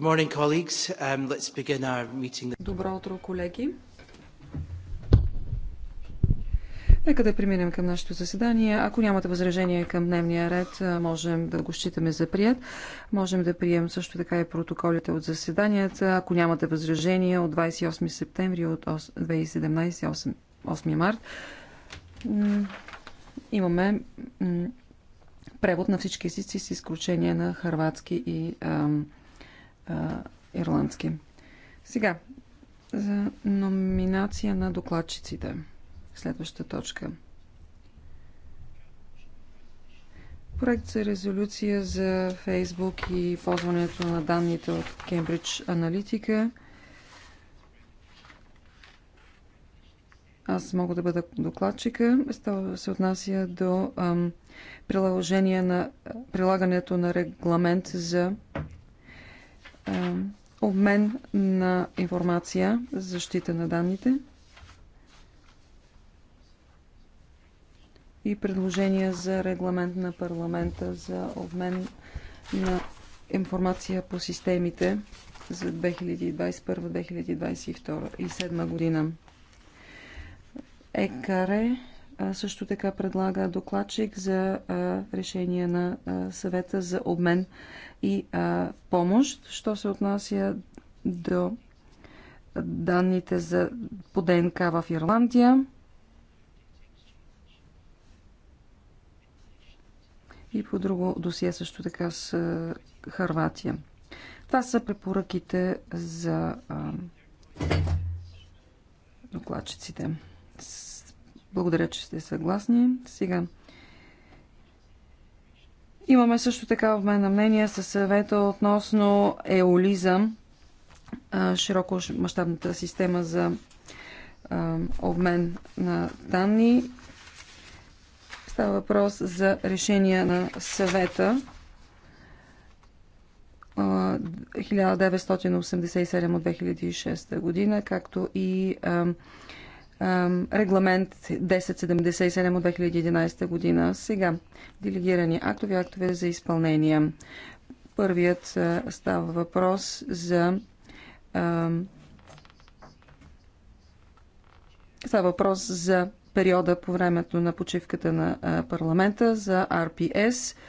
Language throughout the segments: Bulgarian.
Morning, um, Добро утро, колеги. Нека да преминем към нашето заседание. Ако нямате възражение към дневния ред, можем да го считаме за прият. Можем да прием също така и протоколите от заседанията. Ако нямате възражение от 28 септември от 2017 8, 8 март, имаме превод на всички езици с изключение на харватски и ам, а, ирландски. Сега, за номинация на докладчиците. Следваща точка. Проект за резолюция за Фейсбук и ползването на данните от Кембридж Аналитика. аз мога да бъда докладчика. Става се отнася до ам, приложение на, прилагането на регламент за обмен на информация за защита на данните и предложения за регламент на парламента за обмен на информация по системите за 2021-2022 година. ЕКАРЕ също така предлага докладчик за решение на съвета за обмен и помощ, що се отнася до данните за по ДНК в Ирландия. И по друго досие също така с Харватия. Това са препоръките за докладчиците. Благодаря, че сте съгласни. Сега. Имаме също така обмен на мнение със съвета относно еолизъм, широко мащабната система за обмен на данни. Става въпрос за решение на съвета 1987 от 2006 година, както и регламент 1077 от 2011 година. Сега делегирани актови, актове за изпълнение. Първият става въпрос за става въпрос за периода по времето на почивката на парламента за RPS –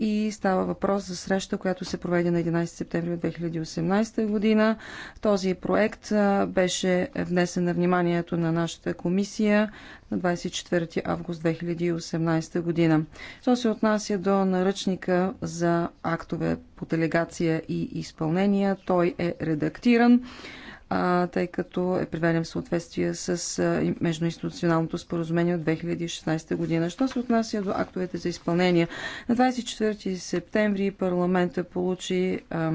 и става въпрос за среща, която се проведе на 11 септември 2018 година. Този проект беше внесен на вниманието на нашата комисия на 24 август 2018 година. То се отнася до наръчника за актове по делегация и изпълнение. Той е редактиран а, тъй като е приведен в съответствие с а, междуинституционалното споразумение от 2016 година. Що се отнася до актовете за изпълнение? На 24 септември парламента получи а,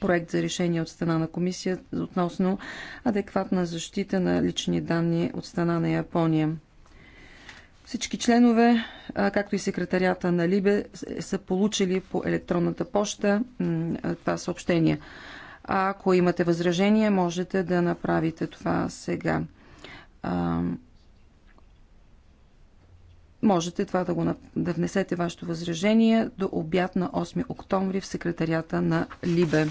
проект за решение от страна на комисия относно адекватна защита на лични данни от страна на Япония. Всички членове, както и секретарията на Либе, е, са получили по електронната поща това съобщение ако имате възражение, можете да направите това сега. можете това да, го, да внесете вашето възражение до обяд на 8 октомври в секретарията на Либе.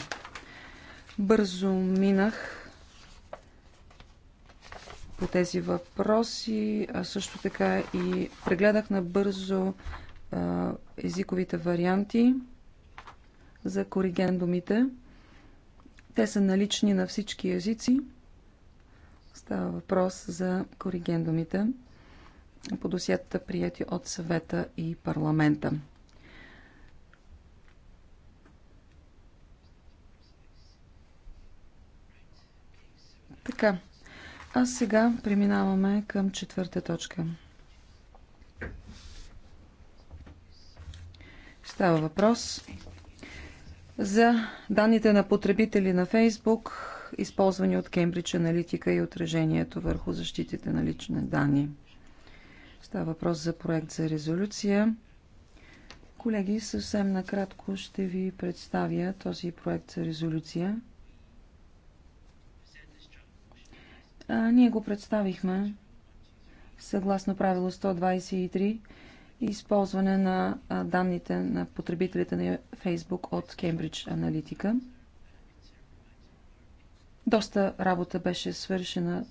Бързо минах по тези въпроси. А също така и прегледах набързо а, езиковите варианти за коригендумите. думите. Те са налични на всички езици. Става въпрос за коригендумите по досията, прияти от съвета и парламента. Така, а сега преминаваме към четвърта точка. Става въпрос за данните на потребители на Фейсбук, използвани от Кембридж Аналитика и отражението върху защитите на лични данни. Става въпрос за проект за резолюция. Колеги, съвсем накратко ще ви представя този проект за резолюция. А, ние го представихме съгласно правило 123 и използване на данните на потребителите на Facebook от Cambridge Analytica. Доста работа беше свършена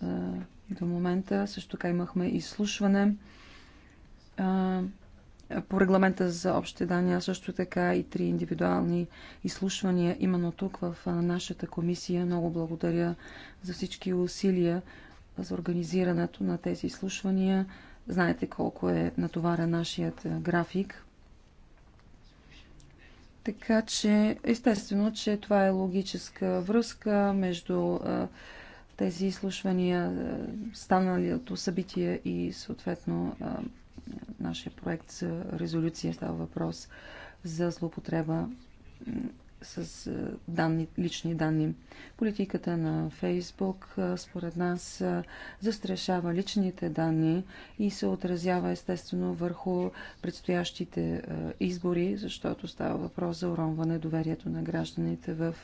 до момента. Също така имахме изслушване по регламента за общите данни, а също така и три индивидуални изслушвания именно тук в нашата комисия. Много благодаря за всички усилия за организирането на тези изслушвания. Знаете колко е натоварен нашият е, график. Така че, естествено, че това е логическа връзка между е, тези изслушвания, е, станалото събитие и съответно нашия проект за резолюция става въпрос за злоупотреба с е, данни, лични данни. Политиката на Фейсбук, е, според нас, е, застрашава личните данни и се отразява естествено върху предстоящите избори, защото става въпрос за уронване доверието на гражданите в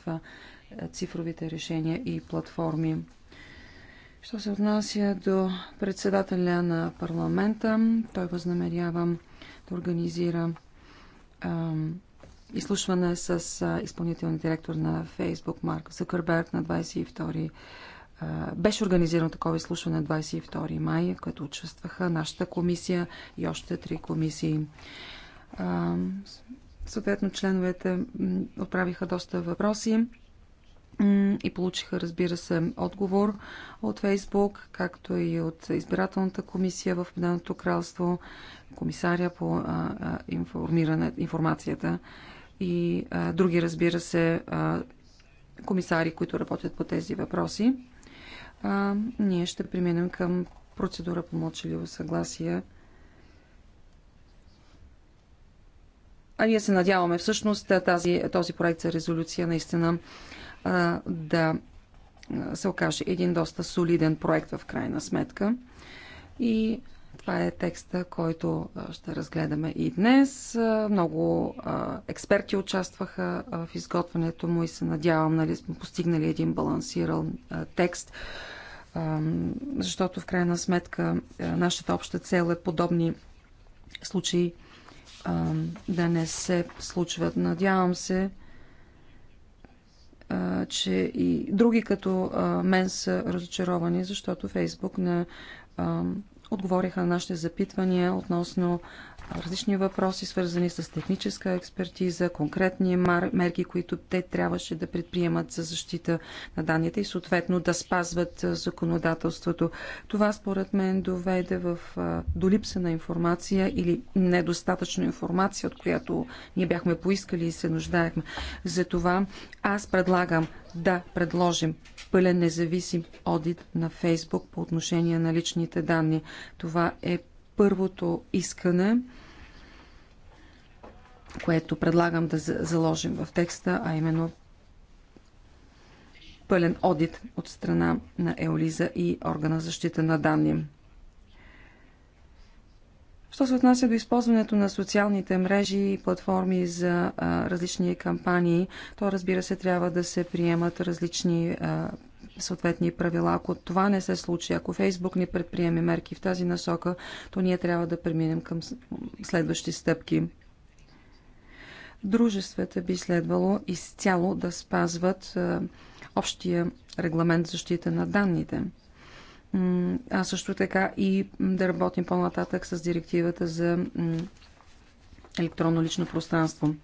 цифровите решения и платформи. Що се отнася до председателя на парламента, той възнамерява да организира изслушване с изпълнителния директор на Фейсбук Марк Закърберг на 22 беше организирано такова изслушване на 22 май, като което участваха нашата комисия и още три комисии. Съответно, членовете отправиха доста въпроси и получиха, разбира се, отговор от Фейсбук, както и от избирателната комисия в Обединеното кралство, комисаря по информиране, информацията и а, други, разбира се, а, комисари, които работят по тези въпроси. А, ние ще преминем към процедура по мълчаливо съгласие. А ние се надяваме всъщност тази, този проект за резолюция наистина а, да се окаже един доста солиден проект в крайна сметка. И това е текста, който ще разгледаме и днес. Много експерти участваха в изготвянето му и се надявам, нали сме постигнали един балансиран текст, защото в крайна сметка нашата обща цел е подобни случаи да не се случват. Надявам се, че и други като мен са разочаровани, защото Фейсбук на отговориха на нашите запитвания относно различни въпроси, свързани с техническа експертиза, конкретни мерки, които те трябваше да предприемат за защита на данните и съответно да спазват законодателството. Това според мен доведе в, до липса на информация или недостатъчно информация, от която ние бяхме поискали и се нуждаехме. Затова аз предлагам да предложим пълен независим одит на Фейсбук по отношение на личните данни. Това е първото искане, което предлагам да заложим в текста, а именно пълен одит от страна на Еолиза и органа защита на данни. Що се отнася до използването на социалните мрежи и платформи за а, различни кампании, то разбира се трябва да се приемат различни а, съответни правила. Ако това не се случи, ако Фейсбук не предприеме мерки в тази насока, то ние трябва да преминем към следващи стъпки. Дружествата би следвало изцяло да спазват а, общия регламент защита на данните – а също така и да работим по-нататък с директивата за електронно лично пространство.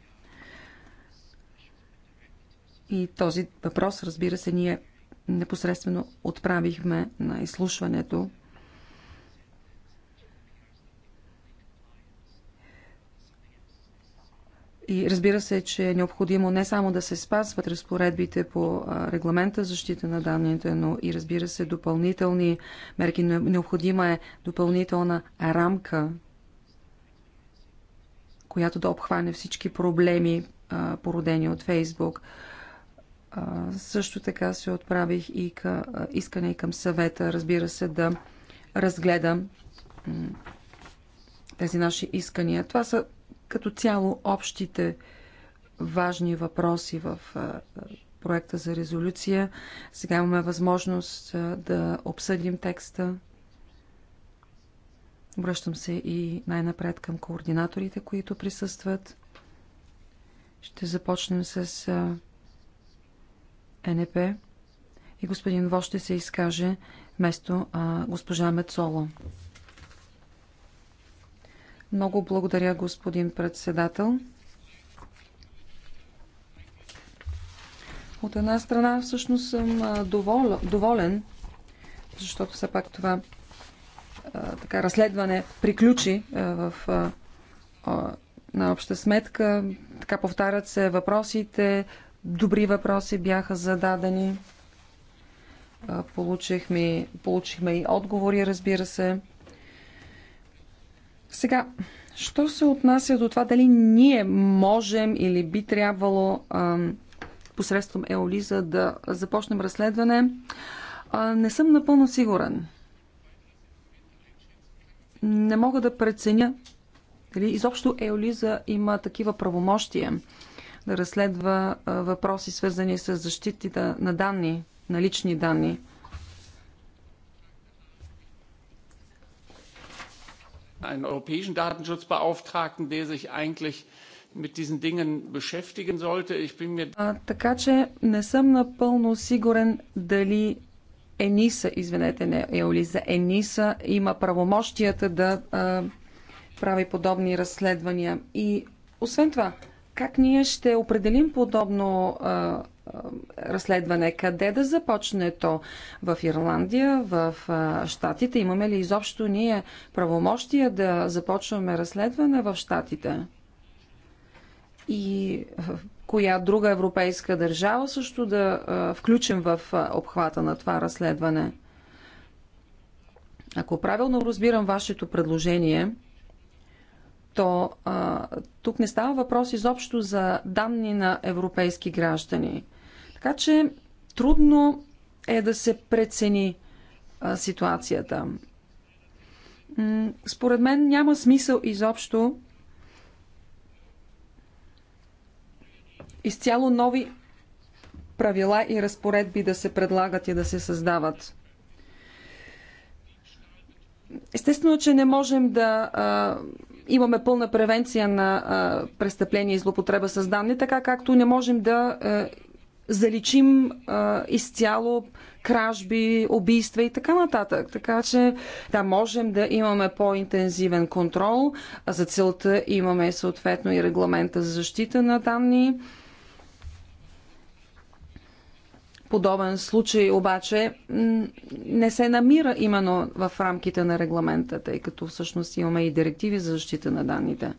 И този въпрос, разбира се, ние непосредствено отправихме на изслушването И разбира се, че е необходимо не само да се спазват разпоредбите по регламента защита на данните, но и разбира се допълнителни мерки. Необходима е допълнителна рамка, която да обхване всички проблеми, породени от Фейсбук. Също така се отправих и към, искане и към съвета, разбира се, да разгледам тези наши искания. Това са като цяло общите важни въпроси в проекта за резолюция. Сега имаме възможност да обсъдим текста. Обръщам се и най-напред към координаторите, които присъстват. Ще започнем с НП и господин Вош ще се изкаже вместо госпожа Мецола. Много благодаря, господин председател. От една страна всъщност съм довол, доволен, защото все пак това а, така, разследване приключи а, в а, на обща сметка. Така повтарят се въпросите. Добри въпроси бяха зададени. Получихме, получихме и отговори, разбира се. Сега, що се отнася до това дали ние можем или би трябвало а, посредством Еолиза да започнем разследване, а, не съм напълно сигурен. Не мога да преценя дали изобщо Еолиза има такива правомощия да разследва въпроси, свързани с защитите на данни, на лични данни. einen europäischen Datenschutzbeauftragten, der sich eigentlich mit diesen Dingen beschäftigen sollte. Ich bin mir... така че не съм напълно сигурен дали ЕНИСА, извинете, не Еолиза, ЕНИСА има правомощията да а, прави подобни разследвания. И освен това, как ние ще определим подобно а, разследване. Къде да започне то? В Ирландия, в Штатите? Имаме ли изобщо ние правомощия да започваме разследване в Штатите? И коя друга европейска държава също да включим в обхвата на това разследване? Ако правилно разбирам вашето предложение, то а, тук не става въпрос изобщо за данни на европейски граждани. Така че трудно е да се прецени а, ситуацията. М- според мен няма смисъл изобщо изцяло нови правила и разпоредби да се предлагат и да се създават. Естествено, че не можем да а, имаме пълна превенция на а, престъпление и злопотреба с данни, така както не можем да а, е, заличим а, изцяло кражби, убийства и така нататък. Така че да, можем да имаме по-интензивен контрол. А за целта имаме съответно и регламента за защита на данни. Подобен случай обаче не се намира именно в рамките на регламента, тъй като всъщност имаме и директиви за защита на данните.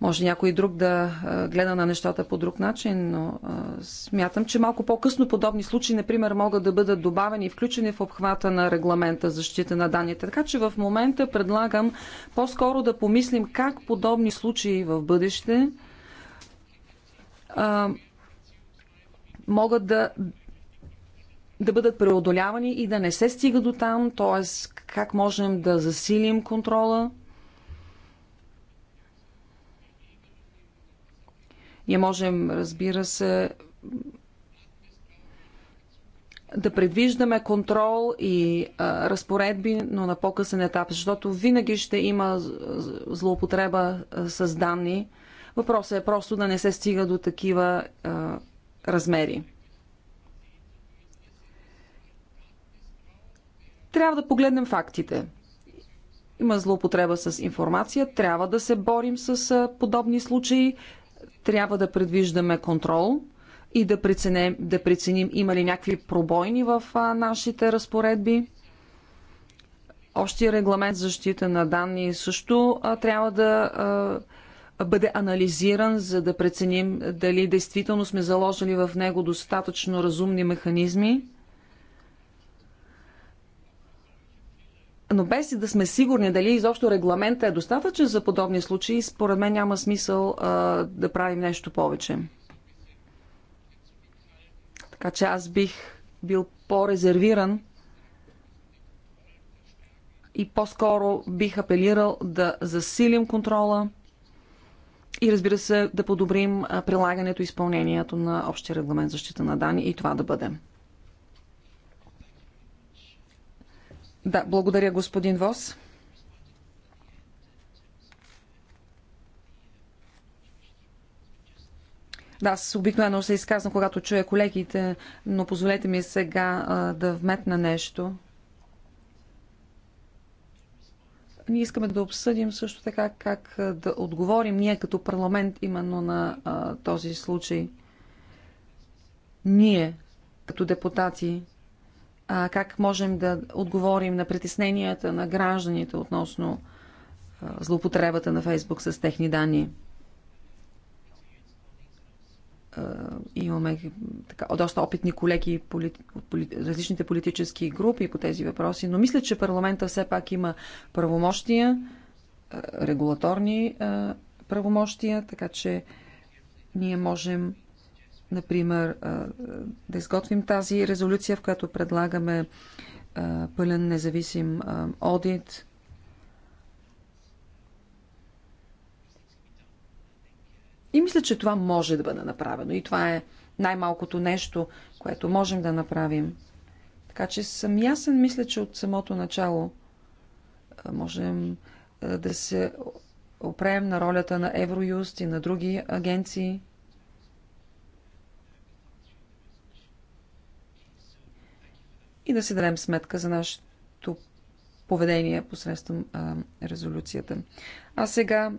Може някой друг да гледа на нещата по друг начин, но смятам, че малко по-късно подобни случаи, например, могат да бъдат добавени и включени в обхвата на регламента за защита на данните. Така че в момента предлагам по-скоро да помислим как подобни случаи в бъдеще а, могат да, да бъдат преодолявани и да не се стига до там, т.е. как можем да засилим контрола Ние можем, разбира се, да предвиждаме контрол и а, разпоредби, но на по-късен етап, защото винаги ще има злоупотреба а, с данни. Въпросът е просто да не се стига до такива а, размери. Трябва да погледнем фактите. Има злоупотреба с информация, трябва да се борим с подобни случаи, трябва да предвиждаме контрол и да преценим, да преценим има ли някакви пробойни в а, нашите разпоредби. Общия регламент за защита на данни също а, трябва да а, бъде анализиран, за да преценим дали действително сме заложили в него достатъчно разумни механизми но без и да сме сигурни дали изобщо регламента е достатъчен за подобни случаи, според мен няма смисъл а, да правим нещо повече. Така че аз бих бил по-резервиран и по-скоро бих апелирал да засилим контрола и разбира се да подобрим прилагането и изпълнението на общия регламент защита на данни и това да бъде Да, благодаря, господин Вос. Да, аз обикновено се изказвам, когато чуя колегите, но позволете ми сега а, да вметна нещо. Ние искаме да обсъдим също така как да отговорим ние като парламент именно на а, този случай. Ние, като депутати, а, как можем да отговорим на притесненията на гражданите относно а, злоупотребата на Фейсбук с техни данни. А, имаме така, доста опитни колеги от полит... различните политически групи по тези въпроси, но мисля, че парламента все пак има правомощия, регулаторни правомощия, така че ние можем например, да изготвим тази резолюция, в която предлагаме пълен независим одит. И мисля, че това може да бъде направено. И това е най-малкото нещо, което можем да направим. Така че съм ясен, мисля, че от самото начало можем да се опрем на ролята на Евроюст и на други агенции – и да си дадем сметка за нашето поведение посредством а, резолюцията. А сега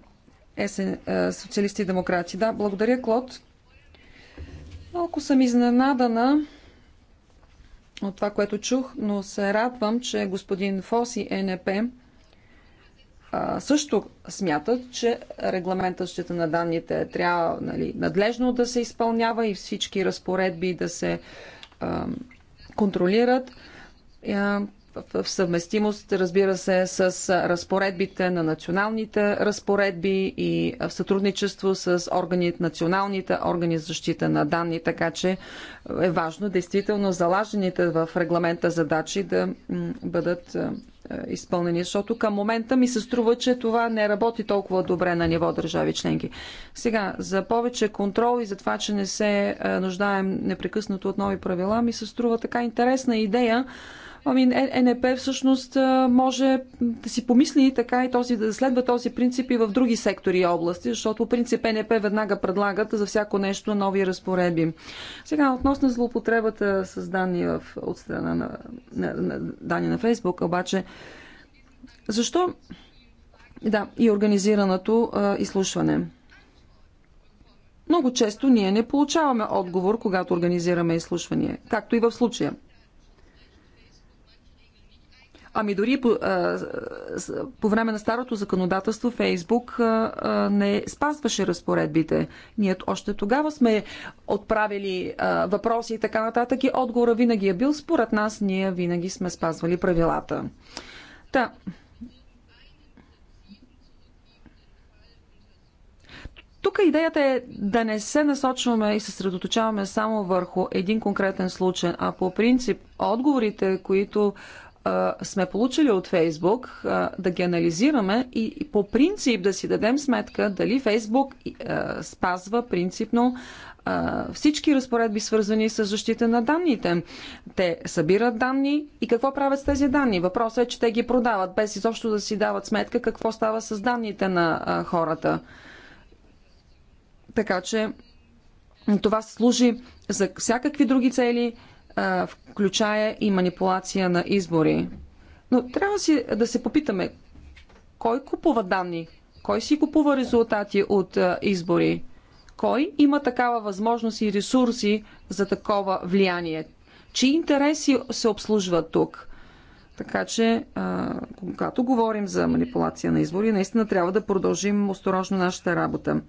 есен, а, социалисти и демократи. Да, благодаря, Клод. Малко съм изненадана от това, което чух, но се радвам, че господин Фоси НП също смятат, че регламентът щета на данните трябва нали, надлежно да се изпълнява и всички разпоредби да се контролират в съвместимост, разбира се, с разпоредбите на националните разпоредби и в сътрудничество с органи, националните органи за защита на данни, така че е важно действително залажените в регламента задачи да бъдат е, изпълнени, защото към момента ми се струва, че това не работи толкова добре на ниво държави членки. Сега, за повече контрол и за това, че не се е, нуждаем непрекъснато от нови правила, ми се струва така интересна идея, Ами, НП всъщност може да си помисли така и този, да следва този принцип и в други сектори и области, защото по принцип НП веднага предлагат за всяко нещо нови разпоредби. Сега, относно злоупотребата с данни в, от страна на, на, на данни на Фейсбук, обаче, защо да, и организираното а, изслушване? Много често ние не получаваме отговор, когато организираме изслушвания, както и в случая. Ами дори по, а, по време на старото законодателство Фейсбук а, а, не спазваше разпоредбите. Ние още тогава сме отправили а, въпроси и така нататък и отговора винаги е бил според нас, ние винаги сме спазвали правилата. Та. Тук идеята е да не се насочваме и съсредоточаваме само върху един конкретен случай, а по принцип отговорите, които сме получили от Фейсбук, да ги анализираме и, по принцип да си дадем сметка дали Фейсбук спазва принципно всички разпоредби, свързани с защита на данните. Те събират данни и какво правят с тези данни? Въпросът е, че те ги продават, без изобщо да си дават сметка какво става с данните на хората. Така че това служи за всякакви други цели включая и манипулация на избори. Но трябва си, да се попитаме, кой купува данни? Кой си купува резултати от избори? Кой има такава възможност и ресурси за такова влияние? Чии интереси се обслужват тук? Така че, когато говорим за манипулация на избори, наистина трябва да продължим осторожно нашата работа.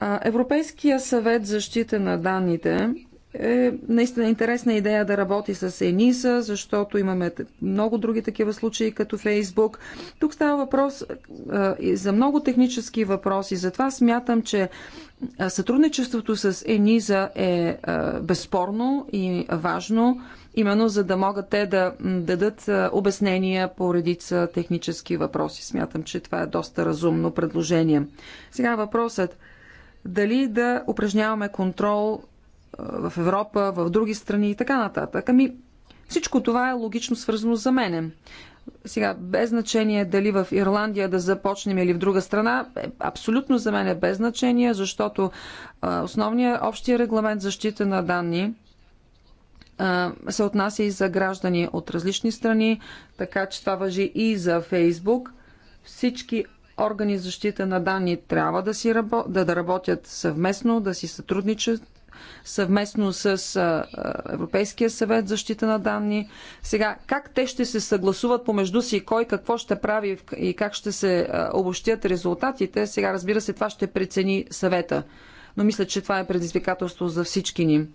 Европейския съвет за защита на данните е наистина интересна идея да работи с ЕНИСА, защото имаме много други такива случаи, като Фейсбук. Тук става въпрос за много технически въпроси. Затова смятам, че сътрудничеството с ЕНИСА е, е безспорно и важно, именно за да могат те да дадат обяснения по редица технически въпроси. Смятам, че това е доста разумно предложение. Сега въпросът дали да упражняваме контрол в Европа, в други страни и така нататък. Ами всичко това е логично свързано за мене. Сега, без значение дали в Ирландия да започнем или в друга страна, е абсолютно за мен е без значение, защото основният общия регламент защита на данни се отнася и за граждани от различни страни, така че това въжи и за Фейсбук. Всички органи защита на данни трябва да, си рабо, да, да работят съвместно, да си сътрудничат съвместно с Европейския съвет защита на данни. Сега, как те ще се съгласуват помежду си, кой какво ще прави и как ще се обобщят резултатите, сега разбира се, това ще прецени съвета. Но мисля, че това е предизвикателство за всички ни.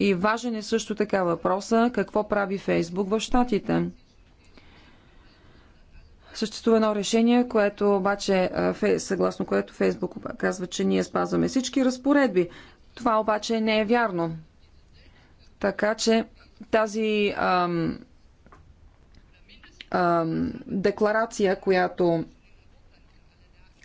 И важен е също така въпроса какво прави Фейсбук в Штатите. Съществува едно решение, което обаче, съгласно което Фейсбук казва, че ние спазваме всички разпоредби. Това обаче не е вярно. Така че тази ам, ам, декларация, която,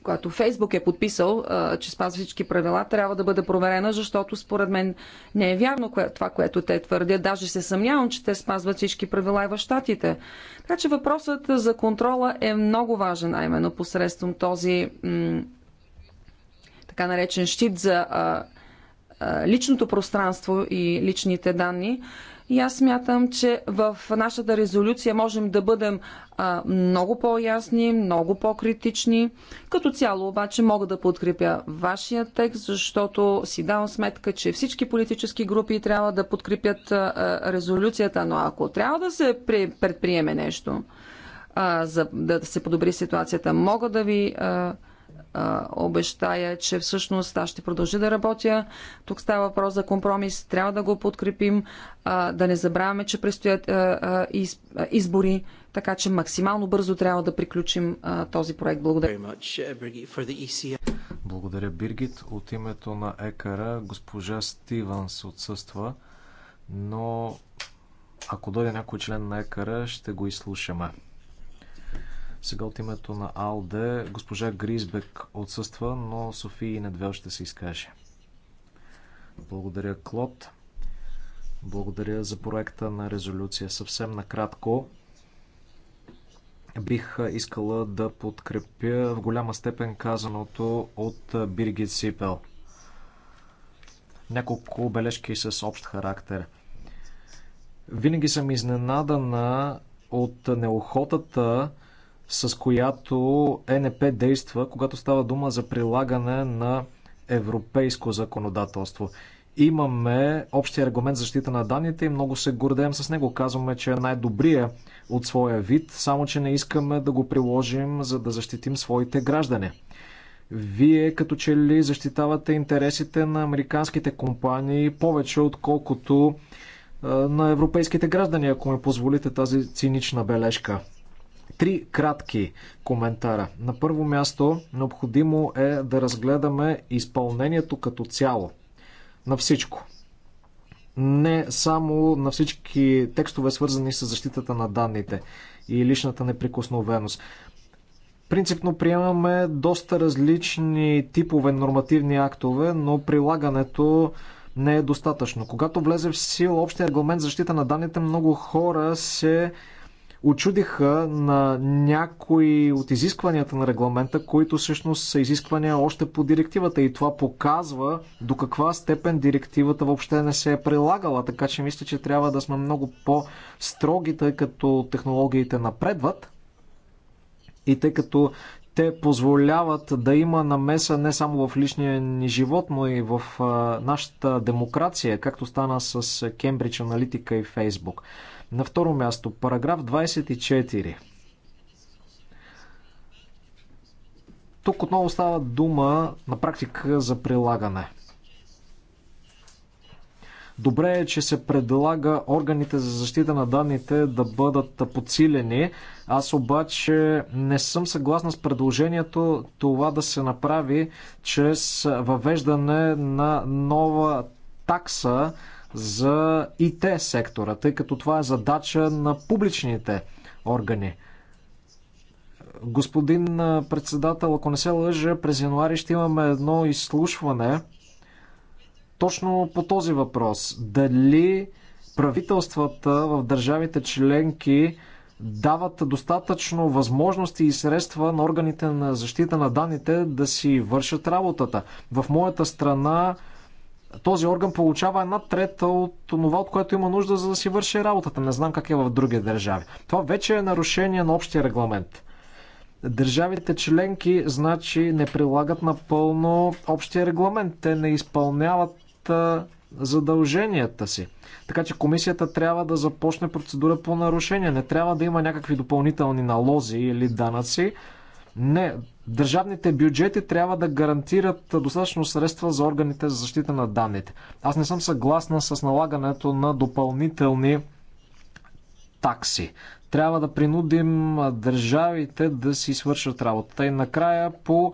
която Фейсбук е подписал, а, че спазва всички правила, трябва да бъде проверена, защото според мен не е вярно кое, това, което те твърдят. Даже се съмнявам, че те спазват всички правила и в щатите. Така че въпросът за контрола е много важен, а именно посредством този така наречен щит за а, личното пространство и личните данни. И аз смятам, че в нашата резолюция можем да бъдем а, много по-ясни, много по-критични. Като цяло обаче мога да подкрепя вашия текст, защото си давам сметка, че всички политически групи трябва да подкрепят а, резолюцията, но ако трябва да се предприеме нещо, а, за да се подобри ситуацията, мога да ви. А, а, обещая, че всъщност аз ще продължи да работя. Тук става въпрос за компромис. Трябва да го подкрепим, а, да не забравяме, че предстоят а, а, из, а, избори, така че максимално бързо трябва да приключим а, този проект. Благодаря. Uh, e Благодаря, Биргит. От името на ЕКАРА госпожа се отсъства, но ако дойде някой член на ЕКАРА, ще го изслушаме. Сега от името на Алде, госпожа Гризбек отсъства, но Софии и Недвел ще се изкаже. Благодаря, Клод. Благодаря за проекта на резолюция. Съвсем накратко бих искала да подкрепя в голяма степен казаното от Биргит Сипел. Няколко бележки с общ характер. Винаги съм изненадана от неохотата с която ЕНП действа, когато става дума за прилагане на европейско законодателство. Имаме общия регламент за защита на данните и много се гордеем с него. Казваме, че е най-добрия от своя вид, само че не искаме да го приложим, за да защитим своите граждани. Вие като че ли защитавате интересите на американските компании повече, отколкото на европейските граждани, ако ми позволите тази цинична бележка три кратки коментара. На първо място, необходимо е да разгледаме изпълнението като цяло на всичко. Не само на всички текстове, свързани с защитата на данните и личната неприкосновеност. Принципно приемаме доста различни типове нормативни актове, но прилагането не е достатъчно. Когато влезе в сила общия регламент защита на данните, много хора се очудиха на някои от изискванията на регламента, които всъщност са изисквания още по директивата и това показва до каква степен директивата въобще не се е прилагала, така че мисля, че трябва да сме много по-строги, тъй като технологиите напредват и тъй като те позволяват да има намеса не само в личния ни живот, но и в нашата демокрация, както стана с Кембридж Аналитика и Фейсбук. На второ място, параграф 24. Тук отново става дума на практика за прилагане. Добре е, че се предлага органите за защита на данните да бъдат подсилени. Аз обаче не съм съгласна с предложението това да се направи чрез въвеждане на нова такса за ИТ сектора, тъй като това е задача на публичните органи. Господин председател, ако не се лъжа, през януари ще имаме едно изслушване точно по този въпрос. Дали правителствата в държавите членки дават достатъчно възможности и средства на органите на защита на данните да си вършат работата. В моята страна този орган получава една трета от това, от което има нужда, за да си върши работата. Не знам как е в други държави. Това вече е нарушение на общия регламент. Държавите членки, значи, не прилагат напълно общия регламент. Те не изпълняват задълженията си. Така че комисията трябва да започне процедура по нарушение. Не трябва да има някакви допълнителни налози или данъци. Не, Държавните бюджети трябва да гарантират достатъчно средства за органите за защита на данните. Аз не съм съгласна с налагането на допълнителни такси. Трябва да принудим държавите да си свършат работата. И накрая по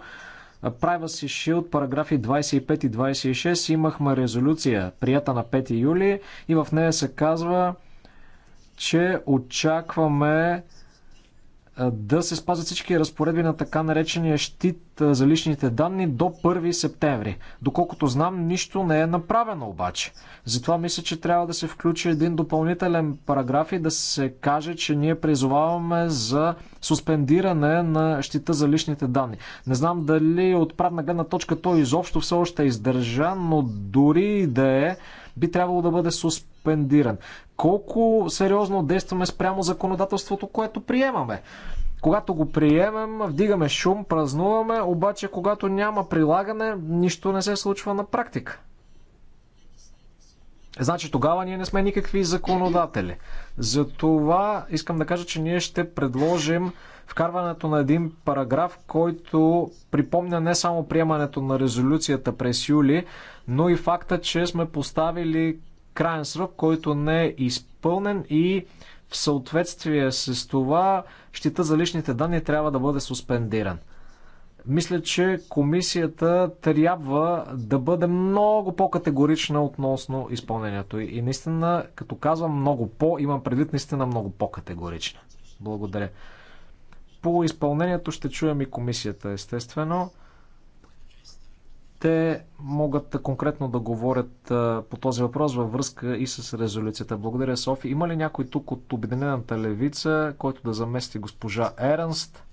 Privacy Shield, параграфи 25 и 26 имахме резолюция, прията на 5 юли и в нея се казва, че очакваме да се спазят всички разпоредби на така наречения щит за личните данни до 1 септември. Доколкото знам, нищо не е направено обаче. Затова мисля, че трябва да се включи един допълнителен параграф и да се каже, че ние призоваваме за суспендиране на щита за личните данни. Не знам дали от правна гледна точка той изобщо все още е издържан, но дори да е, би трябвало да бъде суспендиран суспендиран? Колко сериозно действаме спрямо законодателството, което приемаме? Когато го приемем, вдигаме шум, празнуваме, обаче когато няма прилагане, нищо не се случва на практика. Значи тогава ние не сме никакви законодатели. Затова искам да кажа, че ние ще предложим вкарването на един параграф, който припомня не само приемането на резолюцията през юли, но и факта, че сме поставили крайен срок, който не е изпълнен и в съответствие с това щита за личните данни трябва да бъде суспендиран. Мисля, че комисията трябва да бъде много по-категорична относно изпълнението. И наистина, като казвам много по, имам предвид наистина много по-категорична. Благодаря. По изпълнението ще чуем и комисията, естествено те могат конкретно да говорят по този въпрос във връзка и с резолюцията. Благодаря, Софи. Има ли някой тук от Обединената левица, който да замести госпожа Ернст?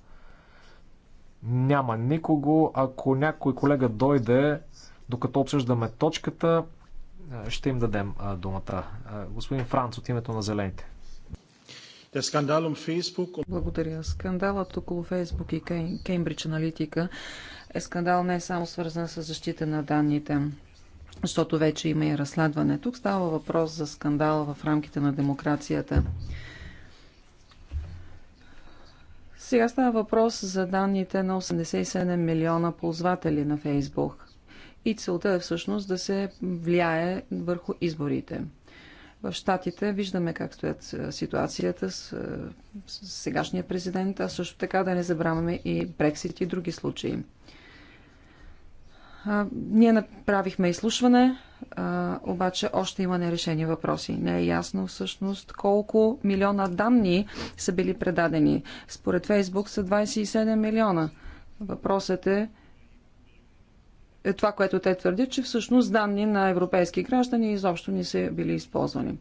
Няма никого. Ако някой колега дойде, докато обсъждаме точката, ще им дадем думата. Господин Франц, от името на Зелените. Благодаря. Скандалът около Фейсбук и Кембридж аналитика е скандал не е само свързан с защита на данните, защото вече има и разследване. Тук става въпрос за скандал в рамките на демокрацията. Сега става въпрос за данните на 87 милиона ползватели на Фейсбук. И целта е всъщност да се влияе върху изборите. В Штатите виждаме как стоят ситуацията с, с сегашния президент, а също така да не забравяме и Брексит и други случаи. Ние направихме изслушване, обаче още има нерешени въпроси. Не е ясно всъщност колко милиона данни са били предадени. Според Фейсбук са 27 милиона. Въпросът е, е това, което те твърдят, че всъщност данни на европейски граждани изобщо не са били използвани.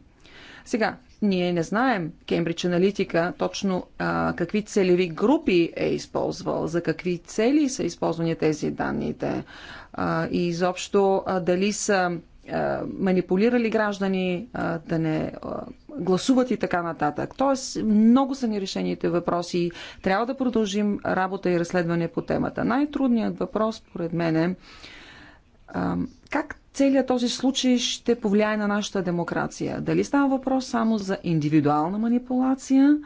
Сега, ние не знаем Кембридж Аналитика точно а, какви целеви групи е използвал, за какви цели са използвани тези данните а, и изобщо а, дали са а, манипулирали граждани а, да не а, гласуват и така нататък. Тоест, много са нерешените въпроси и трябва да продължим работа и разследване по темата. Най-трудният въпрос, поред мен, е а, как целият този случай ще повлияе на нашата демокрация. Дали става въпрос само за индивидуална манипулация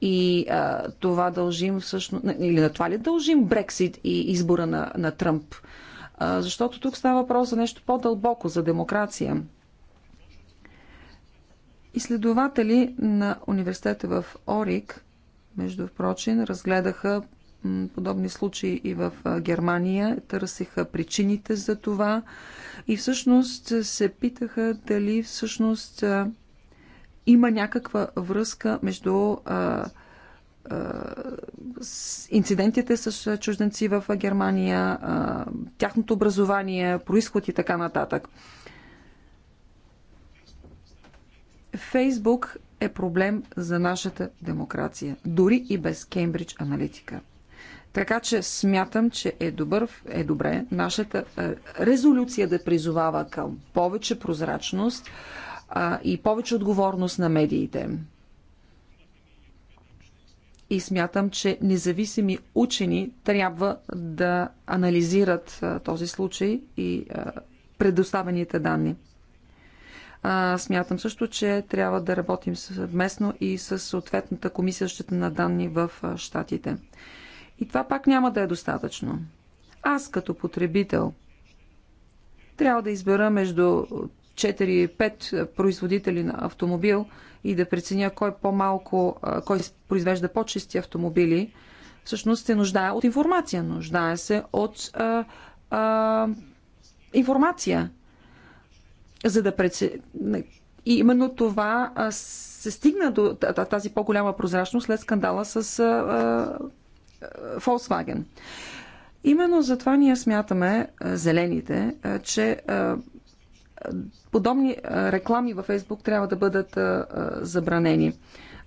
и а, това дължим всъщност, или на това ли дължим Брексит и избора на, на Тръмп? А, защото тук става въпрос за нещо по-дълбоко, за демокрация. Изследователи на университета в Орик, между прочин, разгледаха подобни случаи и в Германия, търсиха причините за това и всъщност се питаха дали всъщност има някаква връзка между а, с инцидентите с чужденци в Германия, тяхното образование, происход и така нататък. Фейсбук е проблем за нашата демокрация, дори и без Кембридж аналитика. Така че смятам, че е, добър, е добре нашата е, резолюция да призовава към повече прозрачност а, и повече отговорност на медиите. И смятам, че независими учени трябва да анализират а, е, този случай и а, е, предоставените данни. А, смятам също, че трябва да работим съвместно и с съответната комисия на данни в а, Штатите. И това пак няма да е достатъчно. Аз като потребител трябва да избера между 4-5 производители на автомобил и да преценя кой по-малко, кой произвежда по-чисти автомобили, всъщност се нуждае от информация, нуждае се от а, а, информация, за да преценя. И именно това се стигна до тази по-голяма прозрачност след скандала с Volkswagen. Именно затова ние смятаме, е, зелените, е, че е, подобни реклами във Фейсбук трябва да бъдат забранени.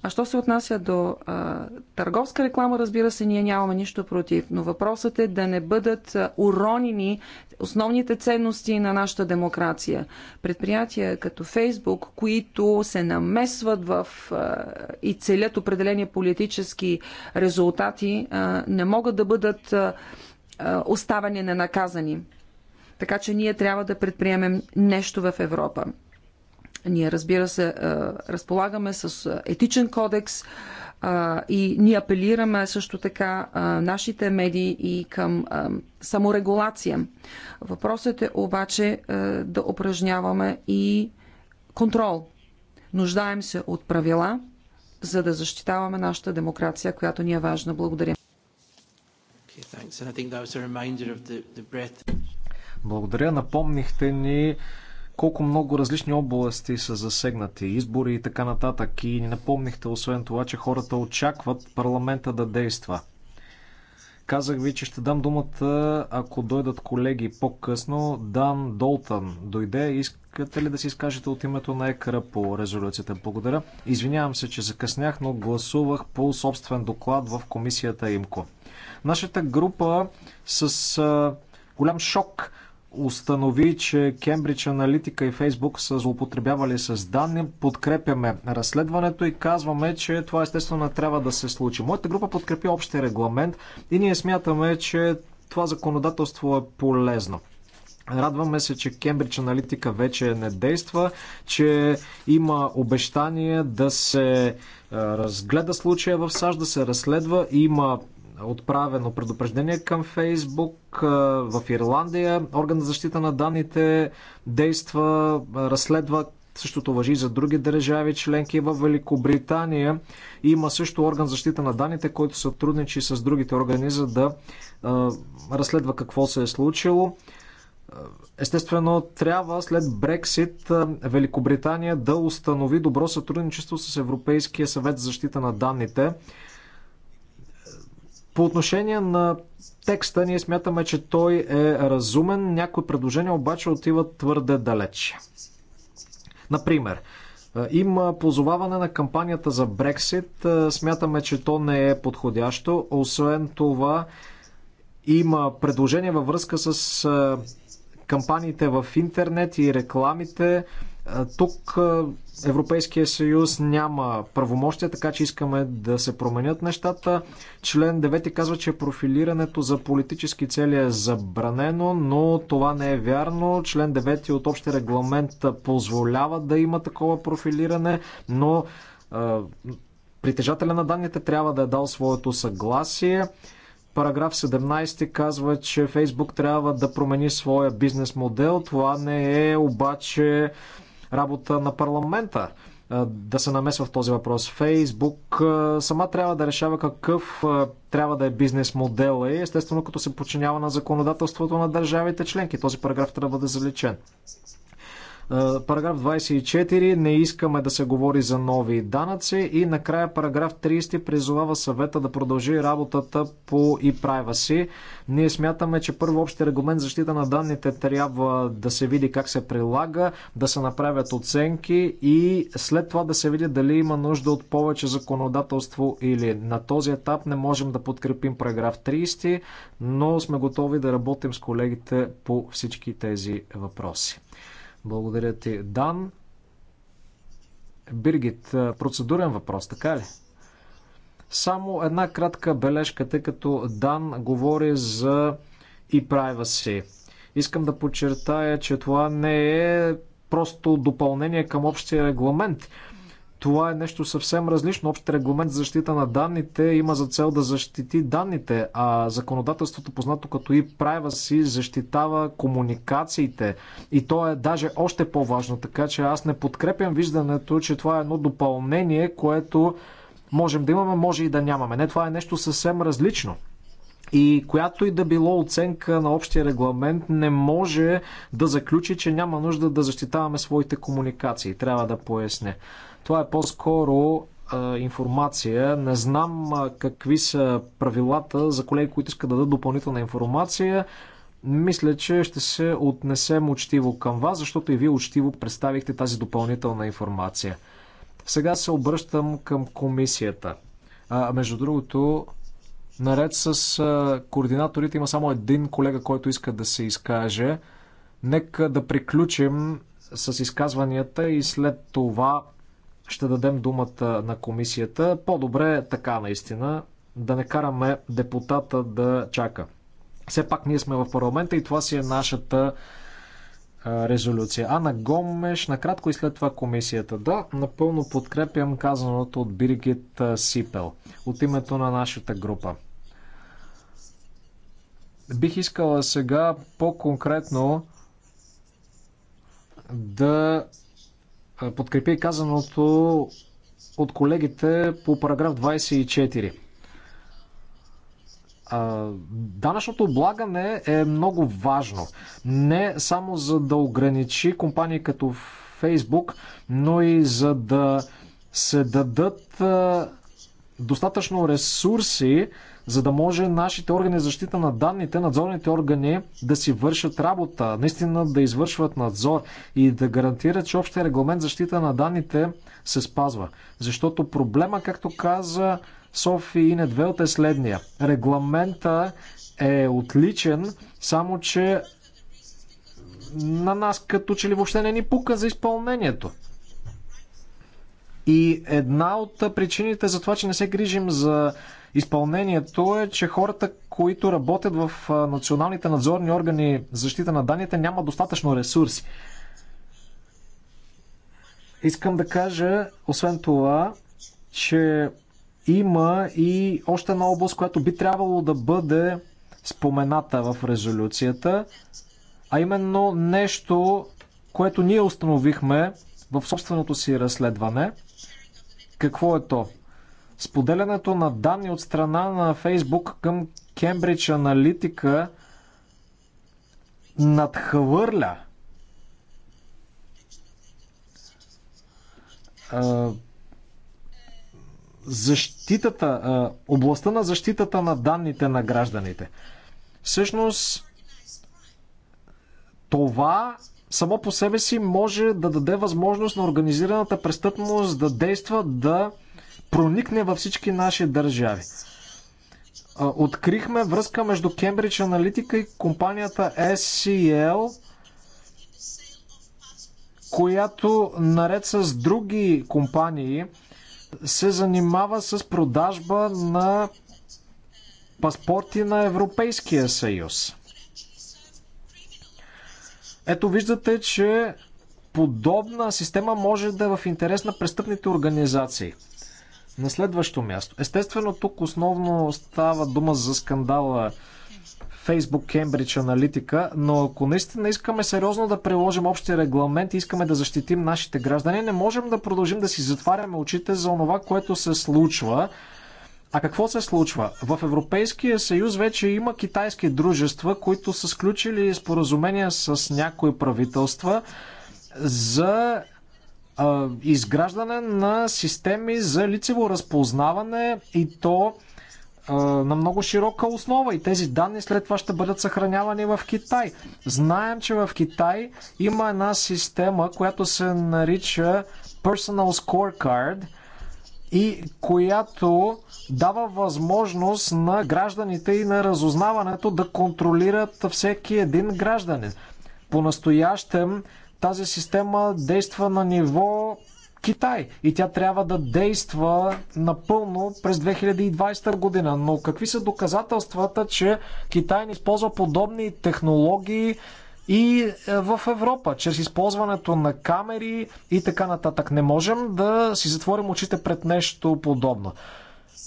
А що се отнася до а, търговска реклама, разбира се, ние нямаме нищо против, но въпросът е да не бъдат уронени основните ценности на нашата демокрация. Предприятия като Фейсбук, които се намесват в а, и целят определени политически резултати, а, не могат да бъдат а, оставани ненаказани. Така че ние трябва да предприемем нещо в Европа. Ние, разбира се, разполагаме с етичен кодекс и ние апелираме също така нашите медии и към саморегулация. Въпросът е обаче да упражняваме и контрол. Нуждаем се от правила, за да защитаваме нашата демокрация, която ни е важна. Благодаря. Благодаря. Напомнихте ни колко много различни области са засегнати, избори и така нататък. И ни напомнихте, освен това, че хората очакват парламента да действа. Казах ви, че ще дам думата, ако дойдат колеги по-късно. Дан Долтън дойде. Искате ли да си изкажете от името на екара по резолюцията? Благодаря. Извинявам се, че закъснях, но гласувах по собствен доклад в комисията ИМКО. Нашата група с голям шок установи, че Кембридж Аналитика и Фейсбук са злоупотребявали с данни. Подкрепяме разследването и казваме, че това естествено не трябва да се случи. Моята група подкрепи общия регламент и ние смятаме, че това законодателство е полезно. Радваме се, че Кембридж Аналитика вече не действа, че има обещание да се разгледа случая в САЩ, да се разследва. Има отправено предупреждение към Фейсбук в Ирландия. Орган за защита на данните действа, разследва Същото въжи и за други държави членки. В Великобритания има също орган защита на данните, който сътрудничи с другите органи, за да разследва какво се е случило. Естествено, трябва след Брексит Великобритания да установи добро сътрудничество с Европейския съвет за защита на данните. По отношение на текста, ние смятаме, че той е разумен. Някои предложения обаче отиват твърде далеч. Например, е, има позоваване на кампанията за Брексит. Е, смятаме, че то не е подходящо. Освен това, има предложения във връзка с е, кампаниите в интернет и рекламите. Тук Европейския съюз няма правомощия, така че искаме да се променят нещата. Член 9 казва, че профилирането за политически цели е забранено, но това не е вярно. Член 9 от общия регламент позволява да има такова профилиране, но притежателя на данните трябва да е дал своето съгласие. Параграф 17 казва, че Фейсбук трябва да промени своя бизнес модел. Това не е обаче работа на парламента да се намесва в този въпрос. Фейсбук сама трябва да решава какъв трябва да е бизнес модел и естествено като се подчинява на законодателството на държавите членки. Този параграф трябва да е заличен. Е, параграф 24 не искаме да се говори за нови данъци и накрая параграф 30 призовава съвета да продължи работата по и права си. Ние смятаме, че първо общи регламент защита на данните трябва да се види как се прилага, да се направят оценки и след това да се види дали има нужда от повече законодателство или на този етап не можем да подкрепим параграф 30, но сме готови да работим с колегите по всички тези въпроси. Благодаря ти, Дан. Биргит, процедурен въпрос, така ли? Само една кратка бележка, тъй като Дан говори за и си. Искам да подчертая, че това не е просто допълнение към общия регламент. Това е нещо съвсем различно. Общ регламент за защита на данните има за цел да защити данните, а законодателството, познато като и права си, защитава комуникациите. И то е даже още по-важно, така че аз не подкрепям виждането, че това е едно допълнение, което можем да имаме, може и да нямаме. Не, това е нещо съвсем различно. И която и да било оценка на общия регламент не може да заключи, че няма нужда да защитаваме своите комуникации. Трябва да поясня. Това е по-скоро информация. Не знам какви са правилата за колеги, които искат да дадат допълнителна информация. Мисля, че ще се отнесем учтиво към вас, защото и вие учтиво представихте тази допълнителна информация. Сега се обръщам към комисията. А, между другото, наред с а, координаторите има само един колега, който иска да се изкаже. Нека да приключим с изказванията и след това ще дадем думата на комисията. По-добре е така наистина, да не караме депутата да чака. Все пак ние сме в парламента и това си е нашата резолюция. Ана Гомеш, накратко и след това комисията. Да, напълно подкрепям казаното от Биргит Сипел от името на нашата група. Бих искала сега по-конкретно да Подкрепи казаното от колегите по параграф 24. Данъчното облагане е много важно. Не само за да ограничи компании като Facebook, но и за да се дадат достатъчно ресурси за да може нашите органи защита на данните, надзорните органи да си вършат работа, наистина да извършват надзор и да гарантират, че общия регламент защита на данните се спазва. Защото проблема, както каза Софи и Недвелт е следния. Регламента е отличен, само че на нас като че ли въобще не ни пука за изпълнението. И една от причините за това, че не се грижим за изпълнението е, че хората, които работят в националните надзорни органи защита на данните, няма достатъчно ресурси. Искам да кажа, освен това, че има и още една област, която би трябвало да бъде спомената в резолюцията, а именно нещо, което ние установихме в собственото си разследване. Какво е то? Споделянето на данни от страна на Фейсбук към Кембридж Аналитика надхвърля защитата, областта на защитата на данните на гражданите. Всъщност, това само по себе си може да даде възможност на организираната престъпност да действа, да проникне във всички наши държави. Открихме връзка между Кембридж Аналитика и компанията SCL, която наред с други компании се занимава с продажба на паспорти на Европейския съюз. Ето виждате, че подобна система може да е в интерес на престъпните организации. На следващо място. Естествено, тук основно става дума за скандала Facebook Cambridge Analytica, но ако наистина искаме сериозно да приложим общия регламент и искаме да защитим нашите граждани, не можем да продължим да си затваряме очите за това, което се случва. А какво се случва? В Европейския съюз вече има китайски дружества, които са сключили споразумения с някои правителства за изграждане на системи за лицево разпознаване и то на много широка основа и тези данни след това ще бъдат съхранявани в Китай. Знаем, че в Китай има една система, която се нарича Personal Scorecard и която дава възможност на гражданите и на разузнаването да контролират всеки един гражданин. По-настоящем тази система действа на ниво Китай и тя трябва да действа напълно през 2020 година. Но какви са доказателствата, че Китай не използва подобни технологии и е, в Европа, чрез използването на камери и така нататък. Не можем да си затворим очите пред нещо подобно.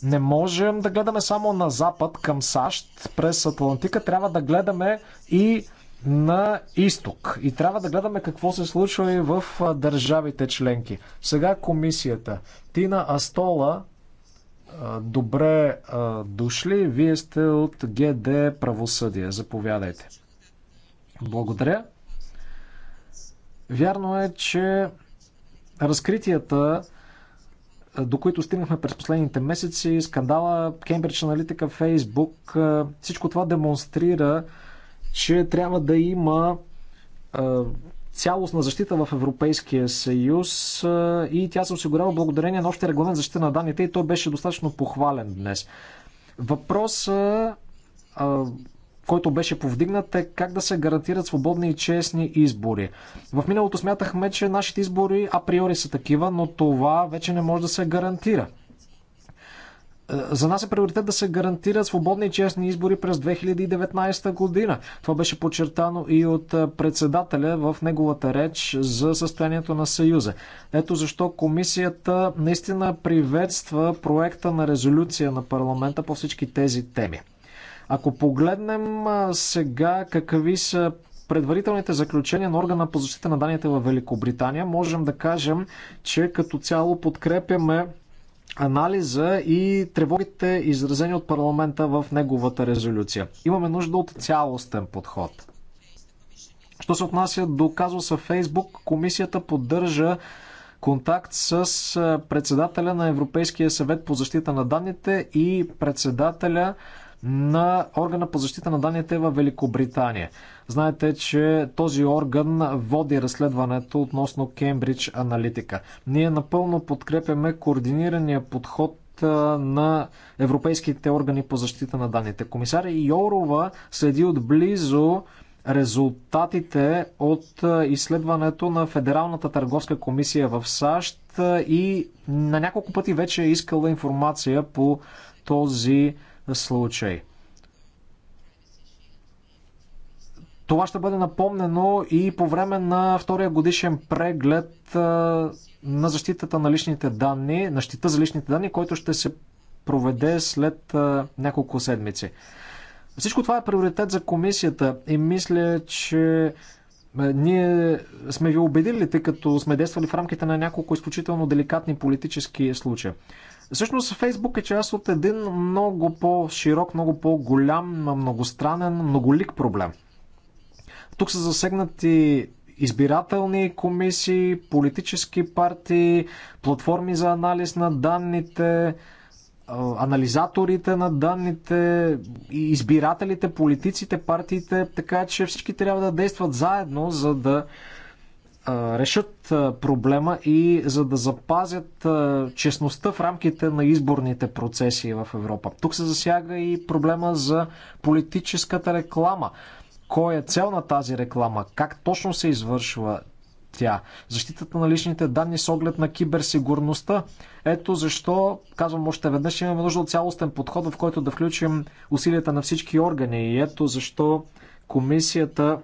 Не можем да гледаме само на Запад, към САЩ, през Атлантика. Трябва да гледаме и на изток и трябва да гледаме какво се случва и в държавите членки. Сега комисията. Тина Астола, добре дошли. Вие сте от ГД Правосъдие. Заповядайте. Благодаря. Вярно е, че разкритията, до които стигнахме през последните месеци, скандала, Кембридж аналитика, Фейсбук, всичко това демонстрира, че трябва да има цялостна защита в Европейския съюз и тя се осигурява благодарение на общия регламент защита на данните и той беше достатъчно похвален днес. Въпросът, който беше повдигнат е как да се гарантират свободни и честни избори. В миналото смятахме, че нашите избори априори са такива, но това вече не може да се гарантира. Е, за нас е приоритет да се гарантират свободни и честни избори през 2019 година. Това беше подчертано и от е, председателя в неговата реч за състоянието на Съюза. Ето защо комисията наистина приветства проекта на резолюция на парламента по всички тези теми. Ако погледнем е, сега какви са предварителните заключения на органа по защита на данните в Великобритания, можем да кажем, че като цяло подкрепяме анализа и тревогите, изразени от парламента в неговата резолюция. Имаме нужда от цялостен подход. Що се отнася до казуса Фейсбук, комисията поддържа контакт с председателя на Европейския съвет по защита на данните и председателя на органа по защита на данните в Великобритания. Знаете, че този орган води разследването относно Кембридж Аналитика. Ние напълно подкрепяме координирания подход на европейските органи по защита на данните. Комисаря Йорова следи отблизо резултатите от изследването на Федералната търговска комисия в САЩ и на няколко пъти вече е искала информация по този случай. Това ще бъде напомнено и по време на втория годишен преглед на защитата на личните данни, на щита за личните данни, който ще се проведе след няколко седмици. Всичко това е приоритет за комисията и мисля, че ние сме ви убедили, тъй като сме действали в рамките на няколко изключително деликатни политически случая. Всъщност Фейсбук е част от един много по-широк, много по-голям, многостранен, многолик проблем. Тук са засегнати избирателни комисии, политически партии, платформи за анализ на данните, анализаторите на данните, избирателите, политиците, партиите, така че всички трябва да действат заедно, за да решат проблема и за да запазят честността в рамките на изборните процеси в Европа. Тук се засяга и проблема за политическата реклама. Кой е цел на тази реклама? Как точно се извършва тя? Защитата на личните данни с оглед на киберсигурността. Ето защо, казвам още веднъж, имаме нужда от цялостен подход, в който да включим усилията на всички органи. И ето защо комисията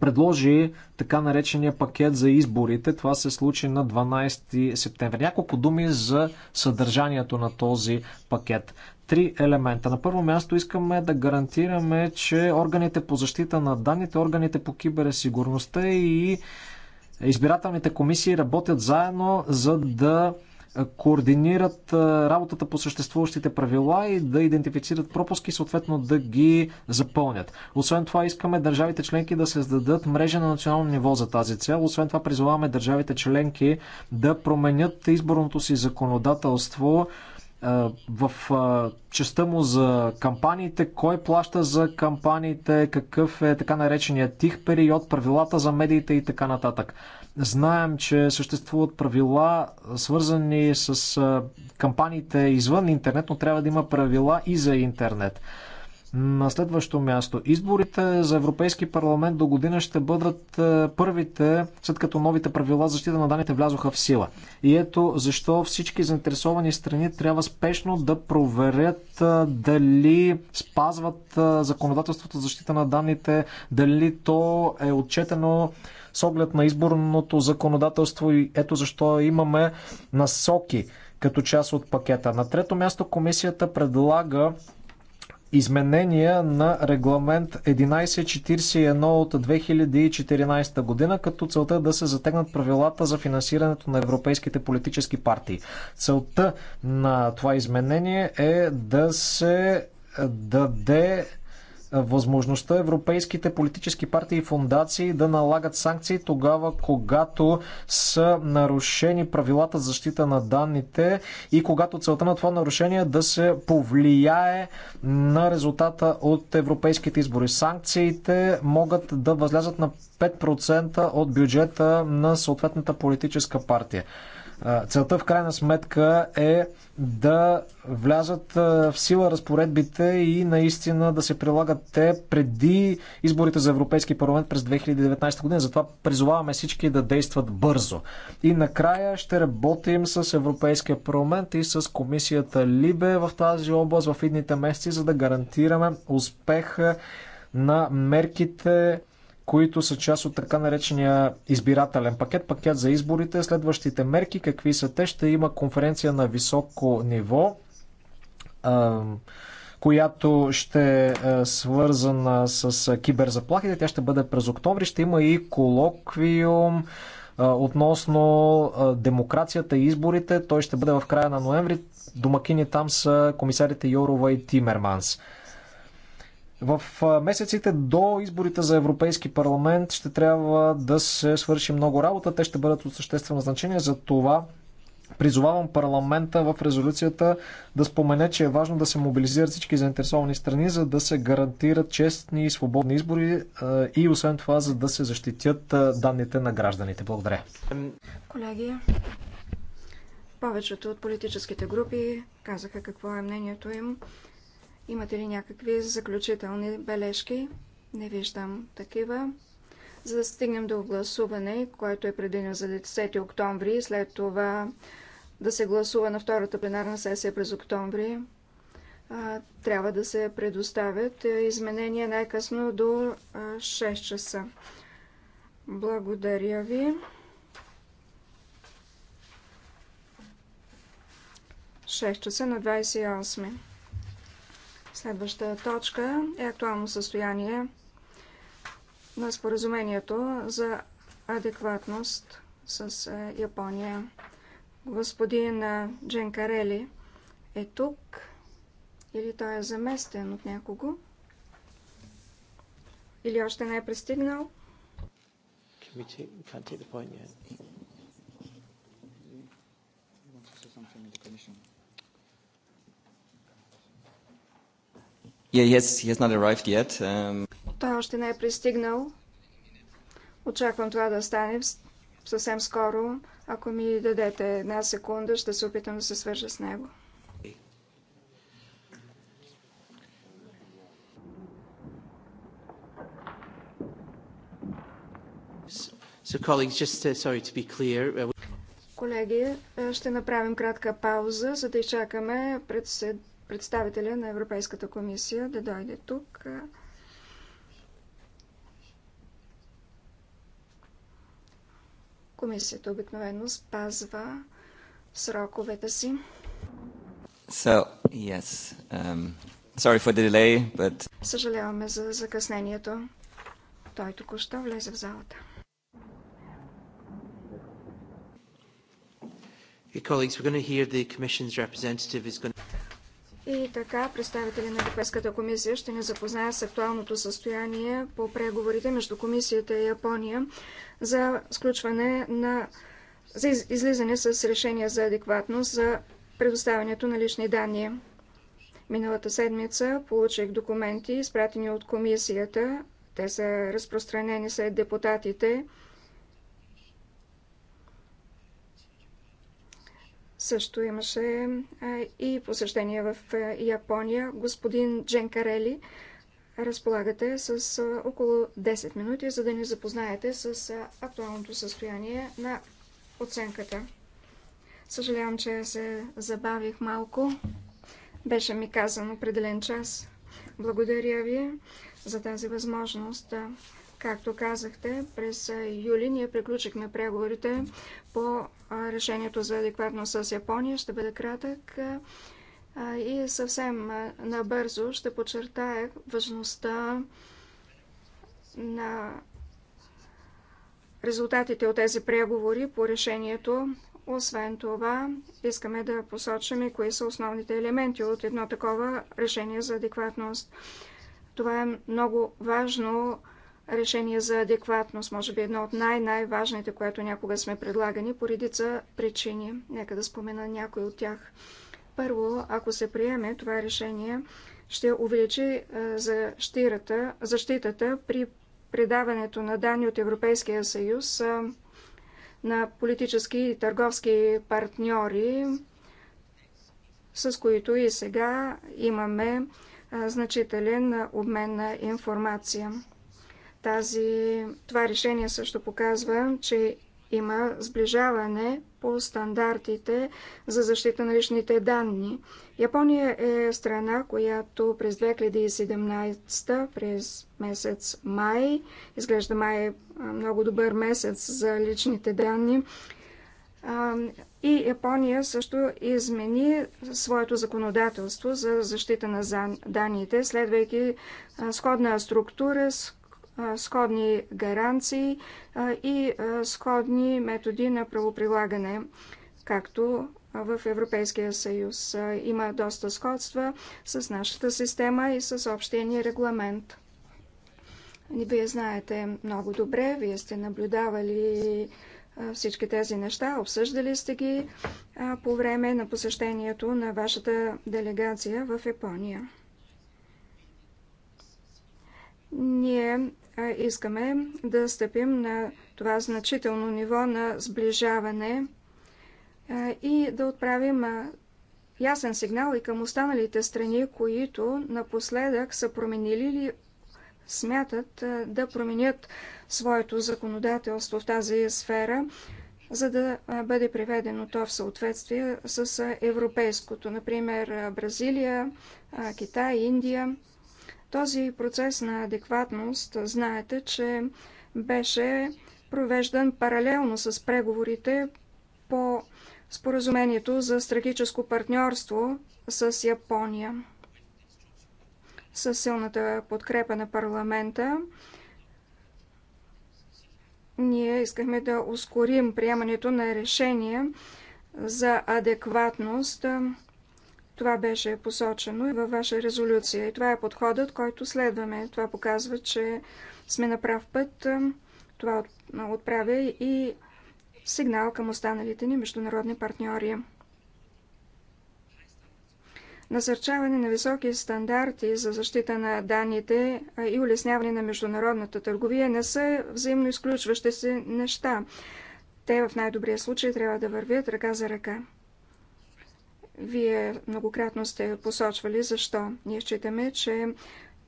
предложи така наречения пакет за изборите. Това се случи на 12 септември. Няколко думи за съдържанието на този пакет. Три елемента. На първо място искаме да гарантираме, че органите по защита на данните, органите по киберсигурността и избирателните комисии работят заедно, за да координират работата по съществуващите правила и да идентифицират пропуски, съответно да ги запълнят. Освен това, искаме държавите членки да създадат мрежа на национално ниво за тази цел. Освен това, призоваваме държавите членки да променят изборното си законодателство в частта му за кампаниите, кой плаща за кампаниите, какъв е така наречения тих период, правилата за медиите и така нататък. Знаем, че съществуват правила, свързани с кампаниите извън интернет, но трябва да има правила и за интернет. На следващо място, изборите за Европейски парламент до година ще бъдат първите, след като новите правила защита на данните влязоха в сила. И ето защо всички заинтересовани страни трябва спешно да проверят дали спазват законодателството за защита на данните, дали то е отчетено с оглед на изборното законодателство и ето защо имаме насоки като част от пакета. На трето място комисията предлага изменения на регламент 1141 от 2014 година, като целта е да се затегнат правилата за финансирането на европейските политически партии. Целта на това изменение е да се даде възможността европейските политически партии и фундации да налагат санкции тогава, когато са нарушени правилата за защита на данните и когато целта на това нарушение е да се повлияе на резултата от европейските избори. Санкциите могат да възлязат на 5% от бюджета на съответната политическа партия. Целта в крайна сметка е да влязат в сила разпоредбите и наистина да се прилагат те преди изборите за Европейски парламент през 2019 година. Затова призоваваме всички да действат бързо. И накрая ще работим с Европейския парламент и с комисията Либе в тази област в идните месеци, за да гарантираме успеха на мерките, които са част от така наречения избирателен пакет, пакет за изборите. Следващите мерки, какви са те? Ще има конференция на високо ниво, която ще е свързана с е, киберзаплахите. Тя ще бъде през октомври. Ще има и колоквиум е, относно е, демокрацията и изборите. Той ще бъде в края на ноември. Домакини там са комисарите Йорова и Тимерманс. В месеците до изборите за Европейски парламент ще трябва да се свърши много работа. Те ще бъдат от съществено значение. За това призовавам парламента в резолюцията да спомене, че е важно да се мобилизират всички заинтересовани страни, за да се гарантират честни и свободни избори и освен това, за да се защитят данните на гражданите. Благодаря. Колеги, повечето от политическите групи казаха какво е мнението им Имате ли някакви заключителни бележки? Не виждам такива. За да стигнем до гласуване, което е предвидено за 10 октомври, след това да се гласува на втората пленарна сесия през октомври, трябва да се предоставят е, изменения най-късно до 6 часа. Благодаря ви. Шесть часа на 28. Следваща точка е актуално състояние на споразумението за адекватност с е, Япония. Господин е, Дженкарели е тук или той е заместен от някого или още не е пристигнал. Can we take, can't take the point yet. Yeah, he has not arrived yet. Um... Той още не е пристигнал. Очаквам това да стане съвсем скоро. Ако ми дадете една секунда, ще се опитам да се свържа с него. So, colleagues, just to, sorry to be clear. Uh, Колеги, е, ще направим кратка пауза, за да изчакаме председателя представителя на Европейската комисия да дойде тук. Комисията обикновено спазва сроковете си. So, yes, um, sorry for the delay, but... Съжаляваме за закъснението. Той току-що влезе в залата. Hey, colleagues, we're going to hear the Commission's representative is going to... И така, представители на Европейската комисия ще ни запознаят с актуалното състояние по преговорите между комисията и Япония за сключване на за излизане с решение за адекватност за предоставянето на лични данни. Миналата седмица получих документи, изпратени от комисията. Те са разпространени сред депутатите. Също имаше и посещение в Япония. Господин Джен Карели, разполагате с около 10 минути, за да ни запознаете с актуалното състояние на оценката. Съжалявам, че се забавих малко. Беше ми казан определен час. Благодаря ви за тази възможност. Както казахте, през юли ние приключихме преговорите по решението за адекватност с Япония. Ще бъде кратък и съвсем набързо ще подчертая важността на резултатите от тези преговори по решението. Освен това, искаме да посочим и кои са основните елементи от едно такова решение за адекватност. Това е много важно решение за адекватност, може би едно от най-най-важните, което някога сме предлагани по редица причини. Нека да спомена някой от тях. Първо, ако се приеме това решение, ще увеличи е, защитата, защитата при предаването на данни от Европейския съюз е, на политически и търговски партньори, с които и сега имаме е, значителен обмен на информация. Тази, това решение също показва, че има сближаване по стандартите за защита на личните данни. Япония е страна, която през 2017, през месец май, изглежда май е много добър месец за личните данни, и Япония също измени своето законодателство за защита на данните, следвайки сходна структура, с сходни гаранции и сходни методи на правоприлагане, както в Европейския съюз. Има доста сходства с нашата система и с общия ни регламент. Вие знаете много добре, вие сте наблюдавали всички тези неща, обсъждали сте ги по време на посещението на вашата делегация в Япония. Ние искаме да стъпим на това значително ниво на сближаване и да отправим ясен сигнал и към останалите страни, които напоследък са променили или смятат да променят своето законодателство в тази сфера, за да бъде приведено то в съответствие с европейското, например Бразилия, Китай, Индия. Този процес на адекватност, знаете, че беше провеждан паралелно с преговорите по споразумението за стратегическо партньорство с Япония. С силната подкрепа на парламента, ние искахме да ускорим приемането на решение за адекватност това беше посочено и във ваша резолюция. И това е подходът, който следваме. Това показва, че сме на прав път. Това отправя и сигнал към останалите ни международни партньори. Насърчаване на високи стандарти за защита на данните и улесняване на международната търговия не са взаимно изключващи се неща. Те в най-добрия случай трябва да вървят ръка за ръка. Вие многократно сте посочвали защо. Ние считаме, че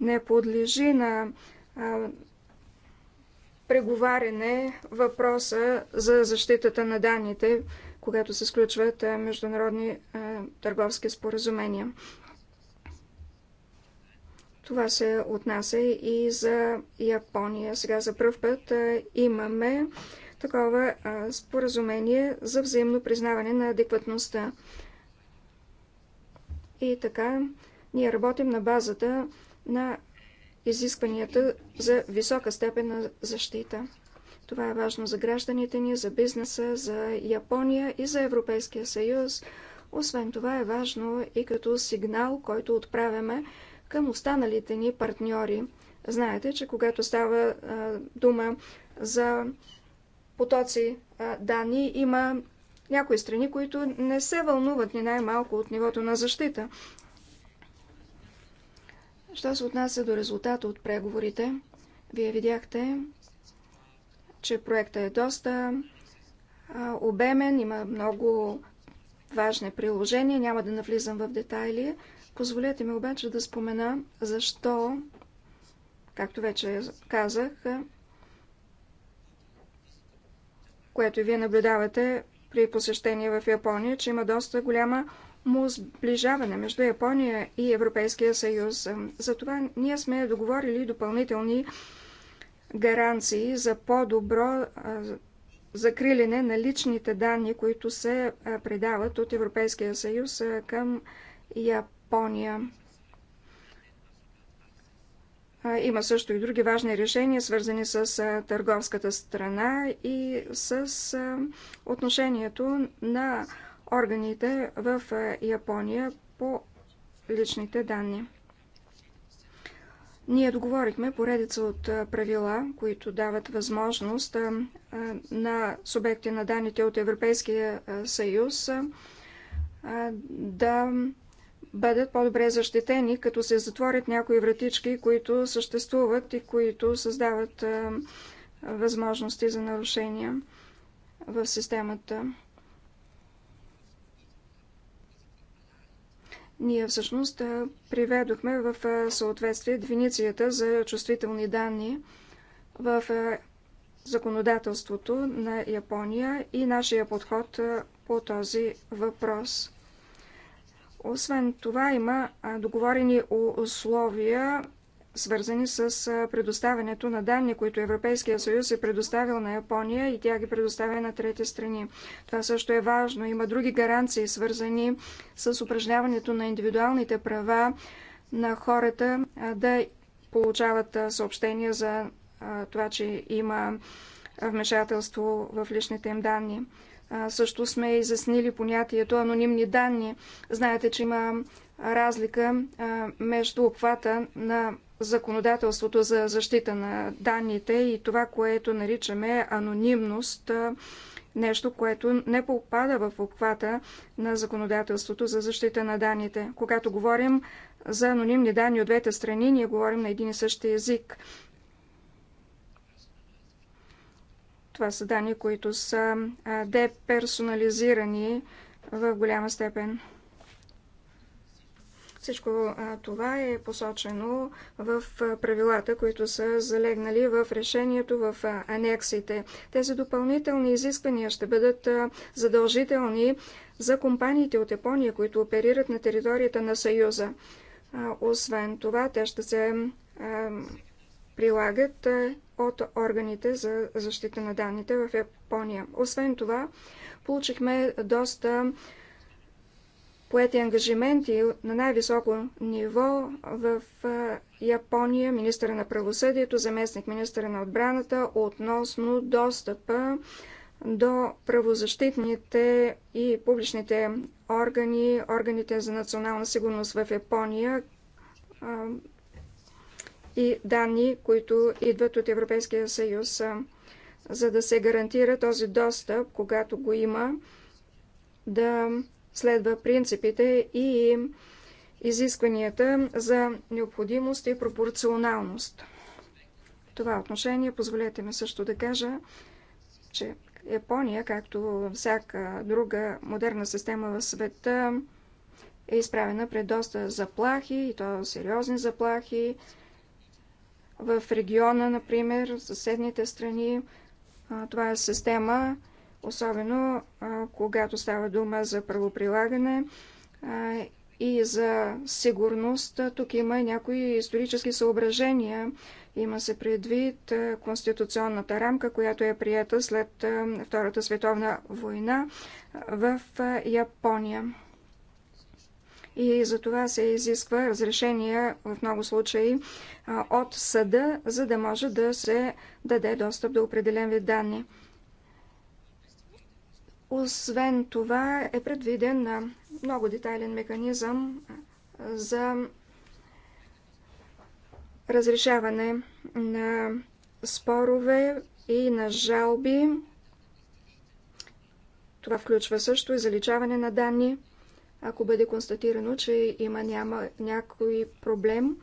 не подлежи на а, преговаряне въпроса за защитата на данните, когато се сключват а, международни а, търговски споразумения. Това се отнася и за Япония. Сега за първ път а, имаме такова а, споразумение за взаимно признаване на адекватността. И така ние работим на базата на изискванията за висока степен на защита. Това е важно за гражданите ни, за бизнеса, за Япония и за Европейския съюз. Освен това е важно и като сигнал, който отправяме към останалите ни партньори. Знаете, че когато става а, дума за потоци а, данни, има някои страни, които не се вълнуват ни най-малко от нивото на защита. Що се отнася до резултата от преговорите, вие видяхте, че проектът е доста обемен, има много важни приложения, няма да навлизам в детайли. Позволете ми обаче да спомена защо, както вече казах, което и вие наблюдавате при посещение в Япония, че има доста голяма му сближаване между Япония и Европейския съюз. Затова ние сме договорили допълнителни гаранции за по-добро закрилене на личните данни, които се предават от Европейския съюз към Япония. Има също и други важни решения, свързани с търговската страна и с отношението на органите в Япония по личните данни. Ние договорихме поредица от правила, които дават възможност на субекти на данните от Европейския съюз да бъдат по-добре защитени, като се затворят някои вратички, които съществуват и които създават възможности за нарушения в системата. Ние всъщност приведохме в съответствие дефиницията за чувствителни данни в законодателството на Япония и нашия подход по този въпрос. Освен това има договорени условия, свързани с предоставянето на данни, които Европейския съюз е предоставил на Япония и тя ги предоставя на трети страни. Това също е важно. Има други гаранции, свързани с упражняването на индивидуалните права на хората да получават съобщения за това, че има вмешателство в личните им данни. Също сме изяснили понятието анонимни данни. Знаете, че има разлика между обхвата на законодателството за защита на данните и това, което наричаме анонимност, нещо, което не попада в обхвата на законодателството за защита на данните. Когато говорим за анонимни данни от двете страни, ние говорим на един и същи език. Това са данни, които са деперсонализирани в голяма степен. Всичко това е посочено в правилата, които са залегнали в решението в анексите. Тези допълнителни изисквания ще бъдат задължителни за компаниите от Япония, които оперират на територията на Съюза. Освен това, те ще се прилагат от органите за защита на данните в Япония. Освен това, получихме доста поети ангажименти на най-високо ниво в Япония, министъра на правосъдието, заместник министъра на отбраната, относно достъпа до правозащитните и публичните органи, органите за национална сигурност в Япония, и данни, които идват от Европейския съюз, за да се гарантира този достъп, когато го има, да следва принципите и изискванията за необходимост и пропорционалност. В това отношение позволете ми също да кажа, че Япония, както всяка друга модерна система в света, е изправена пред доста заплахи, и то сериозни заплахи, в региона, например, в съседните страни. Това е система, особено когато става дума за правоприлагане и за сигурност. Тук има и някои исторически съображения. Има се предвид конституционната рамка, която е прията след Втората световна война в Япония и за това се изисква разрешение в много случаи от съда, за да може да се даде достъп до определен вид данни. Освен това е предвиден много детайлен механизъм за разрешаване на спорове и на жалби. Това включва също и заличаване на данни ако бъде констатирано, че има няма, някой проблем.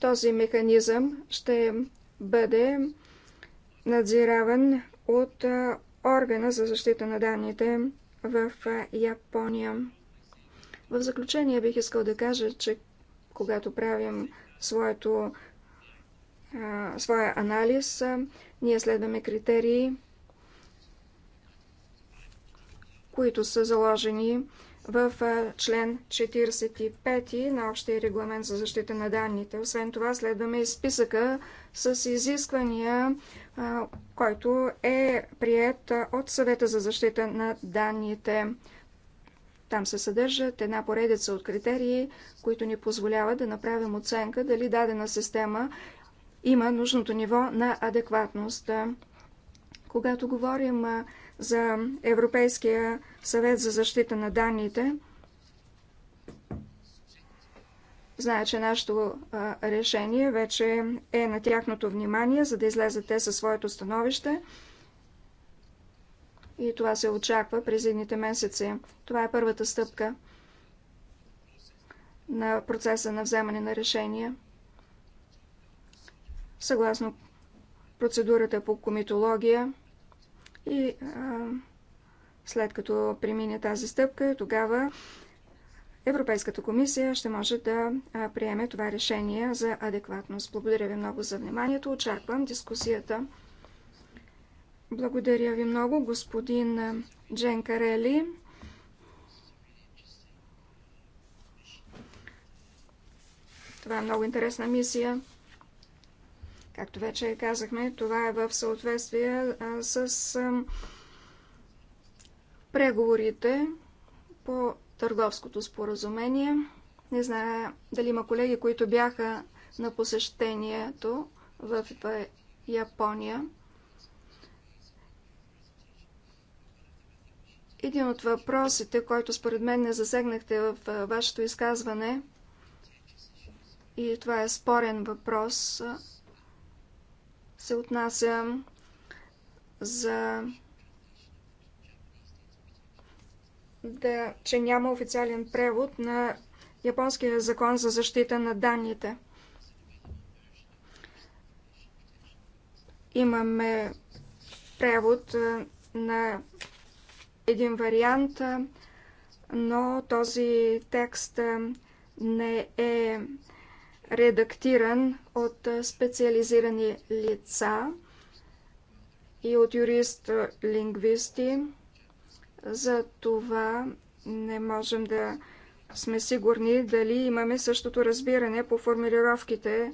Този механизъм ще бъде надзираван от органа за защита на данните в Япония. В заключение бих искал да кажа, че когато правим своето, а, своя анализ, а, ние следваме критерии, които са заложени в член 45 на Общия регламент за защита на данните. Освен това, следваме и списъка с изисквания, който е прият от Съвета за защита на данните. Там се съдържат една поредица от критерии, които ни позволяват да направим оценка дали дадена система има нужното ниво на адекватност. Когато говорим за Европейския съвет за защита на данните. Знае, че нашето решение вече е на тяхното внимание, за да излезат те със своето становище. И това се очаква през едните месеци. Това е първата стъпка на процеса на вземане на решения. Съгласно процедурата по комитология, и а, след като премине тази стъпка, тогава Европейската комисия ще може да приеме това решение за адекватност. Благодаря ви много за вниманието. Очаквам дискусията. Благодаря ви много, господин Джен Карели. Това е много интересна мисия. Както вече казахме, това е в съответствие с преговорите по търговското споразумение. Не знае дали има колеги, които бяха на посещението в Япония. Един от въпросите, който според мен не засегнахте в вашето изказване, и това е спорен въпрос, се отнася за да, че няма официален превод на японския закон за защита на данните. Имаме превод е, на един вариант, е, но този текст е, не е редактиран от специализирани лица и от юрист-лингвисти. За това не можем да сме сигурни дали имаме същото разбиране по формулировките.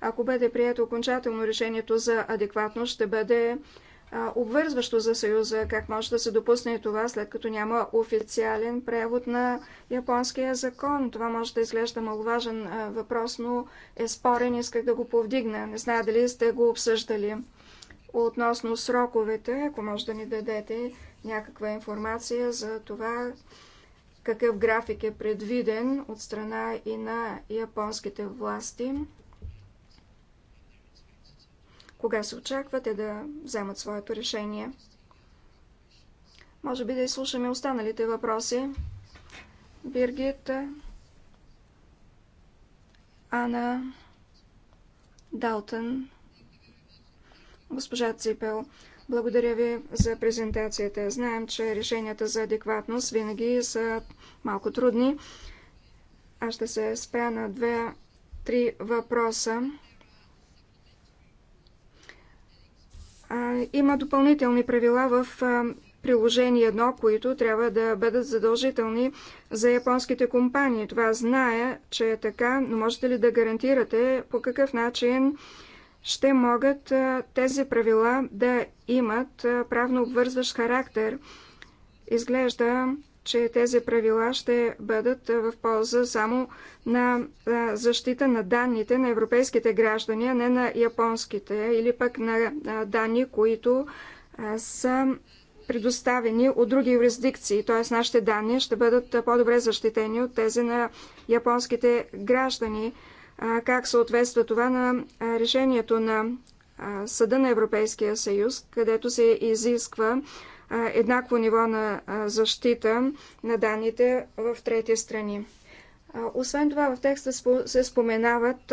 Ако бъде прието окончателно решението за адекватност, ще бъде обвързващо за Съюза. Как може да се допусне и това, след като няма официален превод на японския закон? Това може да изглежда маловажен въпрос, но е спорен. Исках да го повдигна. Не зная дали сте го обсъждали. Относно сроковете, ако може да ни дадете някаква информация за това, какъв график е предвиден от страна и на японските власти кога се очаква те да вземат своето решение. Може би да изслушаме останалите въпроси. Биргит, Ана, Далтън, госпожа Ципел. Благодаря ви за презентацията. Знаем, че решенията за адекватност винаги са малко трудни. Аз ще се спря на две-три въпроса Има допълнителни правила в приложение 1, които трябва да бъдат задължителни за японските компании. Това зная, че е така, но можете ли да гарантирате по какъв начин ще могат тези правила да имат правно обвързващ характер? Изглежда, че тези правила ще бъдат в полза само на защита на данните на европейските граждани, а не на японските или пък на данни, които са предоставени от други юрисдикции, т.е. нашите данни ще бъдат по-добре защитени от тези на японските граждани. Как съответства това на решението на Съда на Европейския съюз, където се изисква еднакво ниво на защита на данните в трети страни. Освен това, в текста се споменават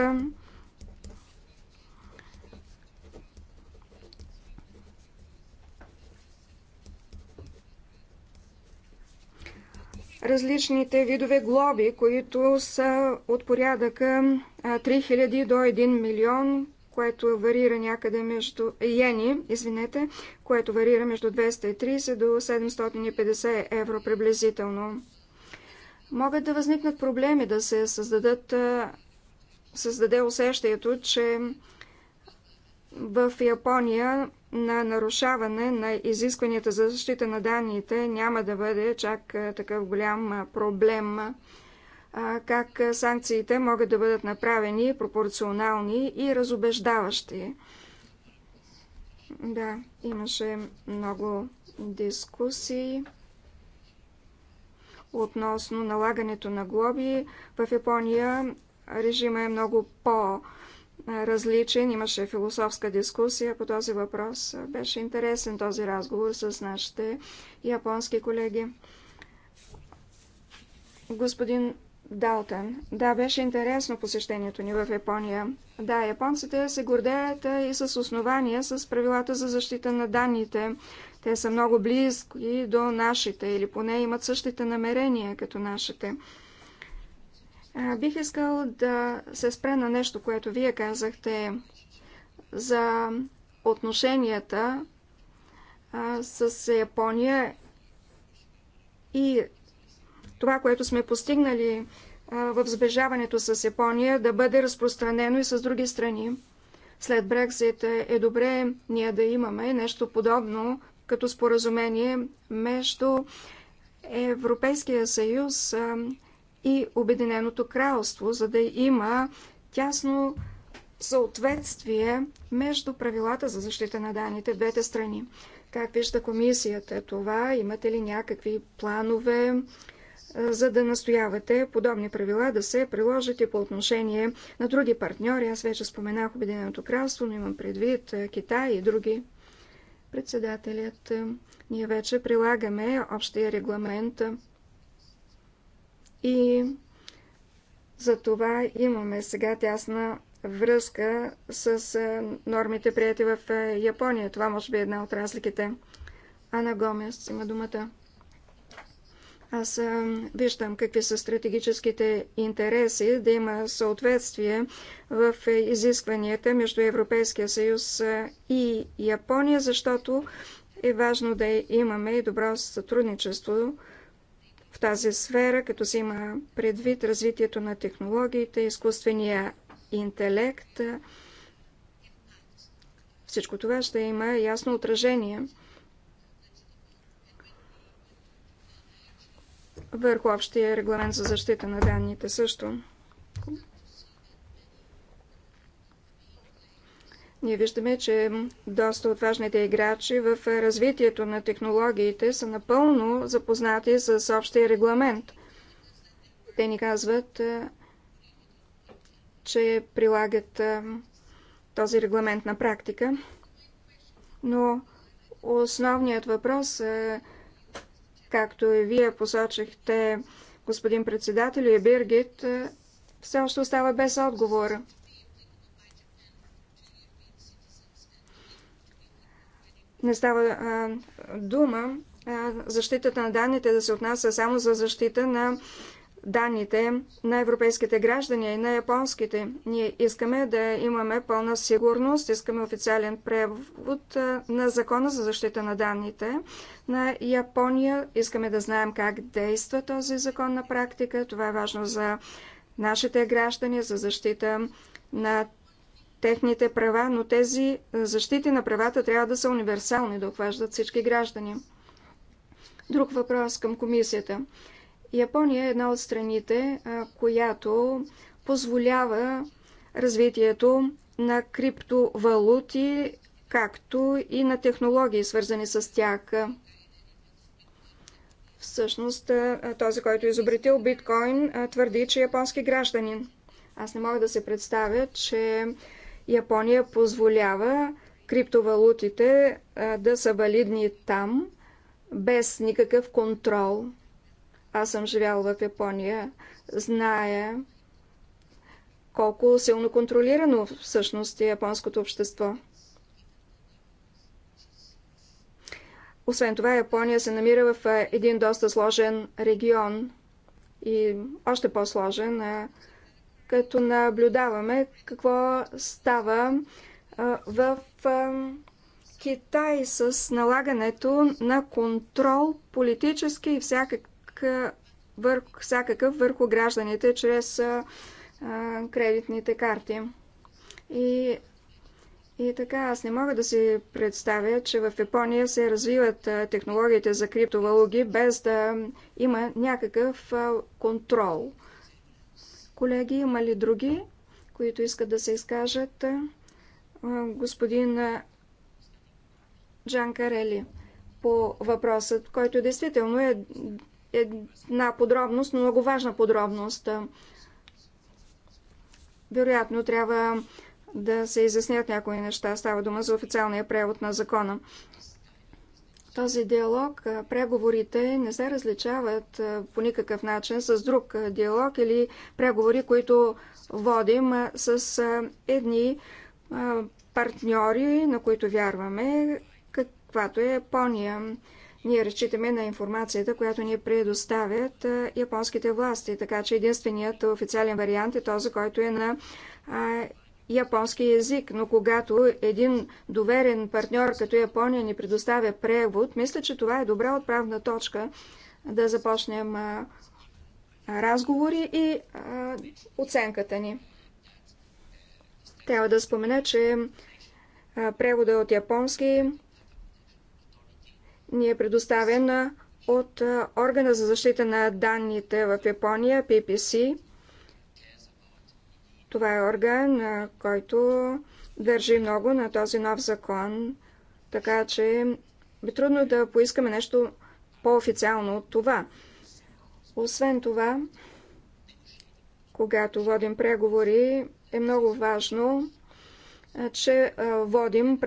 различните видове глоби, които са от порядъка 3000 до 1 милион което варира някъде между йени, извинете, което варира между 230 до 750 евро приблизително. Могат да възникнат проблеми, да се създадат, създаде усещането, че в Япония на нарушаване на изискванията за защита на данните няма да бъде чак такъв голям проблем как санкциите могат да бъдат направени пропорционални и разобеждаващи. Да, имаше много дискусии относно налагането на глоби. В Япония режима е много по-различен. Имаше философска дискусия по този въпрос. Беше интересен този разговор с нашите японски колеги. Господин Далтън. Да, беше интересно посещението ни в Япония. Да, японците се гордеят и с основания с правилата за защита на данните. Те са много близки до нашите или поне имат същите намерения като нашите. Бих искал да се спре на нещо, което вие казахте за отношенията с Япония и това, което сме постигнали в сближаването с Япония, да бъде разпространено и с други страни. След Брексит е добре ние да имаме нещо подобно като споразумение между Европейския съюз и Обединеното кралство, за да има тясно съответствие между правилата за защита на данните в двете страни. Как вижда комисията това? Имате ли някакви планове за да настоявате подобни правила да се приложат и по отношение на други партньори. Аз вече споменах Обединеното кралство, но имам предвид Китай и други. Председателят, ние вече прилагаме общия регламент и за това имаме сега тясна връзка с нормите, прияти в Япония. Това може би е една от разликите. Ана Гомес има думата. Аз виждам какви са стратегическите интереси да има съответствие в изискванията между Европейския съюз и Япония, защото е важно да имаме и добро сътрудничество в тази сфера, като се има предвид развитието на технологиите, изкуствения интелект. Всичко това ще има ясно отражение – върху общия регламент за защита на данните също. Ние виждаме, че доста от важните играчи в развитието на технологиите са напълно запознати с общия регламент. Те ни казват, е, че прилагат е, този регламент на практика. Но основният въпрос е Както и вие посочихте, господин председател и Биргит, е, все още остава без отговор. Не става а, е, дума а, е, защитата на данните да се отнася само за защита на данните на европейските граждани и на японските. Ние искаме да имаме пълна сигурност, искаме официален превод на закона за защита на данните на Япония. Искаме да знаем как действа този закон на практика. Това е важно за нашите граждани, за защита на техните права, но тези защити на правата трябва да са универсални, да обхващат всички граждани. Друг въпрос към комисията. Япония е една от страните, която позволява развитието на криптовалути, както и на технологии, свързани с тях. Всъщност, този, който е изобретил биткоин, твърди, че е японски гражданин. Аз не мога да се представя, че Япония позволява криптовалутите да са валидни там, без никакъв контрол – аз съм живял в Япония. Зная колко силно контролирано всъщност е японското общество. Освен това, Япония се намира в един доста сложен регион и още по-сложен, като наблюдаваме какво става в Китай с налагането на контрол, политически и всякак върх, всякакъв върху гражданите чрез а, кредитните карти. И, и така, аз не мога да си представя, че в Япония се развиват технологиите за криптовалуги без да има някакъв контрол. Колеги, има ли други, които искат да се изкажат? господин Джан Карели по въпросът, който действително е една подробност, но много важна подробност. Вероятно трябва да се изяснят някои неща. Става дума за официалния превод на закона. Този диалог, преговорите не се различават по никакъв начин с друг диалог или преговори, които водим с едни партньори, на които вярваме, каквато е Япония. Ние разчитаме на информацията, която ни предоставят японските власти, така че единственият официален вариант е този, който е на японски язик, но когато един доверен партньор като Япония ни предоставя превод, мисля, че това е добра отправна точка да започнем разговори и оценката ни. Трябва да спомена, че превода е от японски ни е предоставен от органа за защита на данните в Япония, PPC. Това е орган, който държи много на този нов закон, така че би трудно да поискаме нещо по-официално от това. Освен това, когато водим преговори, е много важно, че водим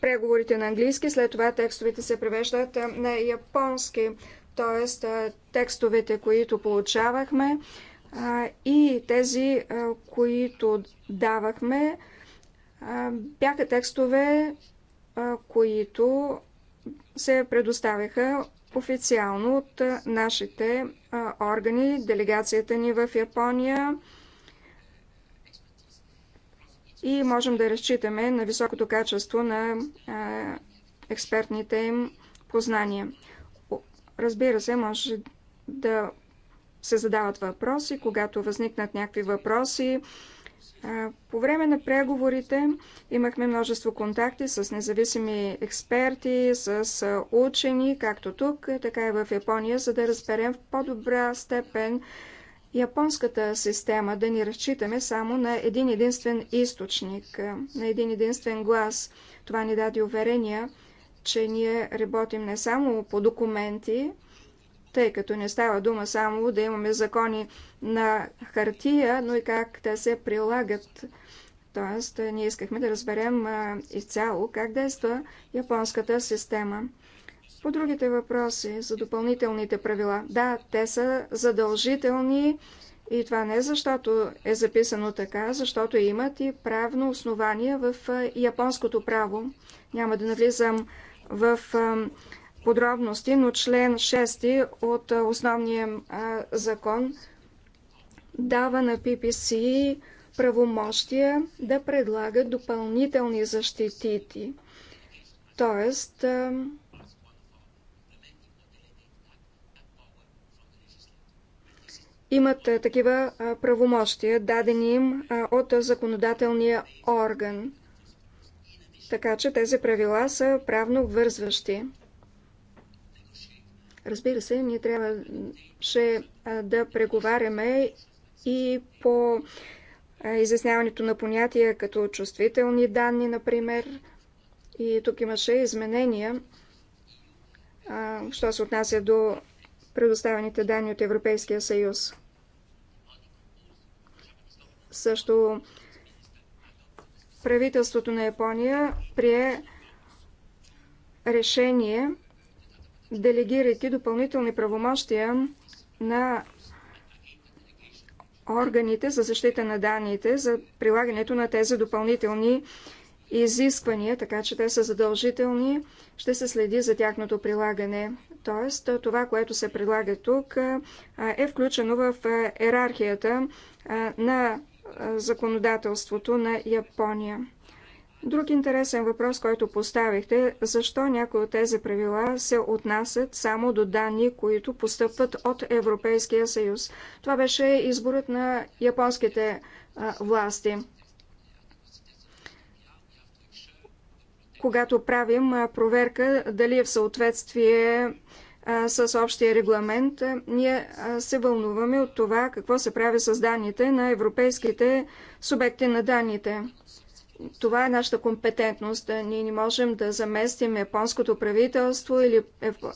преговорите на английски, след това текстовете се превеждат на японски, т.е. текстовете, които получавахме и тези, които давахме, бяха текстове, които се предоставяха официално от нашите органи, делегацията ни в Япония, и можем да разчитаме на високото качество на експертните им познания. Разбира се, може да се задават въпроси, когато възникнат някакви въпроси. По време на преговорите имахме множество контакти с независими експерти, с учени, както тук, така и в Япония, за да разберем в по-добра степен японската система, да ни разчитаме само на един единствен източник, на един единствен глас. Това ни даде уверения, че ние работим не само по документи, тъй като не става дума само да имаме закони на хартия, но и как те се прилагат. Тоест, ние искахме да разберем изцяло как действа японската система. По другите въпроси за допълнителните правила. Да, те са задължителни и това не защото е записано така, защото имат и правно основание в японското право. Няма да навлизам в подробности, но член 6 от основния закон дава на PPC правомощия да предлага допълнителни защитити. Тоест, имат такива правомощия, дадени им от законодателния орган. Така че тези правила са правно обвързващи. Разбира се, ние трябваше да преговаряме и по изясняването на понятия като чувствителни данни, например. И тук имаше изменения, що се отнася до предоставените данни от Европейския съюз. Също правителството на Япония прие решение, делегирайки допълнителни правомощия на органите за защита на данните за прилагането на тези допълнителни изисквания, така че те са задължителни, ще се следи за тяхното прилагане. Тоест, това, което се предлага тук, е включено в е, иерархията на е, законодателството на Япония. Друг интересен въпрос, който поставихте, защо някои от тези правила се отнасят само до данни, които постъпват от Европейския съюз. Това беше изборът на японските а, е, власти. Когато правим е, проверка дали е в съответствие с общия регламент, ние се вълнуваме от това какво се прави с данните на европейските субекти на данните. Това е нашата компетентност. Ние не можем да заместим японското правителство или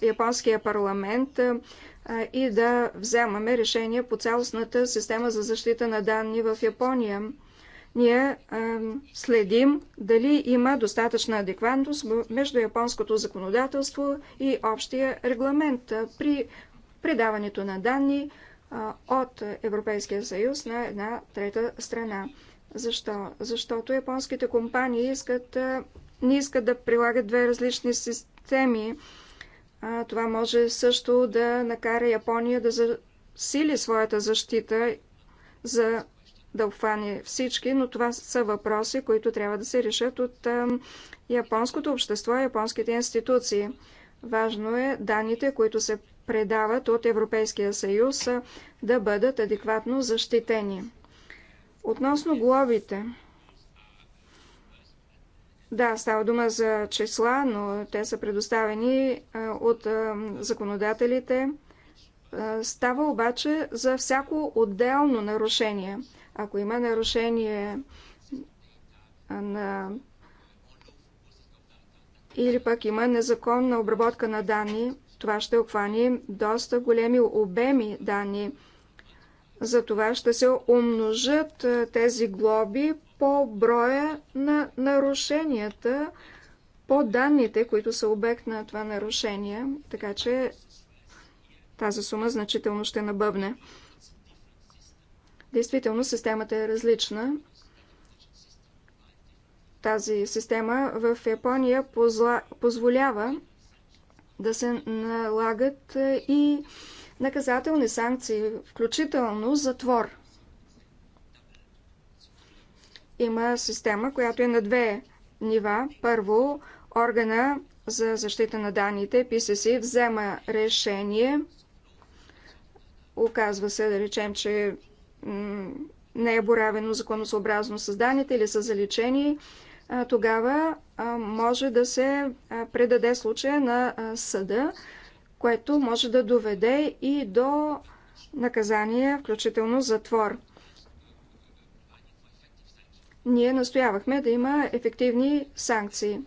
японския парламент и да вземаме решение по цялостната система за защита на данни в Япония ние следим дали има достатъчна адекватност между японското законодателство и общия регламент при предаването на данни от Европейския съюз на една трета страна. Защо? Защото японските компании искат, не искат да прилагат две различни системи. Това може също да накара Япония да засили своята защита за да обхване всички, но това са въпроси, които трябва да се решат от японското общество и японските институции. Важно е данните, които се предават от Европейския съюз, да бъдат адекватно защитени. Относно глобите. Да, става дума за числа, но те са предоставени от законодателите. Става обаче за всяко отделно нарушение – ако има нарушение на или пък има незаконна обработка на данни, това ще обхване доста големи обеми данни. За това ще се умножат е, тези глоби по броя на нарушенията, по данните, които са обект на това нарушение, така че тази сума значително ще набъбне. Действително системата е различна. Тази система в Япония позволява да се налагат е, и наказателни санкции, включително затвор. Има система, която е на две нива. Първо, органа за защита на данните, PCC, взема решение. Оказва се, да речем, че не е боравено законосъобразно с данните или са заличени, тогава може да се предаде случая на съда, което може да доведе и до наказание, включително затвор. Ние настоявахме да има ефективни санкции.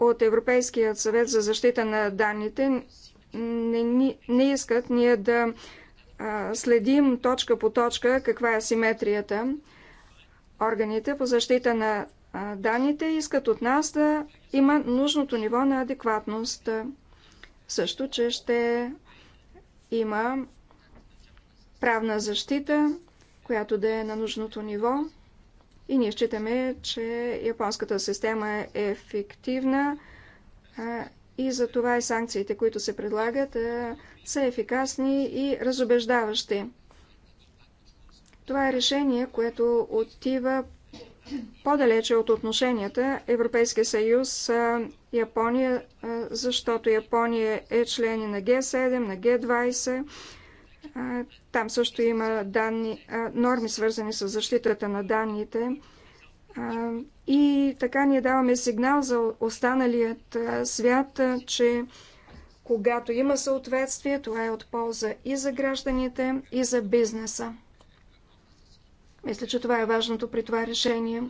От Европейският съвет за защита на данните не, не искат ние да следим точка по точка каква е симетрията. Органите по защита на данните искат от нас да има нужното ниво на адекватност. Също, че ще има правна защита, която да е на нужното ниво. И ние считаме, че японската система е ефективна и за това и санкциите, които се предлагат, са ефикасни и разобеждаващи. Това е решение, което отива по-далече от отношенията Европейския съюз Япония, защото Япония е член на Г7, на Г20. Там също има данни, норми, свързани с защитата на данните. И така ние даваме сигнал за останалият свят, че когато има съответствие, това е от полза и за гражданите, и за бизнеса. Мисля, че това е важното при това решение.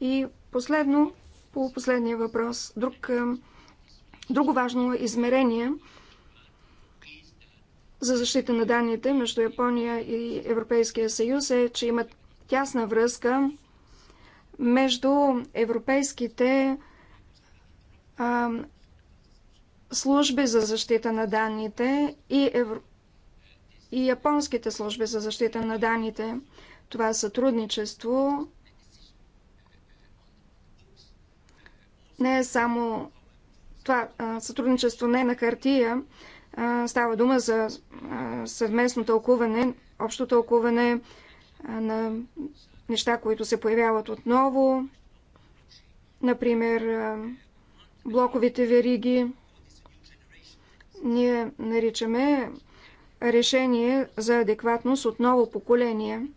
И последно, по последния въпрос, друг, друго важно измерение за защита на данните между Япония и Европейския съюз е, че имат тясна връзка между европейските а, служби за защита на данните и, евро... и японските служби за защита на данните. Това сътрудничество не е само това а, сътрудничество не е на хартия, а, става дума за а, съвместно тълкуване, общо тълкуване на неща, които се появяват отново, например блоковите вериги. Ние наричаме решение за адекватност от ново поколение –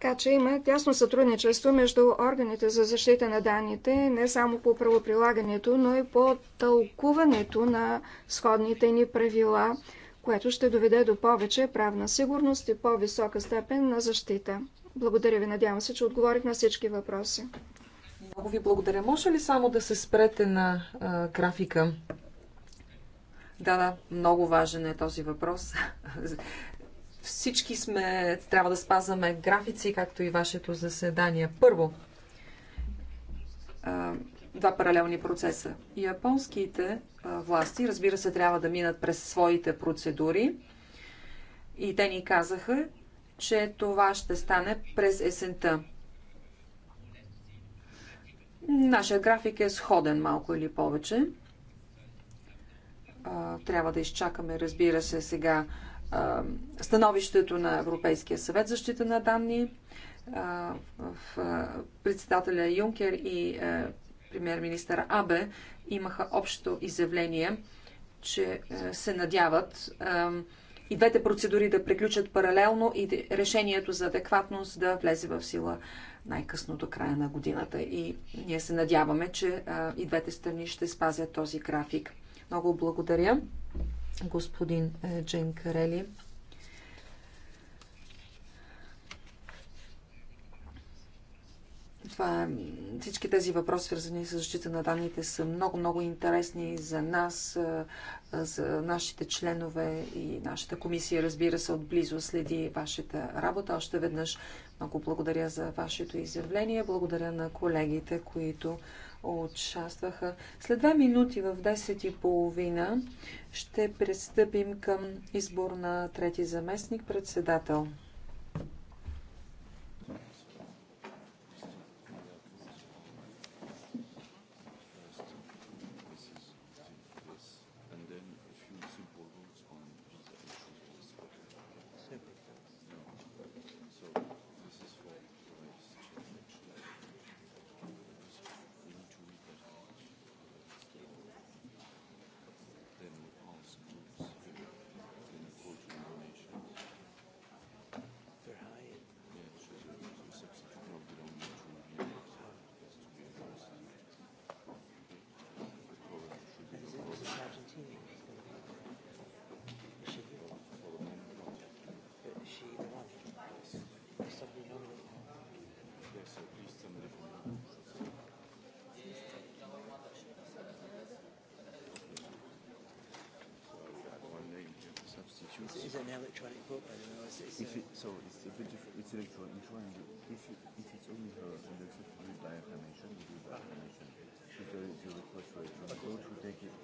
Така че има тясно сътрудничество между органите за защита на данните, не само по правоприлагането, но и по тълкуването на сходните ни правила, което ще доведе до повече правна сигурност и по-висока степен на защита. Благодаря ви, надявам се, че отговорих на всички въпроси. Много ви благодаря. Може ли само да се спрете на а, графика? Да, да, много важен е този въпрос. Всички сме, трябва да спазваме графици, както и вашето заседание. Първо, два паралелни процеса. Японските власти, разбира се, трябва да минат през своите процедури. И те ни казаха, че това ще стане през есента. Нашия график е сходен малко или повече. Трябва да изчакаме, разбира се, сега становището на Европейския съвет защита на данни. В председателя Юнкер и премьер-министър Абе имаха общо изявление, че се надяват и двете процедури да приключат паралелно и решението за адекватност да влезе в сила най-късно до края на годината. И ние се надяваме, че и двете страни ще спазят този график. Много благодаря господин е, Джен Карели. Това, всички тези въпроси, свързани с защита на данните, са много-много интересни за нас, е, за нашите членове и нашата комисия, разбира се, отблизо следи вашата работа. Още веднъж много благодаря за вашето изявление. Благодаря на колегите, които участваха. След две минути в 10.30 ще пристъпим към избор на трети заместник председател. is an electronic book, by the way. It's, it's, if it, so it's a bit different. It's electronic. If, you, if it's only her and it's read by affirmation, you do by affirmation. If there is a request for electronic vote, we take it.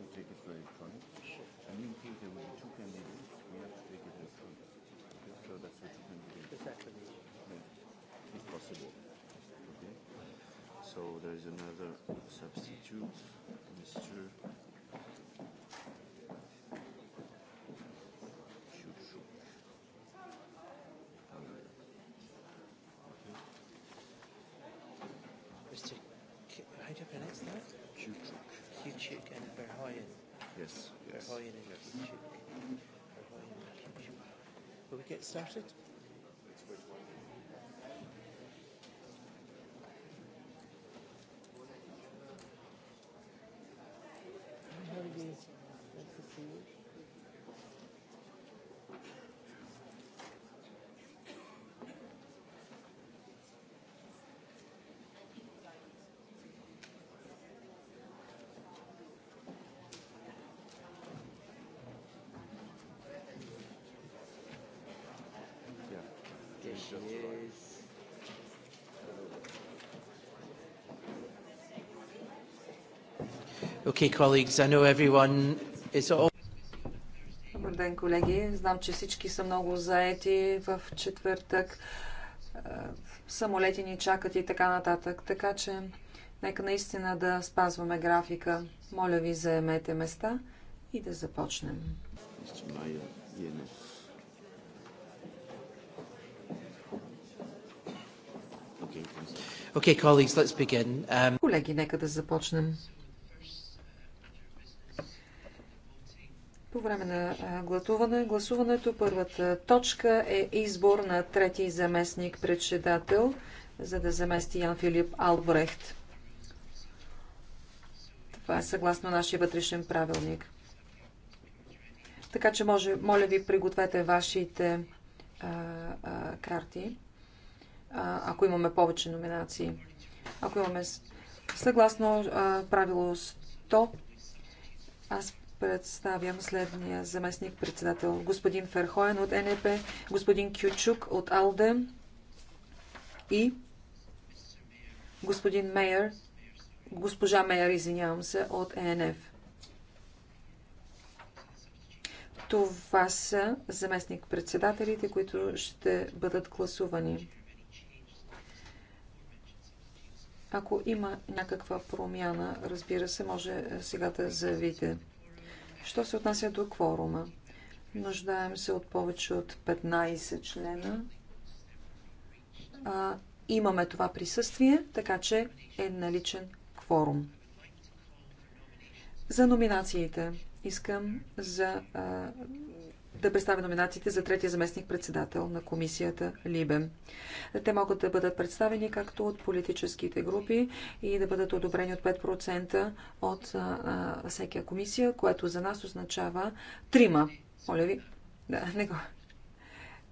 We take it for electronic. Sure. And in case there will be two candidates, we have to take it electronic. Okay? So that's what you can do. Exactly. Yeah. If possible. Okay. So there is another substitute, Mr. get started. Okay, colleagues, I know everyone is all... Добър ден, колеги. Знам, че всички са много заети в четвъртък. Е, самолети ни чакат и така нататък. Така че, нека наистина да спазваме графика. Моля ви, заемете места и да започнем. Okay, colleagues, let's begin. Um... Колеги, нека да започнем. По време на гласуване, гласуването първата точка е избор на трети заместник председател, за да замести Ян Филип Албрехт. Това е съгласно нашия вътрешен правилник. Така че, може, моля ви, пригответе вашите а, а, карти ако имаме повече номинации. Ако имаме съгласно правило 100, аз представям следния заместник председател. Господин Ферхоен от НЕП, господин Кючук от АЛДЕ и господин Мейер, госпожа Мейер, извинявам се, от ЕНФ. Това са заместник-председателите, които ще бъдат гласувани. Ако има някаква промяна, разбира се, може е, сега да заявите. Що се отнася до кворума? Нуждаем се от повече от 15 члена. А, имаме това присъствие, така че е наличен кворум. За номинациите искам за а, да представя номинациите за третия заместник председател на комисията Либе. Те могат да бъдат представени както от политическите групи и да бъдат одобрени от 5% от а, всеки комисия, което за нас означава трима. Моля ви, да, не го.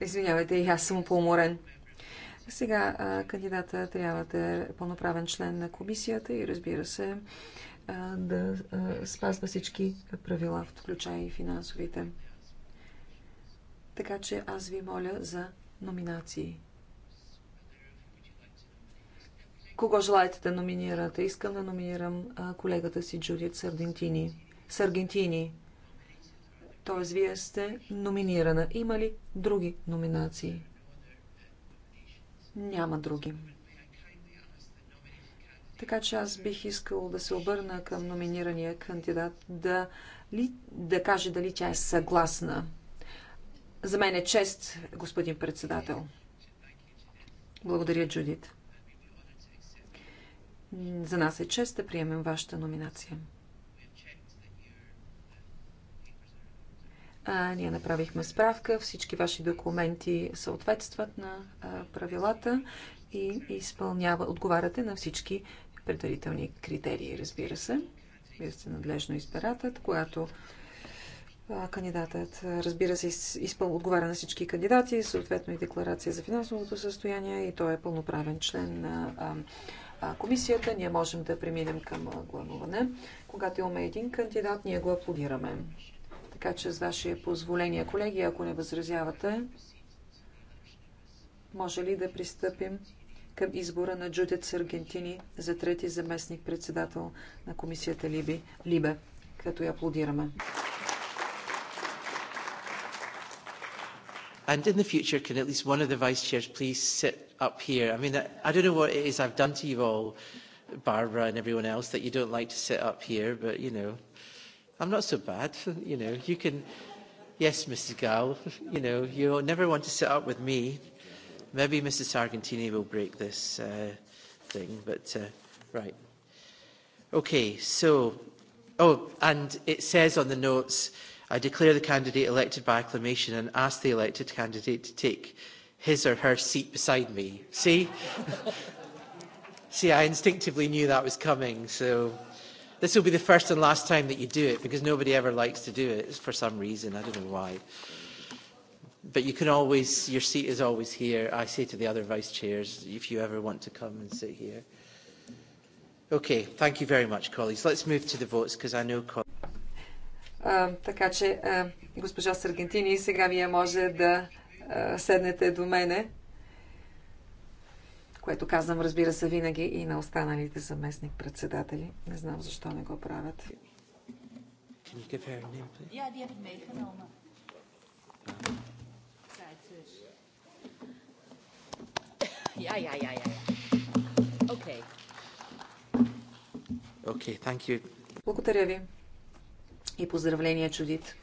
Извинявайте, и аз съм поуморен. Сега кандидата трябва да е пълноправен член на комисията и разбира се да спазва всички правила, включая и финансовите. Така че аз ви моля за номинации. Кого желаете да номинирате? Искам да номинирам колегата си Джудит Саргентини. Аргентини. Тоест, вие сте номинирана. Има ли други номинации? Няма други. Така че аз бих искал да се обърна към номинирания кандидат да, ли, да каже дали тя е съгласна за мен е чест, господин председател. Благодаря, Джудит. За нас е чест да приемем вашата номинация. А, ние направихме справка, всички ваши документи съответстват на а, правилата и изпълнява, отговаряте на всички предварителни критерии, разбира се. Вие сте надлежно избирател, когато Кандидатът, разбира се, изпъл... отговаря на всички кандидати, съответно и декларация за финансовото състояние и той е пълноправен член на комисията. Ние можем да преминем към гласуване. Когато имаме един кандидат, ние го аплодираме. Така че с ваше позволение, колеги, ако не възразявате, може ли да пристъпим към избора на Джудит Саргентини за трети заместник председател на комисията Либи, Либе, като я аплодираме. And in the future, can at least one of the vice chairs please sit up here? I mean, I, I don't know what it is I've done to you all, Barbara and everyone else, that you don't like to sit up here, but you know, I'm not so bad. You know, you can, yes, Mrs. Gall, you know, you'll never want to sit up with me. Maybe Mrs. Sargentini will break this uh, thing, but uh, right. Okay, so, oh, and it says on the notes, I declare the candidate elected by acclamation and ask the elected candidate to take his or her seat beside me. See? See, I instinctively knew that was coming, so this will be the first and last time that you do it because nobody ever likes to do it for some reason. I don't know why. But you can always, your seat is always here. I say to the other vice chairs, if you ever want to come and sit here. Okay, thank you very much, colleagues. Let's move to the votes because I know colleagues така че, госпожа Саргентини, сега вие може да седнете до мене, което казвам, разбира се, винаги и на останалите заместник-председатели. Не знам защо не го правят. Ja, ja, ja, ja. Okay. Okay, thank you. Благодаря ви. И поздравления, Чудит.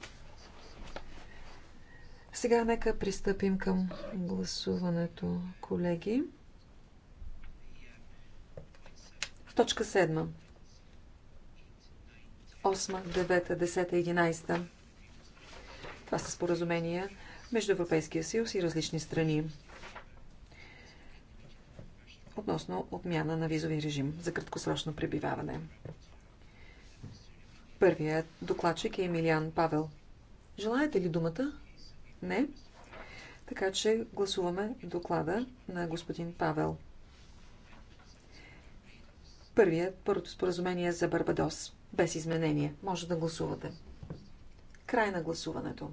Сега нека пристъпим към гласуването, колеги. В точка 7. 8, 9, 10, 11. Това са споразумения между Европейския съюз и различни страни относно отмяна на визови режим за краткосрочно пребиваване. Първият докладчик е Емилиан Павел. Желаете ли думата? Не. Така че гласуваме доклада на господин Павел. Първият, първото споразумение е за Барбадос. Без изменение. Може да гласувате. Край на гласуването.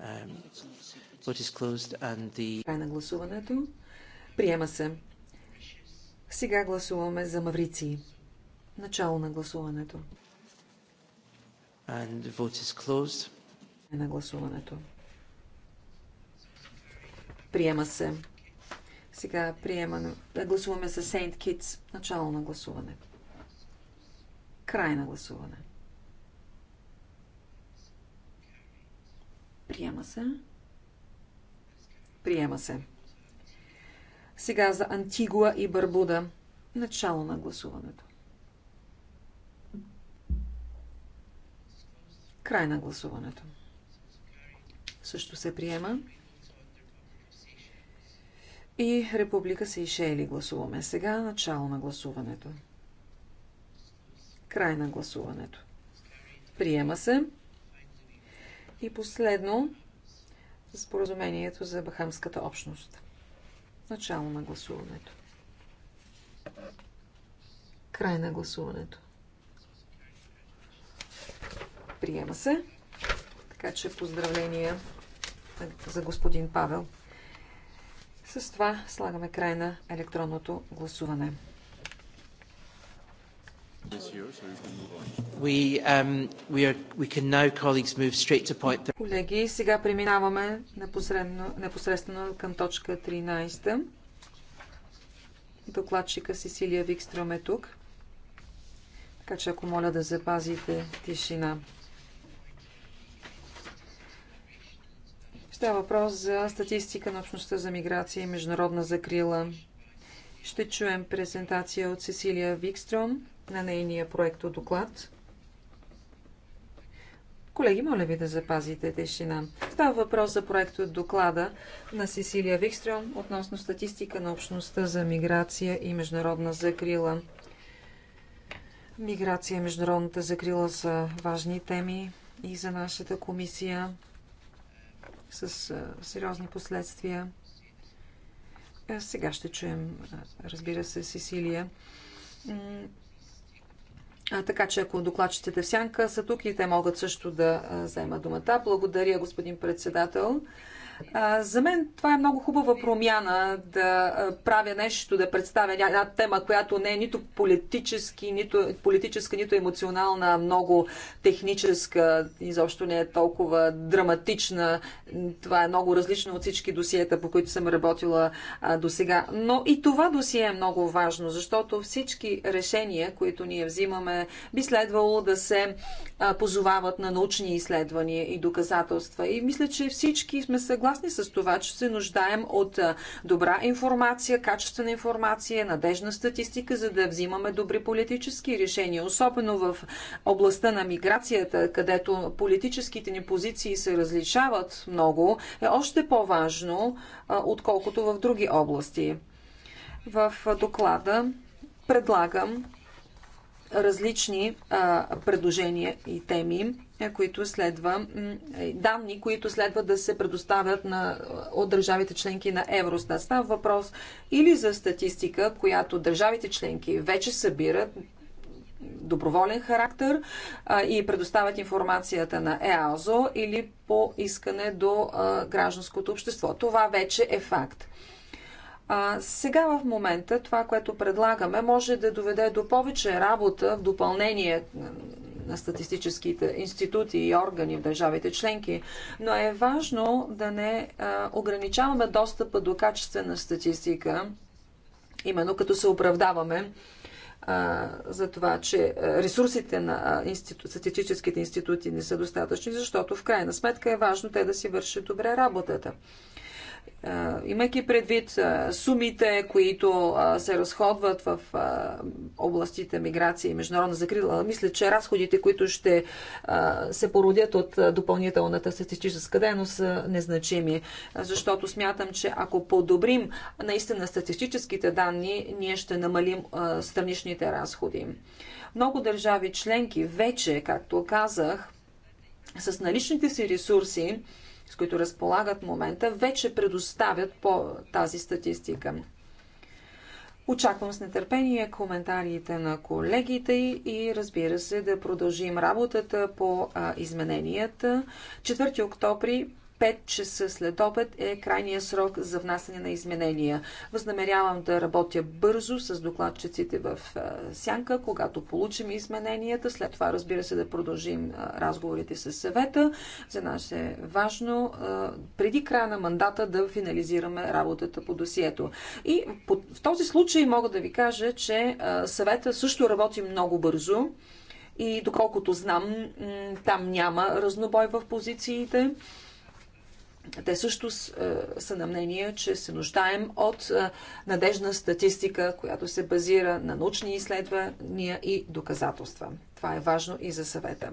Um, Край на гласуването. Приема се. Сега гласуваме за Маврици. Начало на гласуването. And the vote is closed. На гласуването. Приема се. Сега приема. Да гласуваме за Сейнт Китс. Начало на гласуване. Край на гласуване. Приема се. Приема се. Сега за Антигуа и Барбуда. Начало на гласуването. Край на гласуването. Също се приема. И Република Сейшели гласуваме. Сега начало на гласуването. Край на гласуването. Приема се. И последно, споразумението за Бахамската общност. Начало на гласуването. Край на гласуването. Приема се. Така че поздравления за господин Павел. С това слагаме край на електронното гласуване. We, um, we are, we now, point... Колеги, сега преминаваме непосредствено, непосредствено към точка 13. Докладчика Сесилия Викстром е тук. Така че ако моля да запазите тишина. Става въпрос за статистика на общността за миграция и международна закрила. Ще чуем презентация от Сесилия Викстрон на нейния проекто доклад. Колеги, моля ви да запазите тишина. Става въпрос за проект от доклада на Сесилия Викстрем относно статистика на общността за миграция и международна закрила. Миграция и международната закрила са важни теми и за нашата комисия с сериозни последствия. Е, сега ще чуем, разбира се, Сесилия. А, така че ако докладчетите в сянка са тук и те могат също да вземат думата. Благодаря, господин председател. За мен това е много хубава промяна да правя нещо, да представя една тема, която не е нито политически, нито, политическа, нито емоционална, много техническа, изобщо не е толкова драматична. Това е много различно от всички досиета, по които съм работила до сега. Но и това досие е много важно, защото всички решения, които ние взимаме, би следвало да се позовават на научни изследвания и доказателства. И мисля, че всички сме съгласни съгласни с това, че се нуждаем от добра информация, качествена информация, надежна статистика, за да взимаме добри политически решения, особено в областта на миграцията, където политическите ни позиции се различават много, е още по-важно, отколкото в други области. В доклада предлагам различни а, предложения и теми които следва, е, данни, които следва да се предоставят на, от държавите членки на Евростат. Става въпрос или за статистика, която държавите членки вече събират доброволен характер а, и предоставят информацията на ЕАЗО или по искане до а, гражданското общество. Това вече е факт. А, сега в момента това, което предлагаме, може да доведе до повече работа в допълнение на статистическите институти и органи в държавите членки, но е важно да не ограничаваме достъпа до качествена статистика, именно като се оправдаваме за това, че ресурсите на статистическите институти не са достатъчни, защото в крайна сметка е важно те да си вършат добре работата. Имайки предвид сумите, които се разходват в областите миграция и международна закрила, мисля, че разходите, които ще се породят от допълнителната статистическа дейност, са незначими. Защото смятам, че ако подобрим наистина статистическите данни, ние ще намалим страничните разходи. Много държави членки вече, както казах, с наличните си ресурси, с които разполагат в момента, вече предоставят по тази статистика. Очаквам с нетърпение коментарите на колегите и разбира се да продължим работата по измененията. 4 октомври 5 часа след обед е крайния срок за внасяне на изменения. Възнамерявам да работя бързо с докладчиците в сянка, когато получим измененията. След това, разбира се, да продължим разговорите с съвета. За нас е важно преди края на мандата да финализираме работата по досието. И в този случай мога да ви кажа, че съвета също работи много бързо. И доколкото знам, там няма разнобой в позициите. Те също е, са на мнение, че се нуждаем от е, надежна статистика, която се базира на научни изследвания и доказателства. Това е важно и за съвета.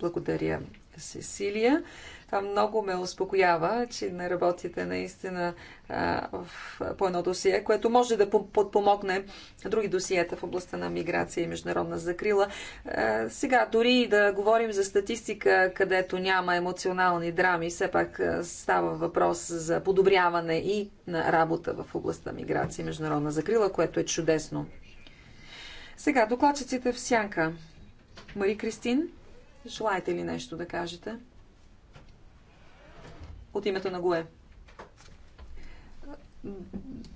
Благодаря, Сесилия. Това много ме успокоява, че не работите наистина а, в, по едно досие, което може да подпомогне други досиета в областта на миграция и международна закрила. А, сега, дори да говорим за статистика, където няма емоционални драми, все пак става въпрос за подобряване и на работа в областта миграция и международна закрила, което е чудесно. Сега, докладчиците в сянка. Мари Кристин, желаете ли нещо да кажете? от името на ГУЕ.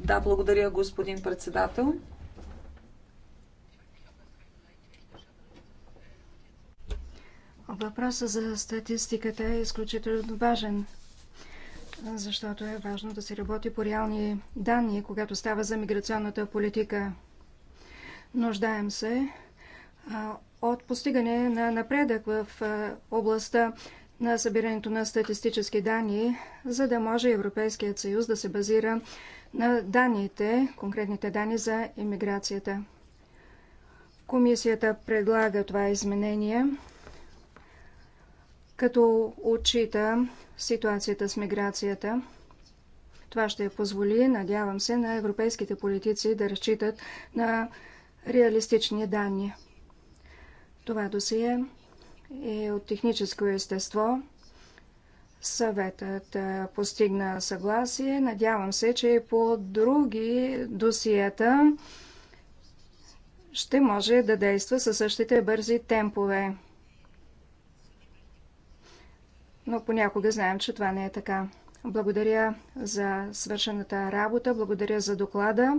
Да, благодаря, господин председател. Въпросът за статистиката е изключително важен, защото е важно да се работи по реални данни, когато става за миграционната политика. Нуждаем се от постигане на напредък в областта на събирането на статистически данни, за да може Европейският съюз да се базира на данните, конкретните данни за иммиграцията. Комисията предлага това изменение, като отчита ситуацията с миграцията. Това ще позволи, надявам се, на европейските политици да разчитат на реалистични данни. Това досие е и от техническо естество. Съветът е, постигна съгласие. Надявам се, че и по други досиета ще може да действа със същите бързи темпове. Но понякога знаем, че това не е така. Благодаря за свършената работа, благодаря за доклада.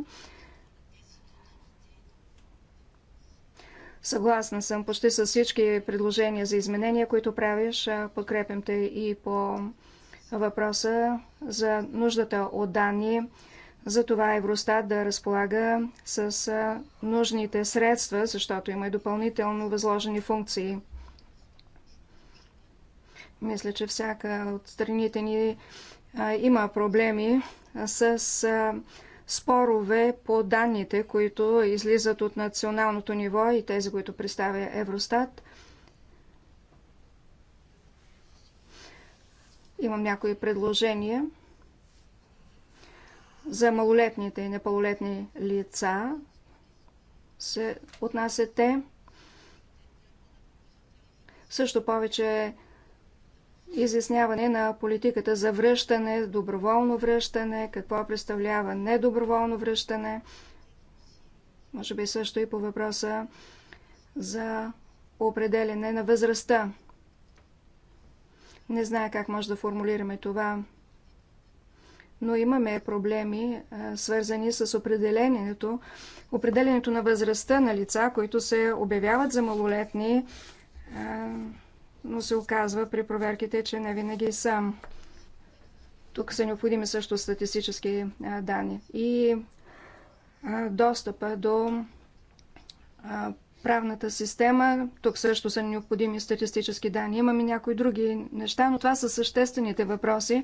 Съгласна съм почти с всички предложения за изменения, които правиш. Подкрепям те и по въпроса за нуждата от данни. За това Евростат да разполага с нужните средства, защото има и допълнително възложени функции. Мисля, че всяка от страните ни има проблеми с спорове по данните, които излизат от националното ниво и тези, които представя Евростат. Имам някои предложения за малолетните и непълнолетни лица се отнасяте. Също повече изясняване на политиката за връщане, доброволно връщане, какво представлява недоброволно връщане. Може би също и по въпроса за определене на възрастта. Не зная как може да формулираме това, но имаме проблеми, е, свързани с определението, определението на възрастта на лица, които се обявяват за малолетни, е, но се оказва при проверките, че не винаги са. Тук са необходими също статистически данни. И достъпа до правната система. Тук също са необходими статистически данни. Имаме някои други неща, но това са съществените въпроси.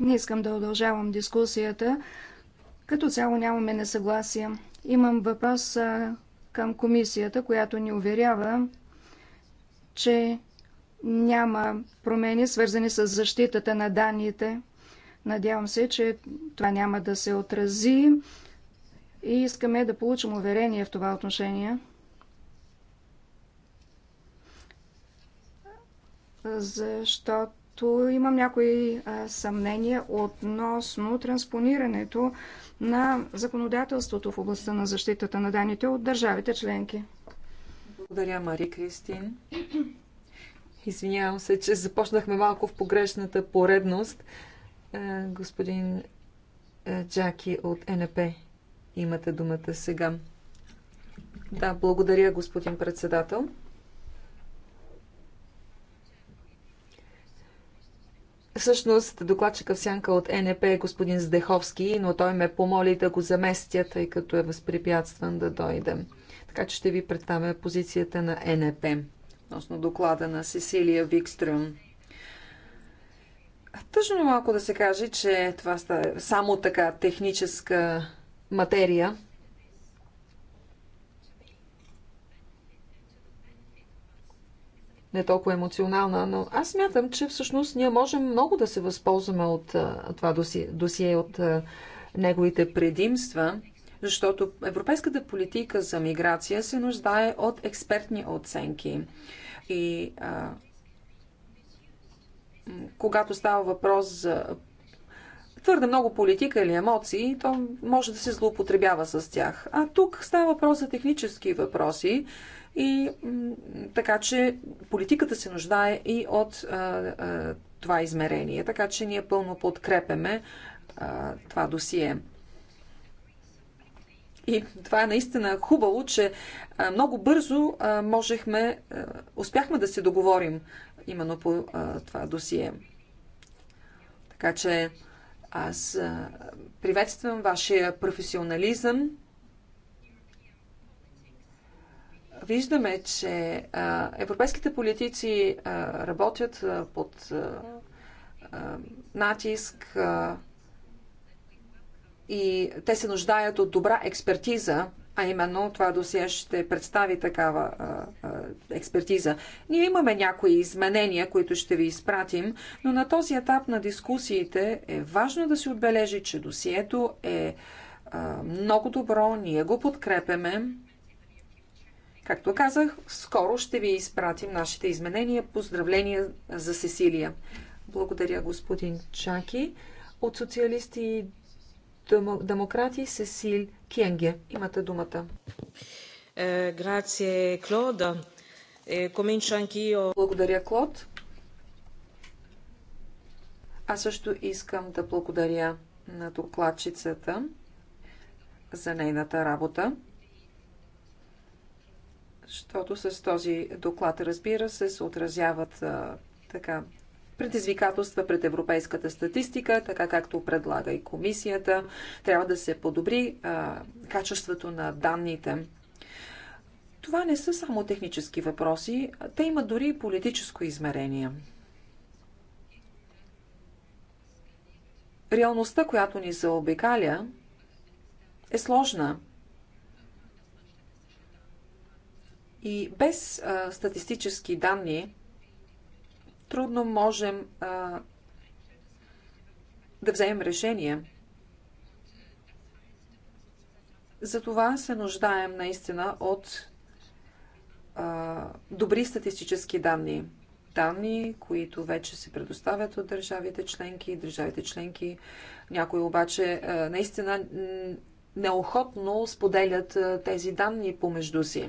Не искам да удължавам дискусията. Като цяло нямаме несъгласие. Имам въпрос към комисията, която ни уверява, че няма промени, свързани с защитата на данните. Надявам се, че това няма да се отрази и искаме да получим уверение в това отношение. Защото имам някои съмнения относно транспонирането на законодателството в областта на защитата на данните от държавите членки. Благодаря, Мари Кристин. Извинявам се, че започнахме малко в погрешната поредност. Е, господин е, Джаки от НП, имате думата сега. Да, благодаря, господин председател. Всъщност, докладчика в сянка от НП е господин Здеховски, но той ме помоли да го заместя, тъй като е възпрепятстван да дойде. Така че ще ви представя позицията на НП относно доклада на Сесилия Викстрюм. Тъжно е малко да се каже, че това е само така техническа материя. Не толкова емоционална, но аз мятам, че всъщност ние можем много да се възползваме от това досие, досие от неговите предимства – защото европейската политика за миграция се нуждае от експертни оценки. И а, когато става въпрос за твърде много политика или емоции, то може да се злоупотребява с тях. А тук става въпрос за технически въпроси и така, че политиката се нуждае и от а, а, това измерение. Така, че ние пълно подкрепяме това досие. И това е наистина хубаво, че много бързо можехме, успяхме да се договорим именно по това досие. Така че аз приветствам вашия професионализъм. Виждаме, че европейските политици работят под натиск, и те се нуждаят от добра експертиза, а именно това досие ще представи такава а, а, експертиза. Ние имаме някои изменения, които ще ви изпратим, но на този етап на дискусиите е важно да се отбележи, че досието е а, много добро, ние го подкрепяме. Както казах, скоро ще ви изпратим нашите изменения. Поздравления за Сесилия. Благодаря, господин Чаки. От социалисти и демократи Сесил Кенге. Имате думата. Е, грация, Клода. Е, благодаря, Клод. Аз също искам да благодаря на докладчицата за нейната работа, защото с този доклад, разбира се, се отразяват така предизвикателства пред европейската статистика, така както предлага и комисията. Трябва да се подобри а, качеството на данните. Това не са само технически въпроси, те имат дори и политическо измерение. Реалността, която ни заобикаля, е сложна. И без а, статистически данни трудно можем а, да вземем решение. Затова се нуждаем наистина от а, добри статистически данни. Данни, които вече се предоставят от държавите членки. Държавите членки, някои обаче а, наистина неохотно споделят а, тези данни помежду си.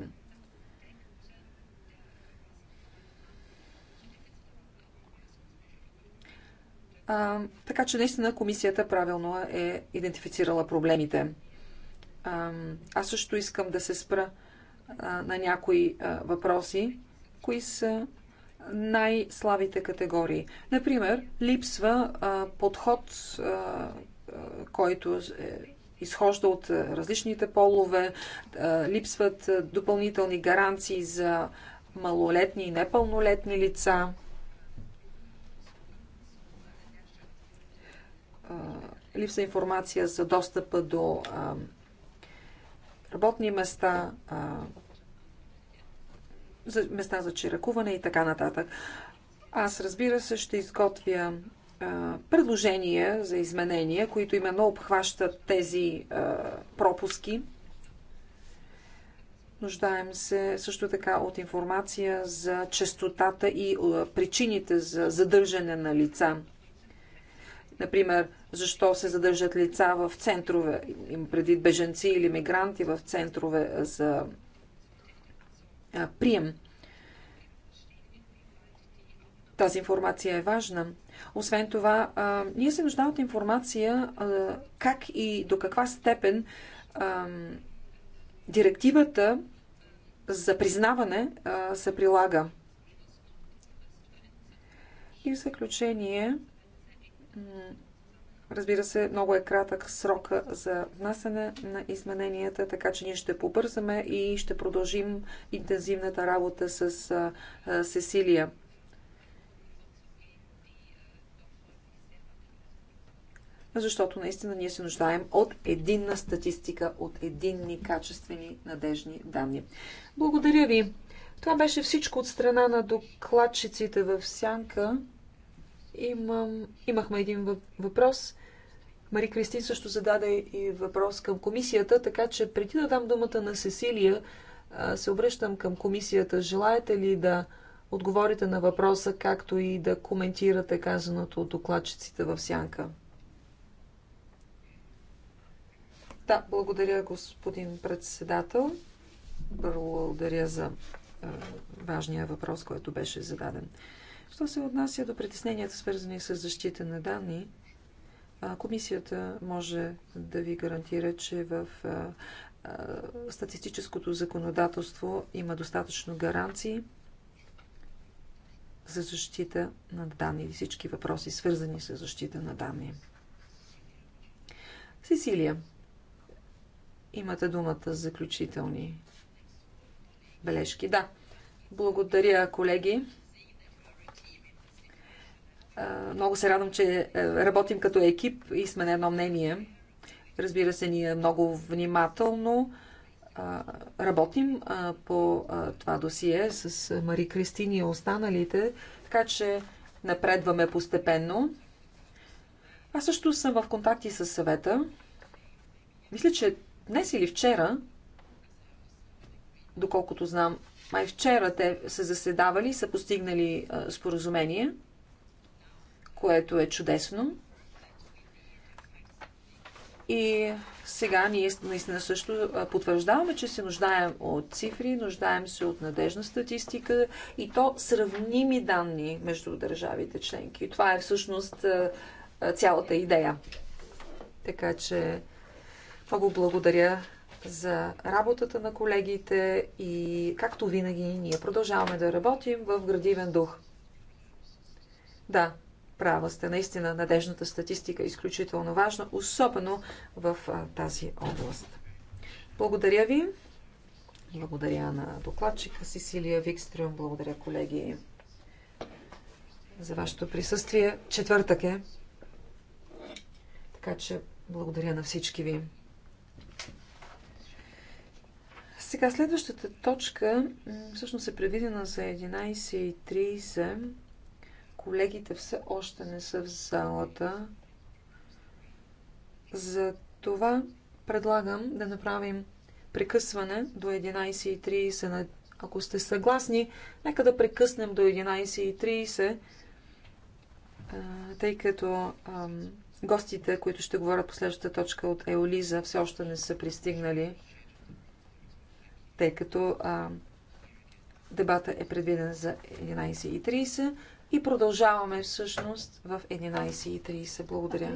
А, така че наистина комисията правилно е идентифицирала проблемите. А, аз също искам да се спра а, на някои а, въпроси, кои са най-слабите категории. Например, липсва а, подход, а, а, който е, изхожда от различните полове, липсват допълнителни гаранции за малолетни и непълнолетни лица. липса информация за достъпа до работни места, за места за чиракуване и така нататък. Аз, разбира се, ще изготвя предложения за изменения, които именно обхващат тези пропуски. Нуждаем се също така от информация за частотата и причините за задържане на лица Например, защо се задържат лица в центрове, им предвид беженци или мигранти в центрове за прием. Тази информация е важна. Освен това, ние се нуждаем от информация как и до каква степен директивата за признаване се прилага. И в заключение, Разбира се, много е кратък срока за внасяне на измененията, така че ние ще побързаме и ще продължим интензивната работа с Сесилия. Защото наистина ние се нуждаем от единна статистика, от единни, качествени, надежни данни. Благодаря ви! Това беше всичко от страна на докладчиците в Сянка. Имам, имахме един въпрос. Мари Кристин също зададе и въпрос към комисията, така че преди да дам думата на Сесилия, се обръщам към комисията. Желаете ли да отговорите на въпроса, както и да коментирате казаното от докладчиците в сянка? Да, благодаря, господин председател. Благодаря за важния въпрос, който беше зададен. Що се отнася до притесненията, свързани с защита на данни, комисията може да ви гарантира, че в статистическото законодателство има достатъчно гаранции за защита на данни и всички въпроси, свързани с защита на данни. Сесилия, имате думата за заключителни бележки. Да, благодаря, колеги. Много се радвам, че работим като екип и сме на едно мнение. Разбира се, ние много внимателно работим по това досие с Мари Кристини и останалите, така че напредваме постепенно. Аз също съм в контакти с съвета. Мисля, че днес или вчера, доколкото знам, май вчера те са заседавали и са постигнали споразумение – което е чудесно. И сега ние наистина също потвърждаваме, че се нуждаем от цифри, нуждаем се от надежна статистика и то сравними данни между държавите членки. това е всъщност цялата идея. Така че много благодаря за работата на колегите и както винаги ние продължаваме да работим в градивен дух. Да, Права сте, наистина надежната статистика е изключително важна, особено в тази област. Благодаря ви. Благодаря на докладчика Сисилия Викстрюм. Благодаря, колеги, за вашето присъствие. Четвъртък е. Така че благодаря на всички ви. Сега следващата точка всъщност е предвидена за 11.30. Колегите все още не са в залата. За това предлагам да направим прекъсване до 11.30. Ако сте съгласни, нека да прекъснем до 11.30, тъй като гостите, които ще говорят по следващата точка от Еолиза, все още не са пристигнали, тъй като дебата е предвиден за 11.30 и продължаваме всъщност в 11.30. Благодаря.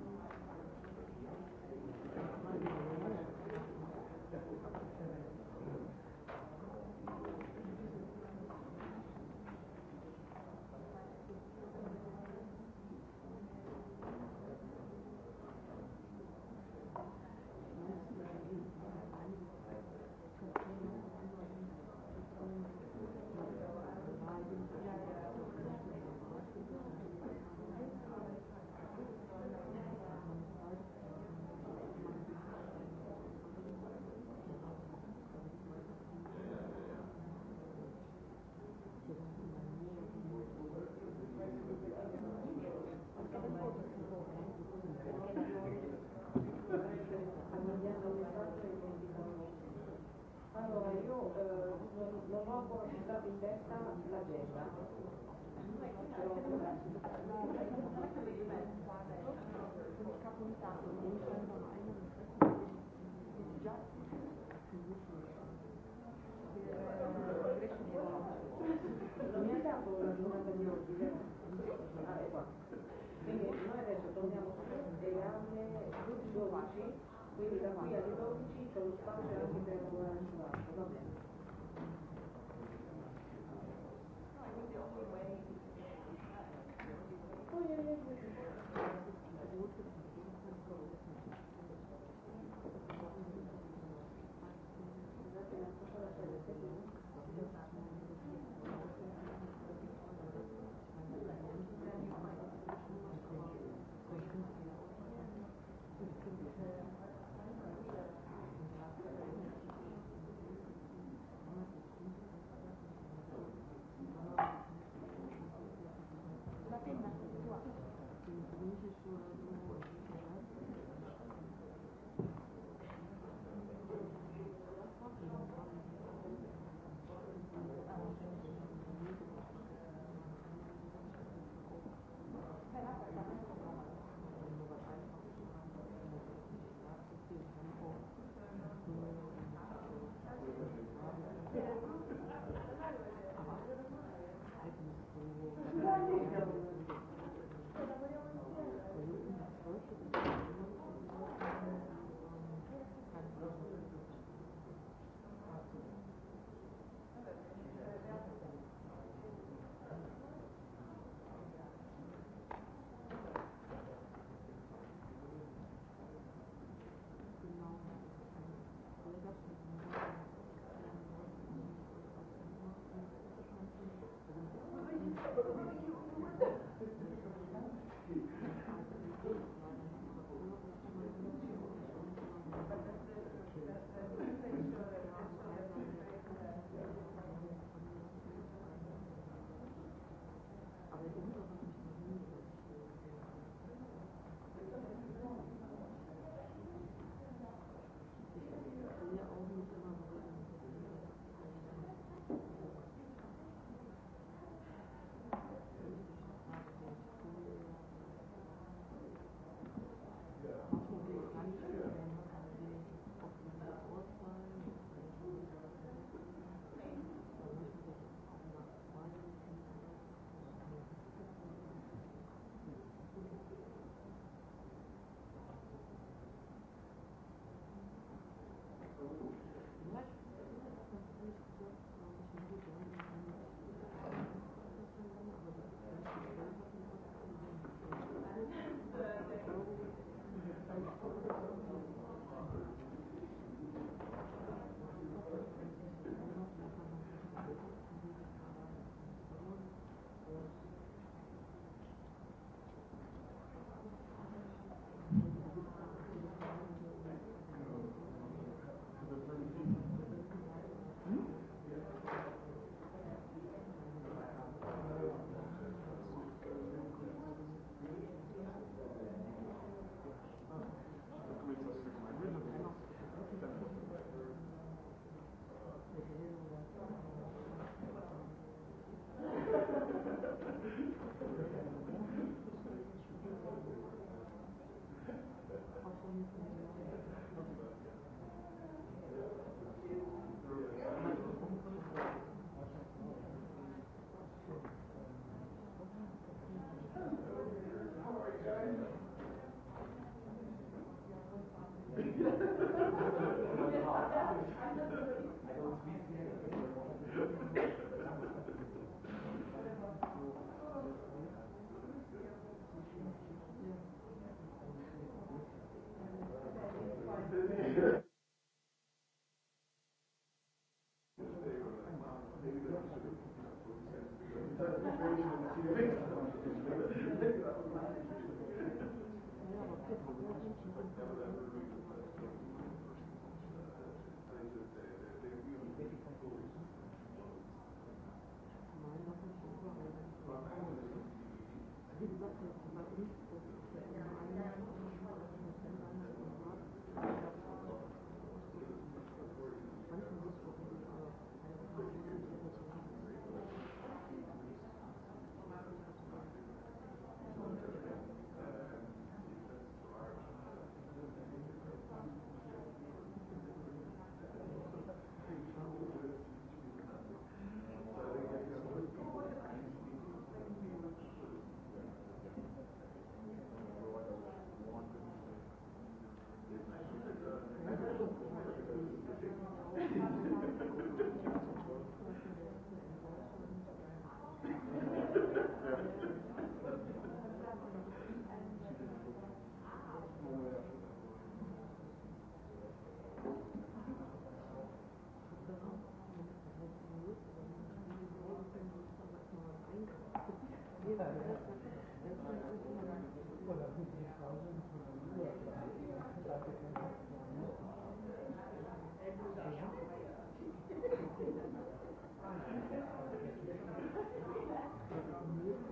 Thank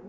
you.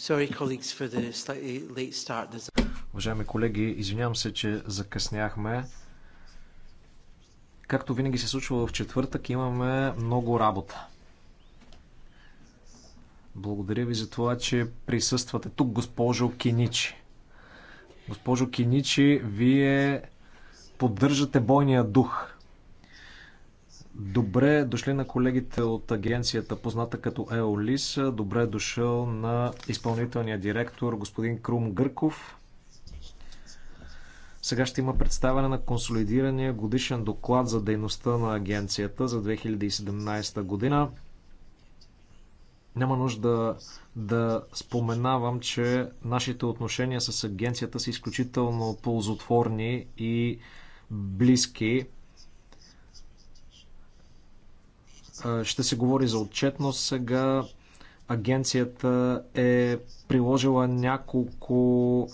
Sorry, Уважаеми колеги, извинявам се, че закъсняхме. Както винаги се случва в четвъртък, имаме много работа. Благодаря ви за това, че присъствате тук, госпожо Киничи. Госпожо Киничи, вие поддържате бойния дух Добре дошли на колегите от агенцията, позната като Еолис. Добре е дошъл на изпълнителния директор господин Крум Гърков. Сега ще има представяне на консолидирания годишен доклад за дейността на агенцията за 2017 година. Няма нужда да споменавам, че нашите отношения с агенцията са изключително ползотворни и близки. Ще се говори за отчетност сега. Агенцията е приложила няколко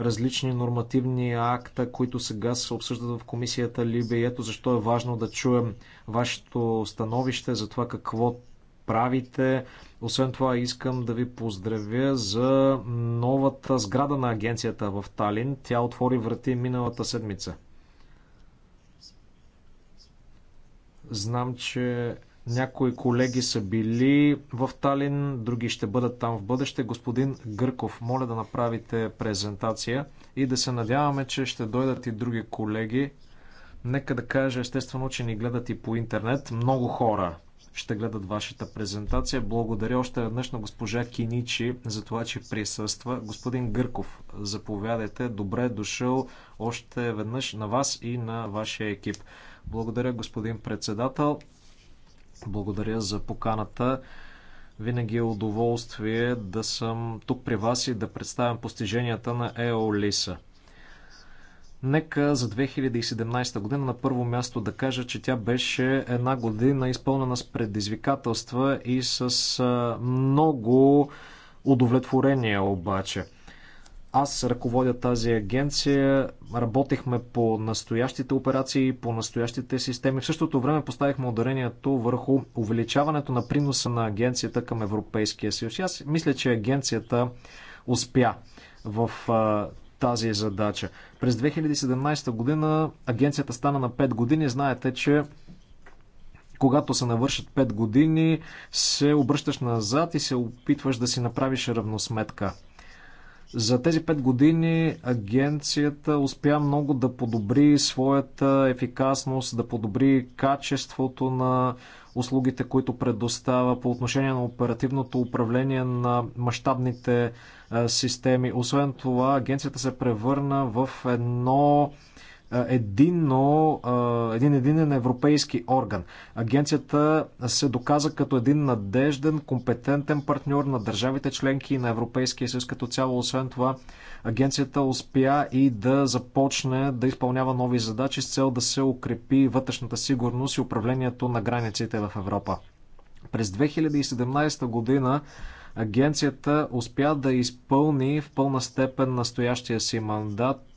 различни нормативни акта, които сега се обсъждат в комисията Либе. И ето защо е важно да чуем вашето становище за това какво правите. Освен това искам да ви поздравя за новата сграда на агенцията в Талин. Тя отвори врати миналата седмица. Знам, че някои колеги са били в Талин, други ще бъдат там в бъдеще. Господин Гърков, моля да направите презентация и да се надяваме, че ще дойдат и други колеги. Нека да кажа, естествено, че ни гледат и по интернет. Много хора ще гледат вашата презентация. Благодаря още веднъж на госпожа Киничи за това, че присъства. Господин Гърков, заповядайте. Добре е дошъл още веднъж на вас и на вашия екип. Благодаря, господин председател. Благодаря за поканата. Винаги е удоволствие да съм тук при вас и да представям постиженията на ЕОЛИСА. Нека за 2017 година на първо място да кажа, че тя беше една година изпълнена с предизвикателства и с много удовлетворение обаче – аз ръководя тази агенция, работехме по настоящите операции, по настоящите системи. В същото време поставихме ударението върху увеличаването на приноса на агенцията към Европейския съюз. Аз мисля, че агенцията успя в а, тази задача. През 2017 година агенцията стана на 5 години. Знаете, че когато се навършат 5 години, се обръщаш назад и се опитваш да си направиш равносметка. За тези 5 години агенцията успя много да подобри своята ефикасност, да подобри качеството на услугите, които предоставя по отношение на оперативното управление на мащабните системи. Освен това, агенцията се превърна в едно единно, един единен европейски орган. Агенцията се доказа като един надежден, компетентен партньор на държавите членки и на Европейския съюз като цяло. Освен това, агенцията успя и да започне да изпълнява нови задачи с цел да се укрепи вътрешната сигурност и управлението на границите в Европа. През 2017 година агенцията успя да изпълни в пълна степен настоящия си мандат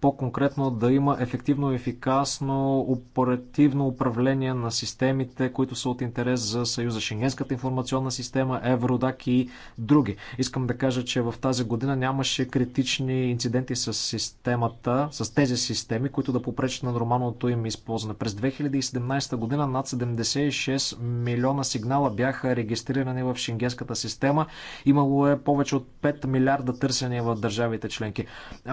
по-конкретно да има ефективно, ефикасно, оперативно управление на системите, които са от интерес за Съюза. Шенгенската информационна система, Евродак и други. Искам да кажа, че в тази година нямаше критични инциденти с системата, с тези системи, които да попречат на нормалното им използване. През 2017 година над 76 милиона сигнала бяха регистрирани в шенгенската система. Имало е повече от 5 милиарда търсения в държавите членки.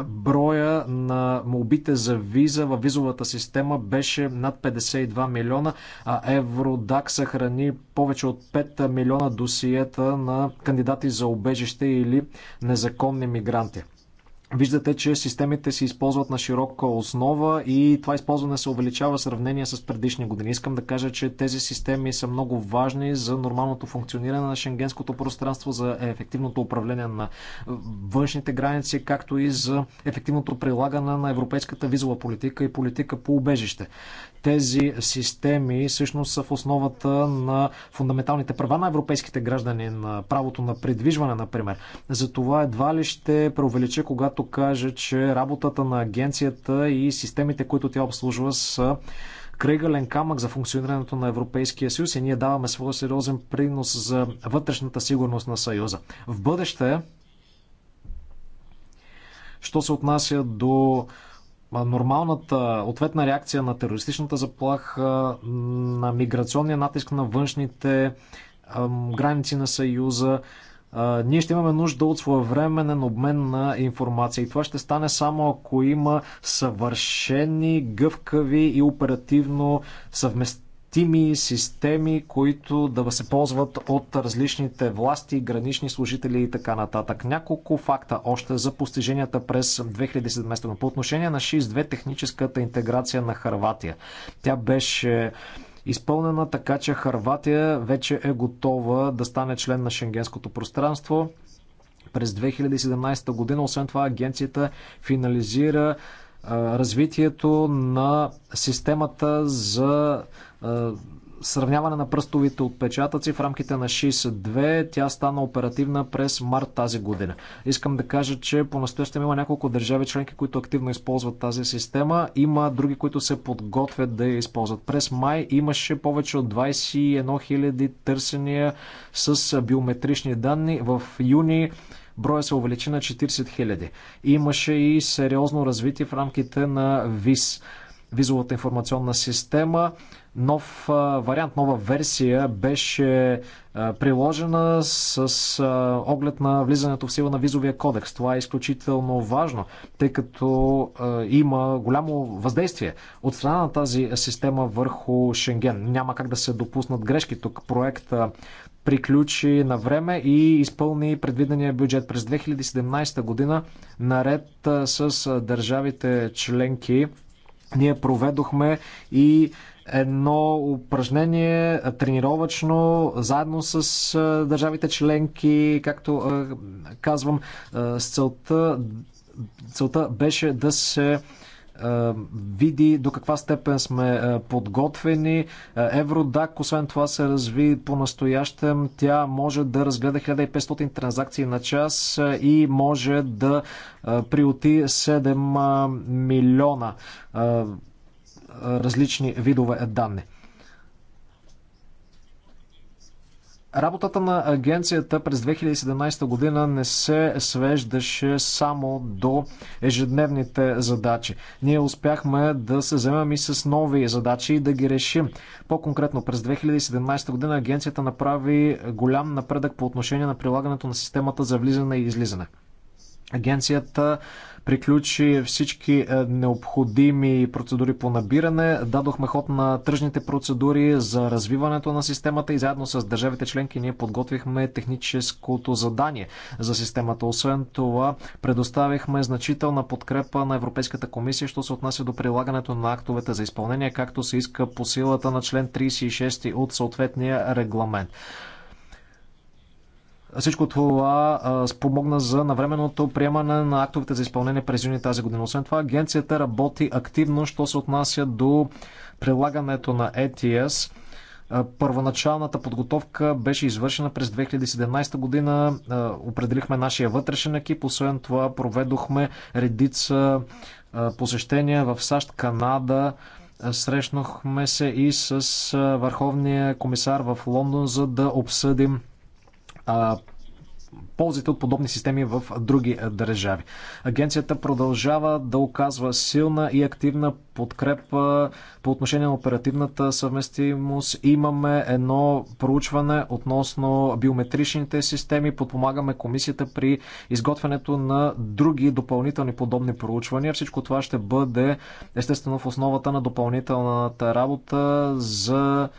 Броя броя на молбите за виза в визовата система беше над 52 милиона, а Евродак съхрани повече от 5 милиона досиета на кандидати за обежище или незаконни мигранти. Виждате, че системите се използват на широка основа и това използване се увеличава в сравнение с предишни години. Искам да кажа, че тези системи са много важни за нормалното функциониране на шенгенското пространство, за ефективното управление на външните граници, както и за ефективното прилагане на европейската визова политика и политика по убежище. Тези системи всъщност са в основата на фундаменталните права на европейските граждани, на правото на предвижване, например. Затова едва ли ще преувелича, когато кажа, че работата на агенцията и системите, които тя обслужва, са кръгален камък за функционирането на Европейския съюз и ние даваме своя сериозен принос за вътрешната сигурност на съюза. В бъдеще, що се отнася до нормалната ответна реакция на терористичната заплаха, на миграционния натиск на външните граници на Съюза, ние ще имаме нужда от своевременен обмен на информация. И това ще стане само ако има съвършени, гъвкави и оперативно съвместими съвместими системи, които да се ползват от различните власти, гранични служители и така нататък. Няколко факта още за постиженията през 2017 по отношение на 6-2 техническата интеграция на Харватия. Тя беше изпълнена така, че Харватия вече е готова да стане член на шенгенското пространство. През 2017 година, освен това, агенцията финализира развитието на системата за е, сравняване на пръстовите отпечатъци в рамките на 62. Тя стана оперативна през март тази година. Искам да кажа, че по-настоящем има няколко държави членки, които активно използват тази система. Има други, които се подготвят да я използват. През май имаше повече от 21 000 търсения с биометрични данни. В юни броя се увеличи на 40 000. Имаше и сериозно развитие в рамките на ВИС визовата информационна система нов вариант, нова версия беше приложена с оглед на влизането в сила на визовия кодекс. Това е изключително важно, тъй като има голямо въздействие от страна на тази система върху Шенген. Няма как да се допуснат грешки. Тук проект приключи на време и изпълни предвидения бюджет през 2017 година наред с държавите членки. Ние проведохме и едно упражнение тренировачно, заедно с държавите членки, както казвам, с целта, целта беше да се види до каква степен сме подготвени. Евродак, освен това, се разви по-настоящем. Тя може да разгледа 1500 транзакции на час и може да приоти 7 милиона различни видове данни. Работата на агенцията през 2017 година не се свеждаше само до ежедневните задачи. Ние успяхме да се вземем и с нови задачи и да ги решим. По-конкретно през 2017 година агенцията направи голям напредък по отношение на прилагането на системата за влизане и излизане. Агенцията приключи всички е, необходими процедури по набиране. Дадохме ход на тръжните процедури за развиването на системата и заедно с държавите членки ние подготвихме техническото задание за системата. Освен това, предоставихме значителна подкрепа на Европейската комисия, що се отнася до прилагането на актовете за изпълнение, както се иска по силата на член 36 от съответния регламент. Всичко това а, спомогна за навременното приемане на актовете за изпълнение през юни тази година. Освен това, агенцията работи активно, що се отнася до прилагането на ETS. Е първоначалната подготовка беше извършена през 2017 година. Определихме нашия вътрешен екип. Освен това, проведохме редица посещения в САЩ, Канада. Срещнахме се и с Върховния комисар в Лондон, за да обсъдим ползите от подобни системи в други държави. Агенцията продължава да оказва силна и активна подкрепа по отношение на оперативната съвместимост. Имаме едно проучване относно биометричните системи. Подпомагаме комисията при изготвянето на други допълнителни подобни проучвания. Всичко това ще бъде естествено в основата на допълнителната работа за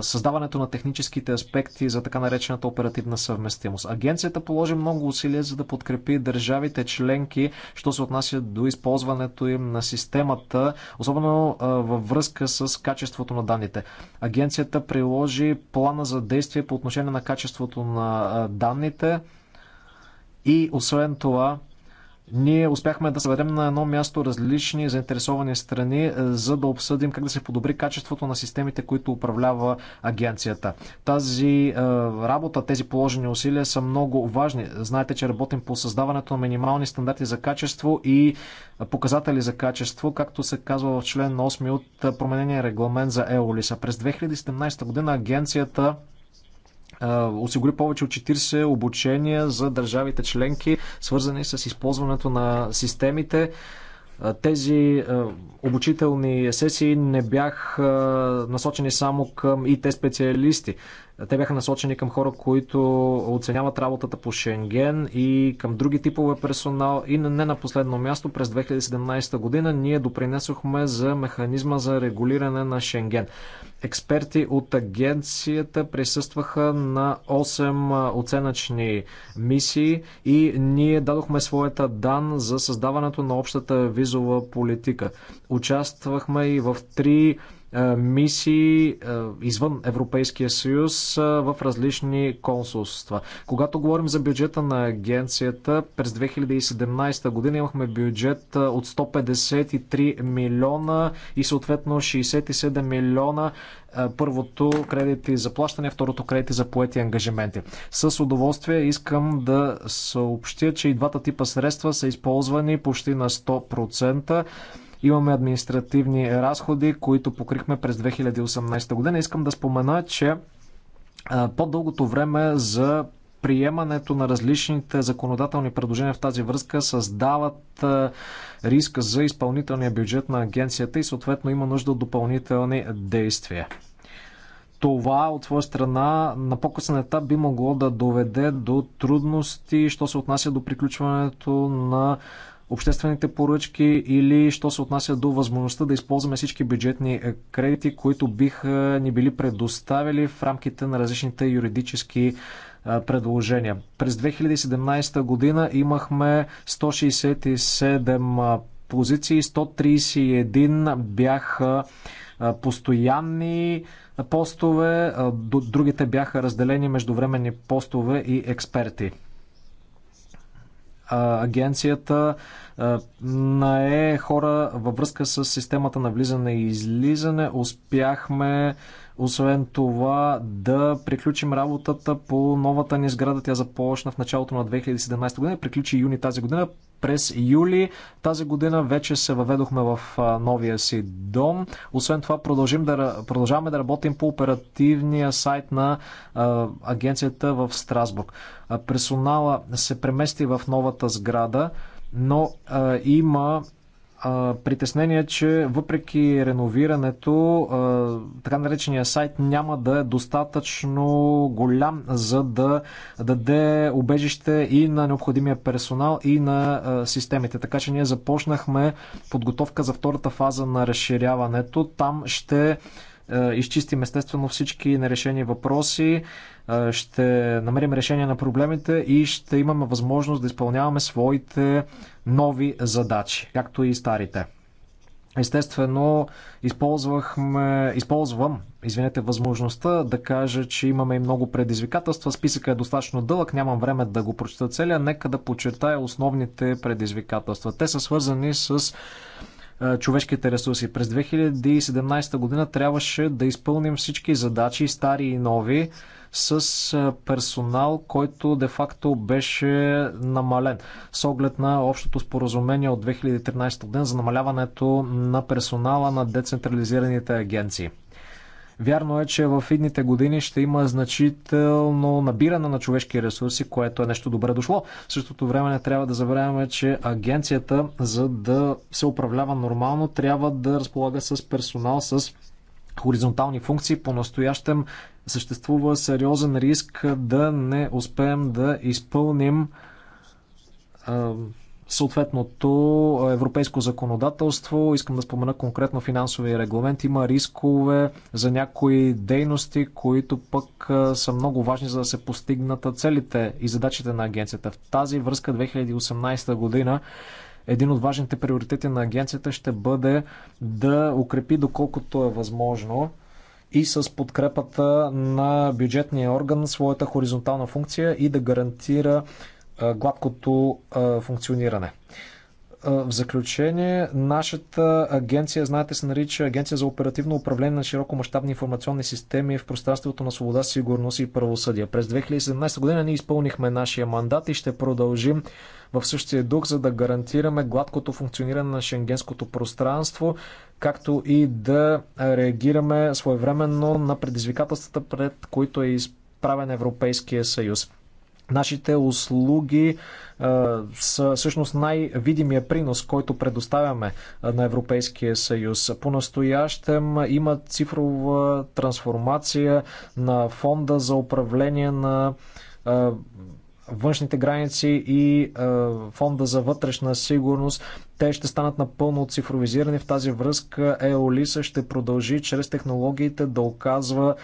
създаването на техническите аспекти за така наречената оперативна съвместимост. Агенцията положи много усилия за да подкрепи държавите членки, що се отнася до използването им на системата, особено във връзка с качеството на данните. Агенцията приложи плана за действие по отношение на качеството на данните и освен това ние успяхме да съберем на едно място различни заинтересовани страни, е, за да обсъдим как да се подобри качеството на системите, които управлява агенцията. Тази е, работа, тези положени усилия са много важни. Знаете, че работим по създаването на минимални стандарти за качество и показатели за качество, както се казва в член 8 от променения регламент за ЕОЛИСА. През 2017 година агенцията осигури повече от 40 обучения за държавите членки, свързани с използването на системите. Тези обучителни сесии не бяха насочени само към ИТ специалисти. Те бяха насочени към хора, които оценяват работата по Шенген и към други типове персонал. И не на последно място, през 2017 година ние допринесохме за механизма за регулиране на Шенген. Експерти от агенцията присъстваха на 8 оценъчни мисии и ние дадохме своята дан за създаването на общата визова политика. Участвахме и в три мисии извън Европейския съюз в различни консулства. Когато говорим за бюджета на агенцията, през 2017 година имахме бюджет от 153 милиона и съответно 67 милиона първото кредити за плащане, второто кредити за поети ангажименти. С удоволствие искам да съобщя, че и двата типа средства са използвани почти на 100%. Имаме административни разходи, които покрихме през 2018 година. Искам да спомена, че по-дългото време за приемането на различните законодателни предложения в тази връзка създават риск за изпълнителния бюджет на агенцията и съответно има нужда от допълнителни действия. Това от своя страна на по-късен етап би могло да доведе до трудности, що се отнася до приключването на обществените поръчки или що се отнася до възможността да използваме всички бюджетни е, кредити, които биха е, ни били предоставили в рамките на различните юридически е, предложения. През 2017 година имахме 167 позиции, 131 бяха постоянни постове, другите бяха разделени между временни постове и експерти агенцията на е хора във връзка с системата на влизане и излизане. Успяхме освен това да приключим работата по новата ни сграда. Тя започна в началото на 2017 година и приключи юни тази година през юли тази година вече се въведохме в новия си дом. Освен това, продължим да, продължаваме да работим по оперативния сайт на а, агенцията в Страсбург. А, персонала се премести в новата сграда, но а, има притеснение, че въпреки реновирането, така наречения сайт няма да е достатъчно голям, за да даде обежище и на необходимия персонал, и на системите. Така че ние започнахме подготовка за втората фаза на разширяването. Там ще е, изчистим естествено всички нерешени въпроси, е, ще намерим решение на проблемите и ще имаме възможност да изпълняваме своите нови задачи, както и старите. Естествено, използвахме, използвам, извинете, възможността да кажа, че имаме и много предизвикателства. Списъка е достатъчно дълъг, нямам време да го прочета целия. Нека да подчертая основните предизвикателства. Те са свързани с човешките ресурси. През 2017 година трябваше да изпълним всички задачи, стари и нови, с персонал, който де-факто беше намален с оглед на общото споразумение от 2013 година за намаляването на персонала на децентрализираните агенции. Вярно е, че в идните години ще има значително набиране на човешки ресурси, което е нещо добре дошло. В същото време не трябва да забравяме, че агенцията, за да се управлява нормално, трябва да разполага с персонал, с хоризонтални функции. По-настоящем съществува сериозен риск да не успеем да изпълним съответното европейско законодателство. Искам да спомена конкретно финансови регламент. Има рискове за някои дейности, които пък са много важни за да се постигнат целите и задачите на агенцията. В тази връзка 2018 година един от важните приоритети на агенцията ще бъде да укрепи доколкото е възможно и с подкрепата на бюджетния орган своята хоризонтална функция и да гарантира гладкото функциониране. В заключение, нашата агенция, знаете, се нарича Агенция за оперативно управление на широкомащабни информационни системи в пространството на свобода, сигурност и правосъдие. През 2017 година ние изпълнихме нашия мандат и ще продължим в същия дух, за да гарантираме гладкото функциониране на шенгенското пространство, както и да реагираме своевременно на предизвикателствата, пред които е изправен Европейския съюз. Нашите услуги е, са всъщност най-видимия принос, който предоставяме е, на Европейския съюз. По-настоящем има цифрова трансформация на фонда за управление на е, външните граници и фонда за вътрешна сигурност. Те ще станат напълно цифровизирани. В тази връзка ЕОЛИСА ще продължи чрез технологиите да оказва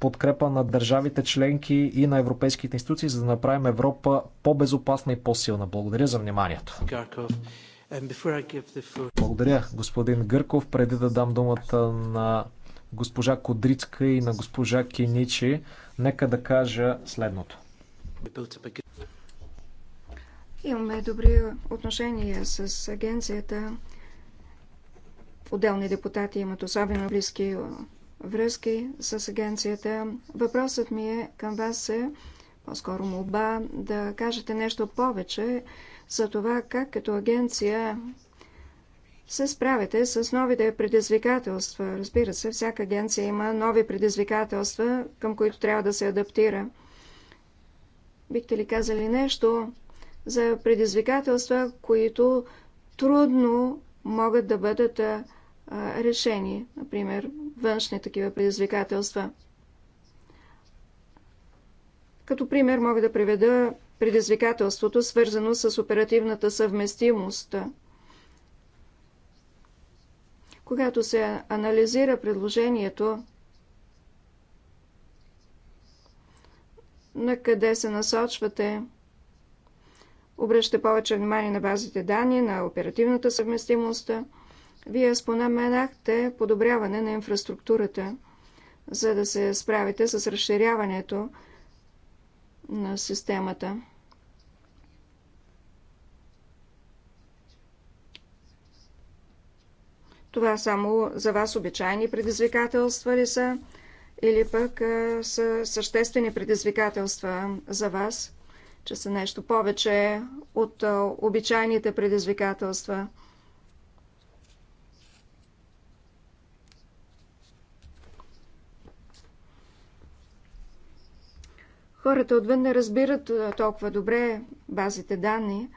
подкрепа на държавите членки и на европейските институции, за да направим Европа по-безопасна и по-силна. Благодаря за вниманието. Благодаря, господин Гърков. Преди да дам думата на госпожа Кодрицка и на госпожа Киничи, нека да кажа следното. Имаме добри отношения с агенцията. Отделни депутати имат особено близки връзки с агенцията. Въпросът ми е към вас е по-скоро молба да кажете нещо повече за това как като агенция се справяте с новите предизвикателства. Разбира се, всяка агенция има нови предизвикателства, към които трябва да се адаптира. Бихте ли казали нещо за предизвикателства, които трудно могат да бъдат решени? Например, външни такива предизвикателства. Като пример мога да приведа предизвикателството, свързано с оперативната съвместимост. Когато се анализира предложението, на къде се насочвате, обръщате повече внимание на базите данни, на оперативната съвместимост – вие споменахте подобряване на инфраструктурата, за да се справите с разширяването на системата. Това само за вас обичайни предизвикателства ли са? Или пък са съществени предизвикателства за вас, че са нещо повече от обичайните предизвикателства – Хората отвън не разбират толкова добре базите данни.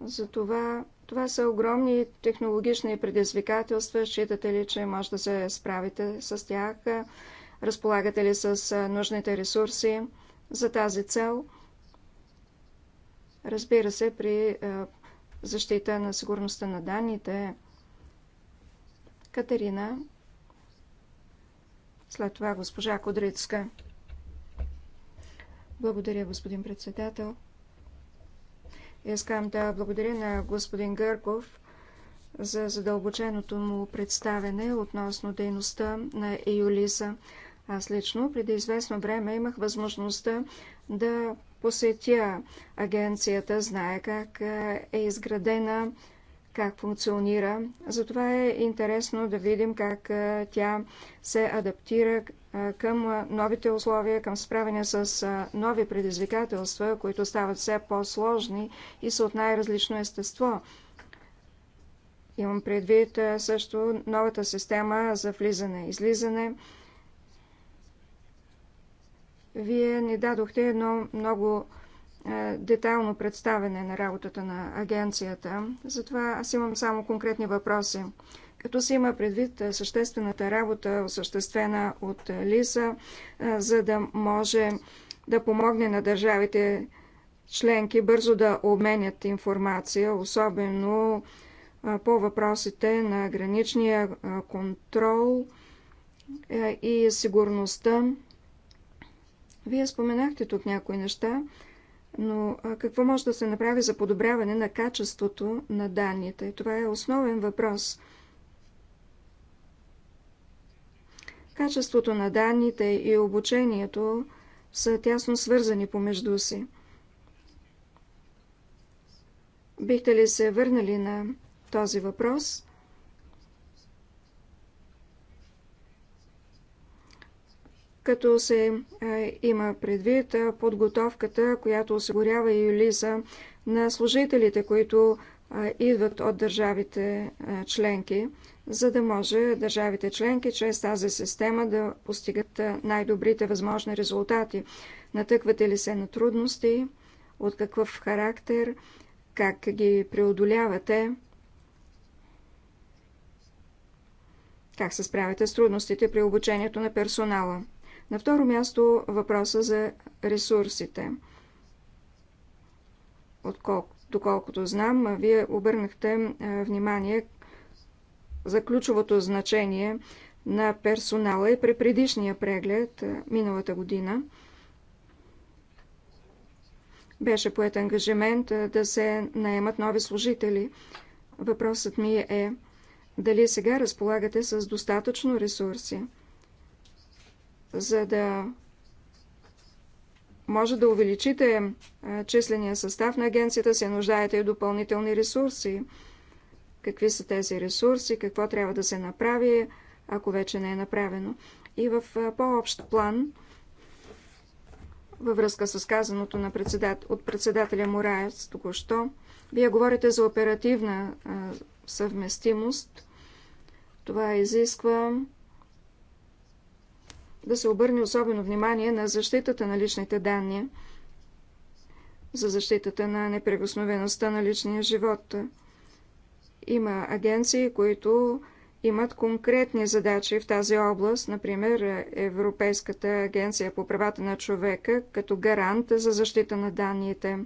Затова това са огромни технологични предизвикателства. Считате ли, че може да се справите с тях? Разполагате ли с нужните ресурси за тази цел? Разбира се, при защита на сигурността на данните. Катерина, след това госпожа Кодрицка. Благодаря, господин председател. Искам да благодаря на господин Гърков за задълбоченото му представене относно дейността на Еолиза. Аз лично преди известно време имах възможността да посетя агенцията, знае как е изградена как функционира. Затова е интересно да видим как тя се адаптира към новите условия, към справяне с нови предизвикателства, които стават все по-сложни и са от най-различно естество. Имам предвид също новата система за влизане-излизане. и Вие ни дадохте едно много е, детайлно представене на работата на агенцията. Затова аз имам само конкретни въпроси. Като се има предвид е, съществената работа, осъществена от е, ЛИСА, за да може да помогне на държавите членки бързо да обменят информация, особено по въпросите на граничния контрол и сигурността. Вие споменахте тук някои неща. Но какво може да се направи за подобряване на качеството на данните? Това е основен въпрос. Качеството на данните и обучението са тясно свързани помежду си. Бихте ли се върнали на този въпрос? като се е, има предвид е, подготовката, която осигурява и Юлиза на служителите, които е, идват от държавите членки, за да може държавите членки чрез тази система да постигат най-добрите възможни резултати. Натъквате ли се на трудности? От какъв характер? Как ги преодолявате? Как се справяте с трудностите при обучението на персонала? На второ място въпроса за ресурсите. Отколко, доколкото знам, вие обърнахте е, внимание за ключовото значение на персонала и при предишния преглед е, миналата година беше поет ангажимент е, да се наемат нови служители. Въпросът ми е дали сега разполагате с достатъчно ресурси за да може да увеличите числения състав на агенцията, се нуждаете и допълнителни ресурси. Какви са тези ресурси, какво трябва да се направи, ако вече не е направено. И в по-общ план, във връзка с казаното на председат... от председателя Мораец току-що, вие говорите за оперативна съвместимост. Това изисква да се обърне особено внимание на защитата на личните данни, за защитата на неприкосновеността на личния живот. Има агенции, които имат конкретни задачи в тази област, например Европейската агенция по правата на човека като гарант за защита на данните.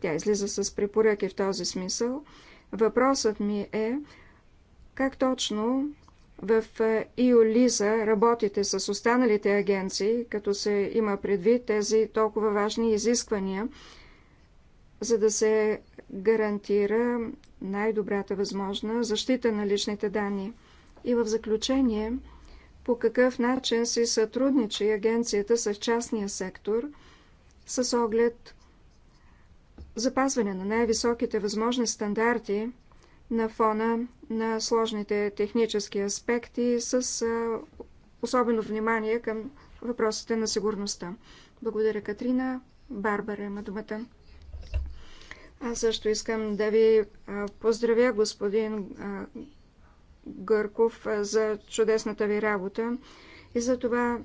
Тя излиза с препоръки в този смисъл. Въпросът ми е как точно в е, Иолиза работите с останалите агенции, като се има предвид тези толкова важни изисквания, за да се гарантира най-добрата възможна защита на личните данни. И в заключение, по какъв начин си сътрудничи агенцията с частния сектор с оглед запазване на най-високите възможни стандарти – на фона на сложните технически аспекти с особено внимание към въпросите на сигурността. Благодаря, Катрина. Барбара има думата. Аз също искам да ви поздравя, господин Гърков, за чудесната ви работа и за това,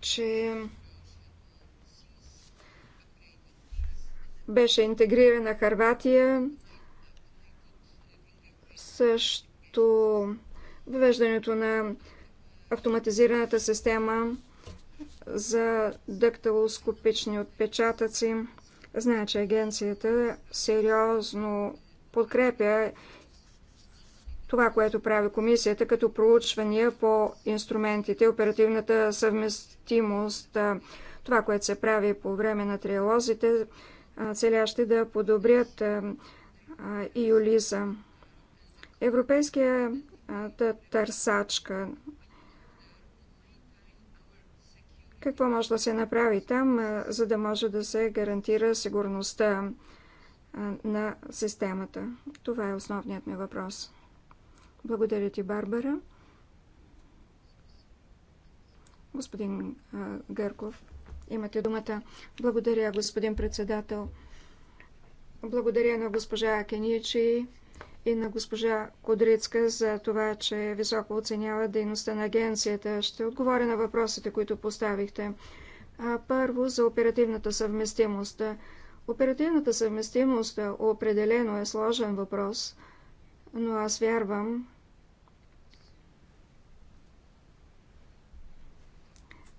че беше интегрирана Харватия също въвеждането на автоматизираната система за дактилоскопични отпечатъци. Знае, че агенцията сериозно подкрепя това, което прави комисията като проучвания по инструментите, оперативната съвместимост, това, което се прави по време на триалозите, целящи да подобрят и юлиза. Европейския търсачка. Какво може да се направи там, за да може да се гарантира сигурността на системата? Това е основният ми въпрос. Благодаря ти, Барбара. Господин Гърков, имате думата. Благодаря, господин председател. Благодаря на госпожа Кеничи и на госпожа Кодрицка за това, че високо оценява дейността на агенцията. Ще отговоря на въпросите, които поставихте. Първо за оперативната съвместимост. Оперативната съвместимост определено е сложен въпрос, но аз вярвам,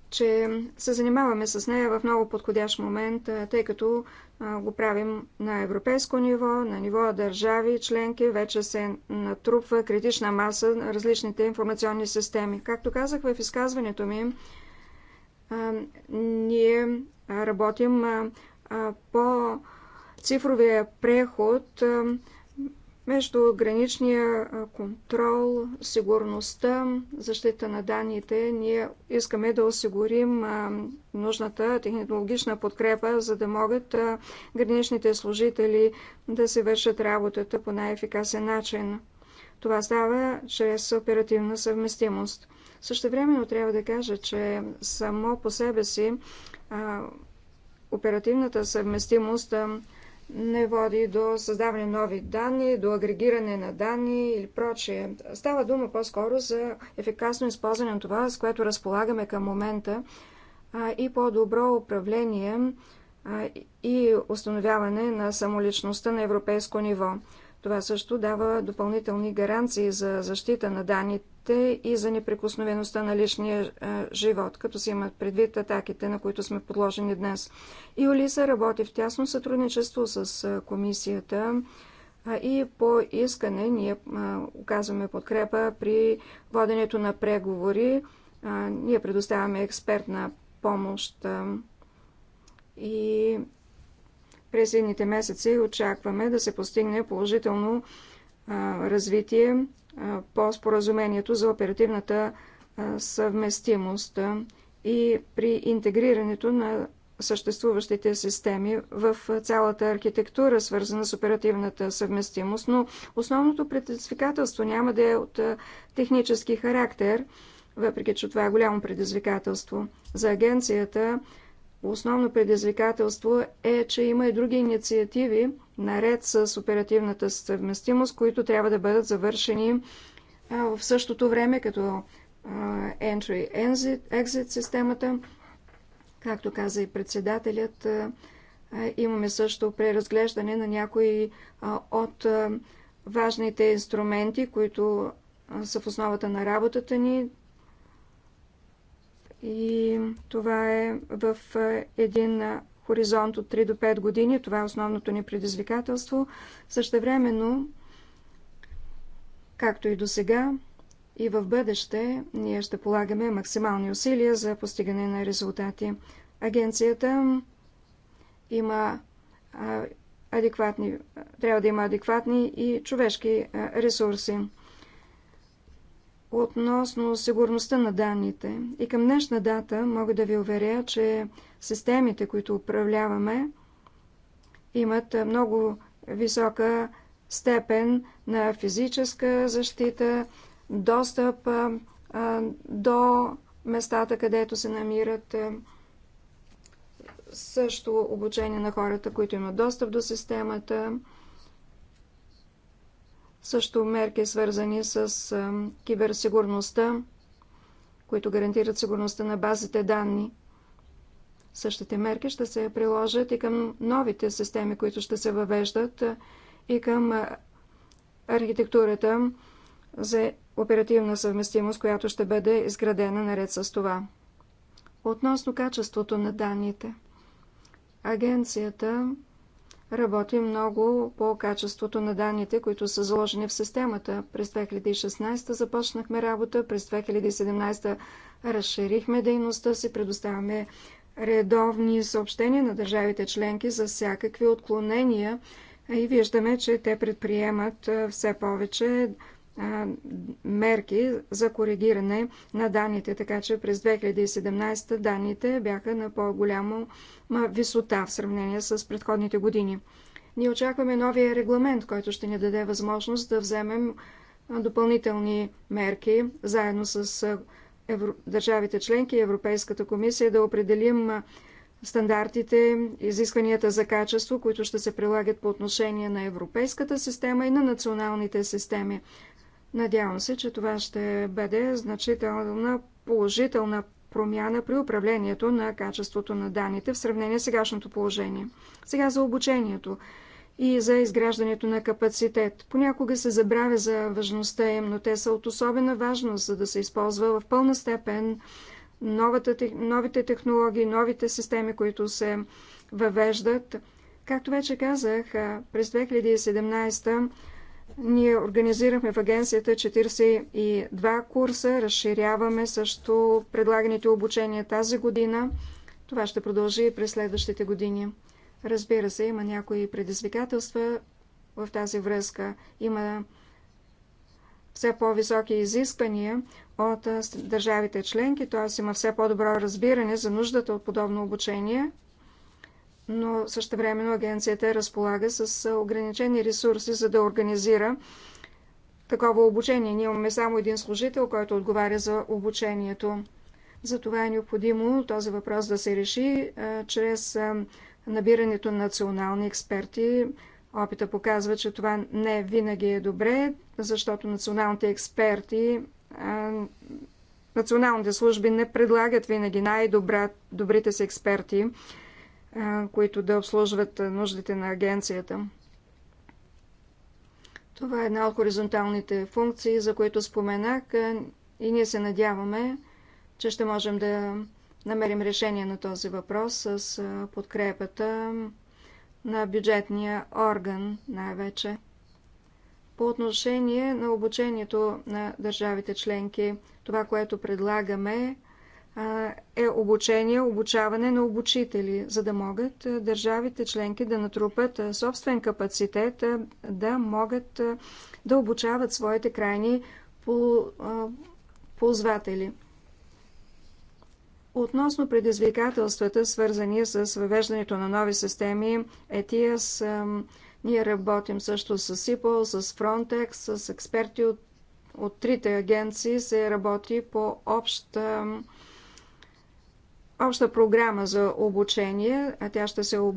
че се занимаваме с нея в много подходящ момент, тъй като го правим на европейско ниво, на ниво държави, членки, вече се натрупва критична маса на различните информационни системи. Както казах в изказването ми, ние работим по цифровия преход между граничния контрол, сигурността, защита на данните, ние искаме да осигурим нужната технологична подкрепа, за да могат граничните служители да се вършат работата по най-ефикасен начин. Това става чрез оперативна съвместимост. Също времено трябва да кажа, че само по себе си оперативната съвместимост не води до създаване нови данни, до агрегиране на данни или прочее. Става дума по-скоро за ефикасно използване на това, с което разполагаме към момента и по-добро управление и установяване на самоличността на европейско ниво. Това също дава допълнителни гаранции за защита на данните атаките и за неприкосновеността на личния е, живот, като се имат предвид атаките, на които сме подложени днес. И Олиса работи в тясно сътрудничество с е, комисията е, и по искане ние оказваме подкрепа при воденето на преговори. Ние предоставяме експертна помощ и през едните месеци очакваме да се постигне положително развитие по споразумението за оперативната съвместимост и при интегрирането на съществуващите системи в цялата архитектура, свързана с оперативната съвместимост, но основното предизвикателство няма да е от технически характер, въпреки че това е голямо предизвикателство за агенцията. Основно предизвикателство е, че има и други инициативи, наред с оперативната съвместимост, които трябва да бъдат завършени в същото време, като Entry-Exit системата. Както каза и председателят, имаме също преразглеждане на някои от важните инструменти, които са в основата на работата ни. И това е в е, един е, хоризонт от 3 до 5 години. Това е основното ни предизвикателство. Същевременно, както и до сега, и в бъдеще ние ще полагаме максимални усилия за постигане на резултати. Агенцията има адекватни, трябва да има адекватни и човешки ресурси относно сигурността на данните. И към днешна дата мога да ви уверя, че системите, които управляваме, имат много висока степен на физическа защита, достъп до местата, където се намират също обучение на хората, които имат достъп до системата, също мерки свързани с киберсигурността, които гарантират сигурността на базите данни. Същите мерки ще се приложат и към новите системи, които ще се въвеждат и към архитектурата за оперативна съвместимост, която ще бъде изградена наред с това. Относно качеството на данните, агенцията Работим много по качеството на данните, които са заложени в системата. През 2016 започнахме работа, през 2017 разширихме дейността си, предоставяме редовни съобщения на държавите членки за всякакви отклонения и виждаме, че те предприемат все повече мерки за коригиране на данните, така че през 2017 данните бяха на по-голяма висота в сравнение с предходните години. Ние очакваме новия регламент, който ще ни даде възможност да вземем допълнителни мерки заедно с евро... държавите членки и Европейската комисия да определим стандартите, изискванията за качество, които ще се прилагат по отношение на европейската система и на националните системи. Надявам се, че това ще бъде значителна положителна промяна при управлението на качеството на данните в сравнение с сегашното положение. Сега за обучението и за изграждането на капацитет. Понякога се забравя за важността им, но те са от особена важност, за да се използва в пълна степен новата, новите технологии, новите системи, които се въвеждат. Както вече казах, през 2017 ние организирахме в агенцията 42 курса, разширяваме също предлаганите обучения тази година. Това ще продължи и през следващите години. Разбира се, има някои предизвикателства в тази връзка. Има все по-високи изисквания от държавите членки, т.е. има все по-добро разбиране за нуждата от подобно обучение, но същевременно агенцията разполага с ограничени ресурси, за да организира такова обучение. Ние имаме само един служител, който отговаря за обучението. Затова е необходимо този въпрос да се реши а, чрез а, набирането на национални експерти. Опита показва, че това не винаги е добре, защото националните експерти, а, националните служби не предлагат винаги най-добрите си експерти които да обслужват нуждите на агенцията. Това е една от хоризонталните функции, за които споменах и ние се надяваме, че ще можем да намерим решение на този въпрос с подкрепата на бюджетния орган най-вече. По отношение на обучението на държавите членки, това, което предлагаме, е обучение, обучаване на обучители, за да могат държавите членки да натрупат собствен капацитет, да могат да обучават своите крайни ползватели. Относно предизвикателствата, свързани с въвеждането на нови системи, ETS, ние работим също с IPOL, с Frontex, с експерти от, от трите агенции, се работи по общ обща програма за обучение, а тя ще се об...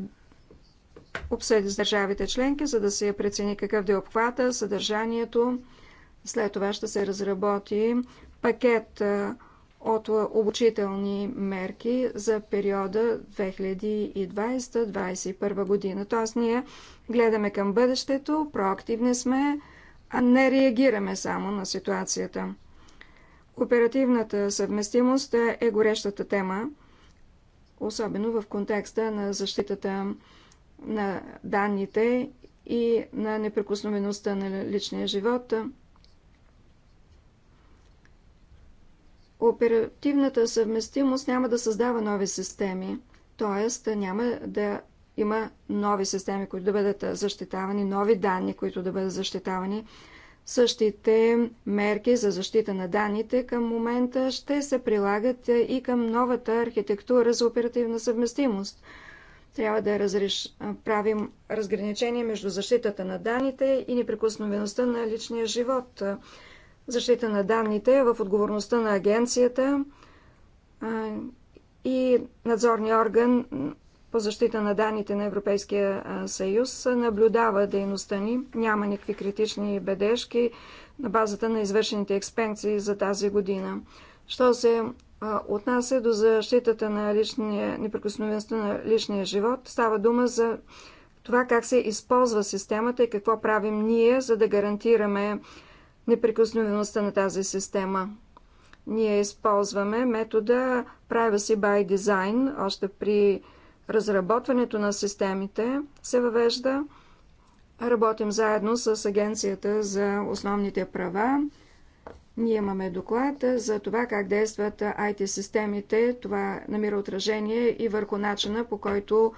обсъди с държавите членки, за да се прецени какъв да е обхвата, съдържанието. След това ще се разработи пакет от обучителни мерки за периода 2020-2021 година. Тоест ние гледаме към бъдещето, проактивни сме, а не реагираме само на ситуацията. Оперативната съвместимост е горещата тема особено в контекста на защитата на данните и на неприкосновеността на личния живот. Оперативната съвместимост няма да създава нови системи, т.е. няма да има нови системи, които да бъдат защитавани, нови данни, които да бъдат защитавани. Същите мерки за защита на данните към момента ще се прилагат и към новата архитектура за оперативна съвместимост. Трябва да разреш... правим разграничение между защитата на данните и неприкосновеността на личния живот. Защита на данните е в отговорността на агенцията и надзорния орган по защита на данните на Европейския съюз наблюдава дейността ни. Няма никакви критични бедежки на базата на извършените експенции за тази година. Що се отнася до защитата на личния, неприкосновеността на личния живот, става дума за това как се използва системата и какво правим ние, за да гарантираме неприкосновеността на тази система. Ние използваме метода Privacy by Design още при разработването на системите се въвежда. Работим заедно с Агенцията за основните права. Ние имаме доклад за това как действат IT-системите. Това намира отражение и върху начина по който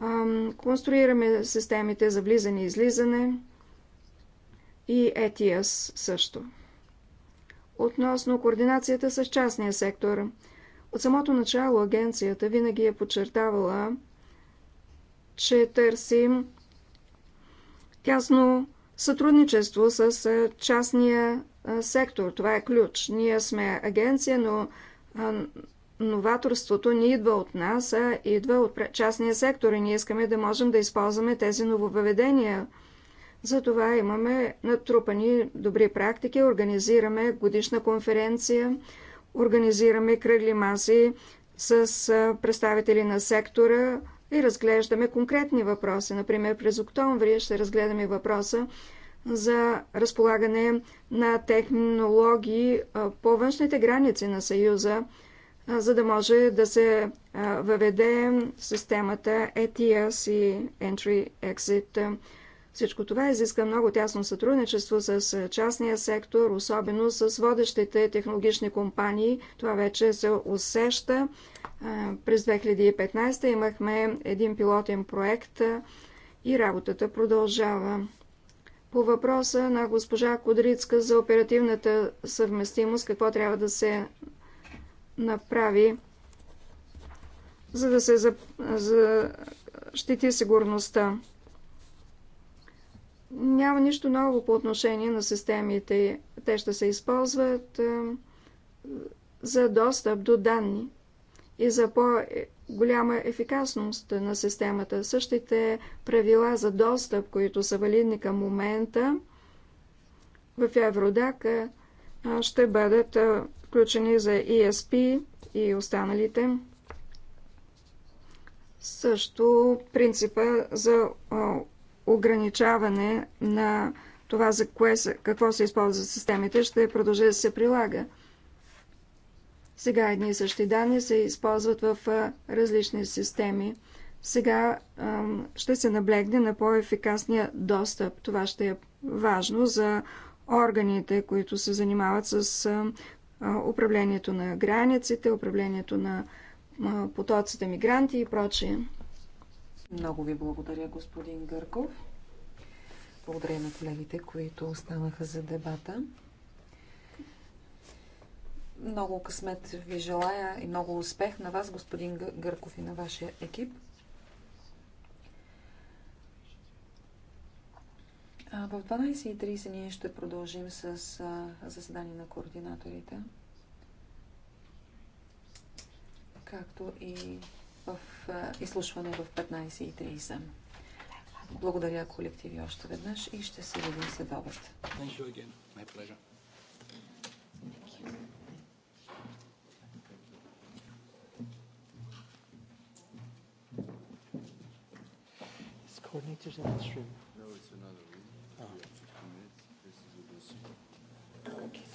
ам, конструираме системите за влизане и излизане и ETS е също. Относно координацията с частния сектор – от самото начало агенцията винаги е подчертавала, че търсим тясно сътрудничество с частния сектор. Това е ключ. Ние сме агенция, но новаторството не идва от нас, а идва от частния сектор и ние искаме да можем да използваме тези нововъведения. Затова имаме натрупани добри практики, организираме годишна конференция, организираме кръгли маси с представители на сектора и разглеждаме конкретни въпроси. Например, през октомври ще разгледаме въпроса за разполагане на технологии по външните граници на Съюза, за да може да се въведе системата ETS и Entry-Exit. Всичко това изиска много тясно сътрудничество с е, частния сектор, особено с водещите технологични компании. Това вече се усеща. Е, през 2015 имахме един пилотен проект е, и работата продължава. По въпроса на госпожа Кудрицка за оперативната съвместимост, какво трябва да се направи, за да се защити сигурността няма нищо ново по отношение на системите. Те ще се използват за достъп до данни и за по-голяма ефикасност на системата. Същите правила за достъп, които са валидни към момента в Евродак, ще бъдат включени за ESP и останалите. Също принципа за ограничаване на това, за кое, какво се използват системите, ще продължи да се прилага. Сега едни и същи данни се използват в различни системи. Сега ще се наблегне на по-ефикасния достъп. Това ще е важно за органите, които се занимават с управлението на границите, управлението на потоците мигранти и прочие. Много ви благодаря, господин Гърков. Благодаря на колегите, които останаха за дебата. Много късмет ви желая и много успех на вас, господин Гърков и на вашия екип. В 12.30 ние ще продължим с заседание на координаторите, както и изслушване в 15.30. Благодаря колективи още веднъж и ще се видим след обед. Coordinators in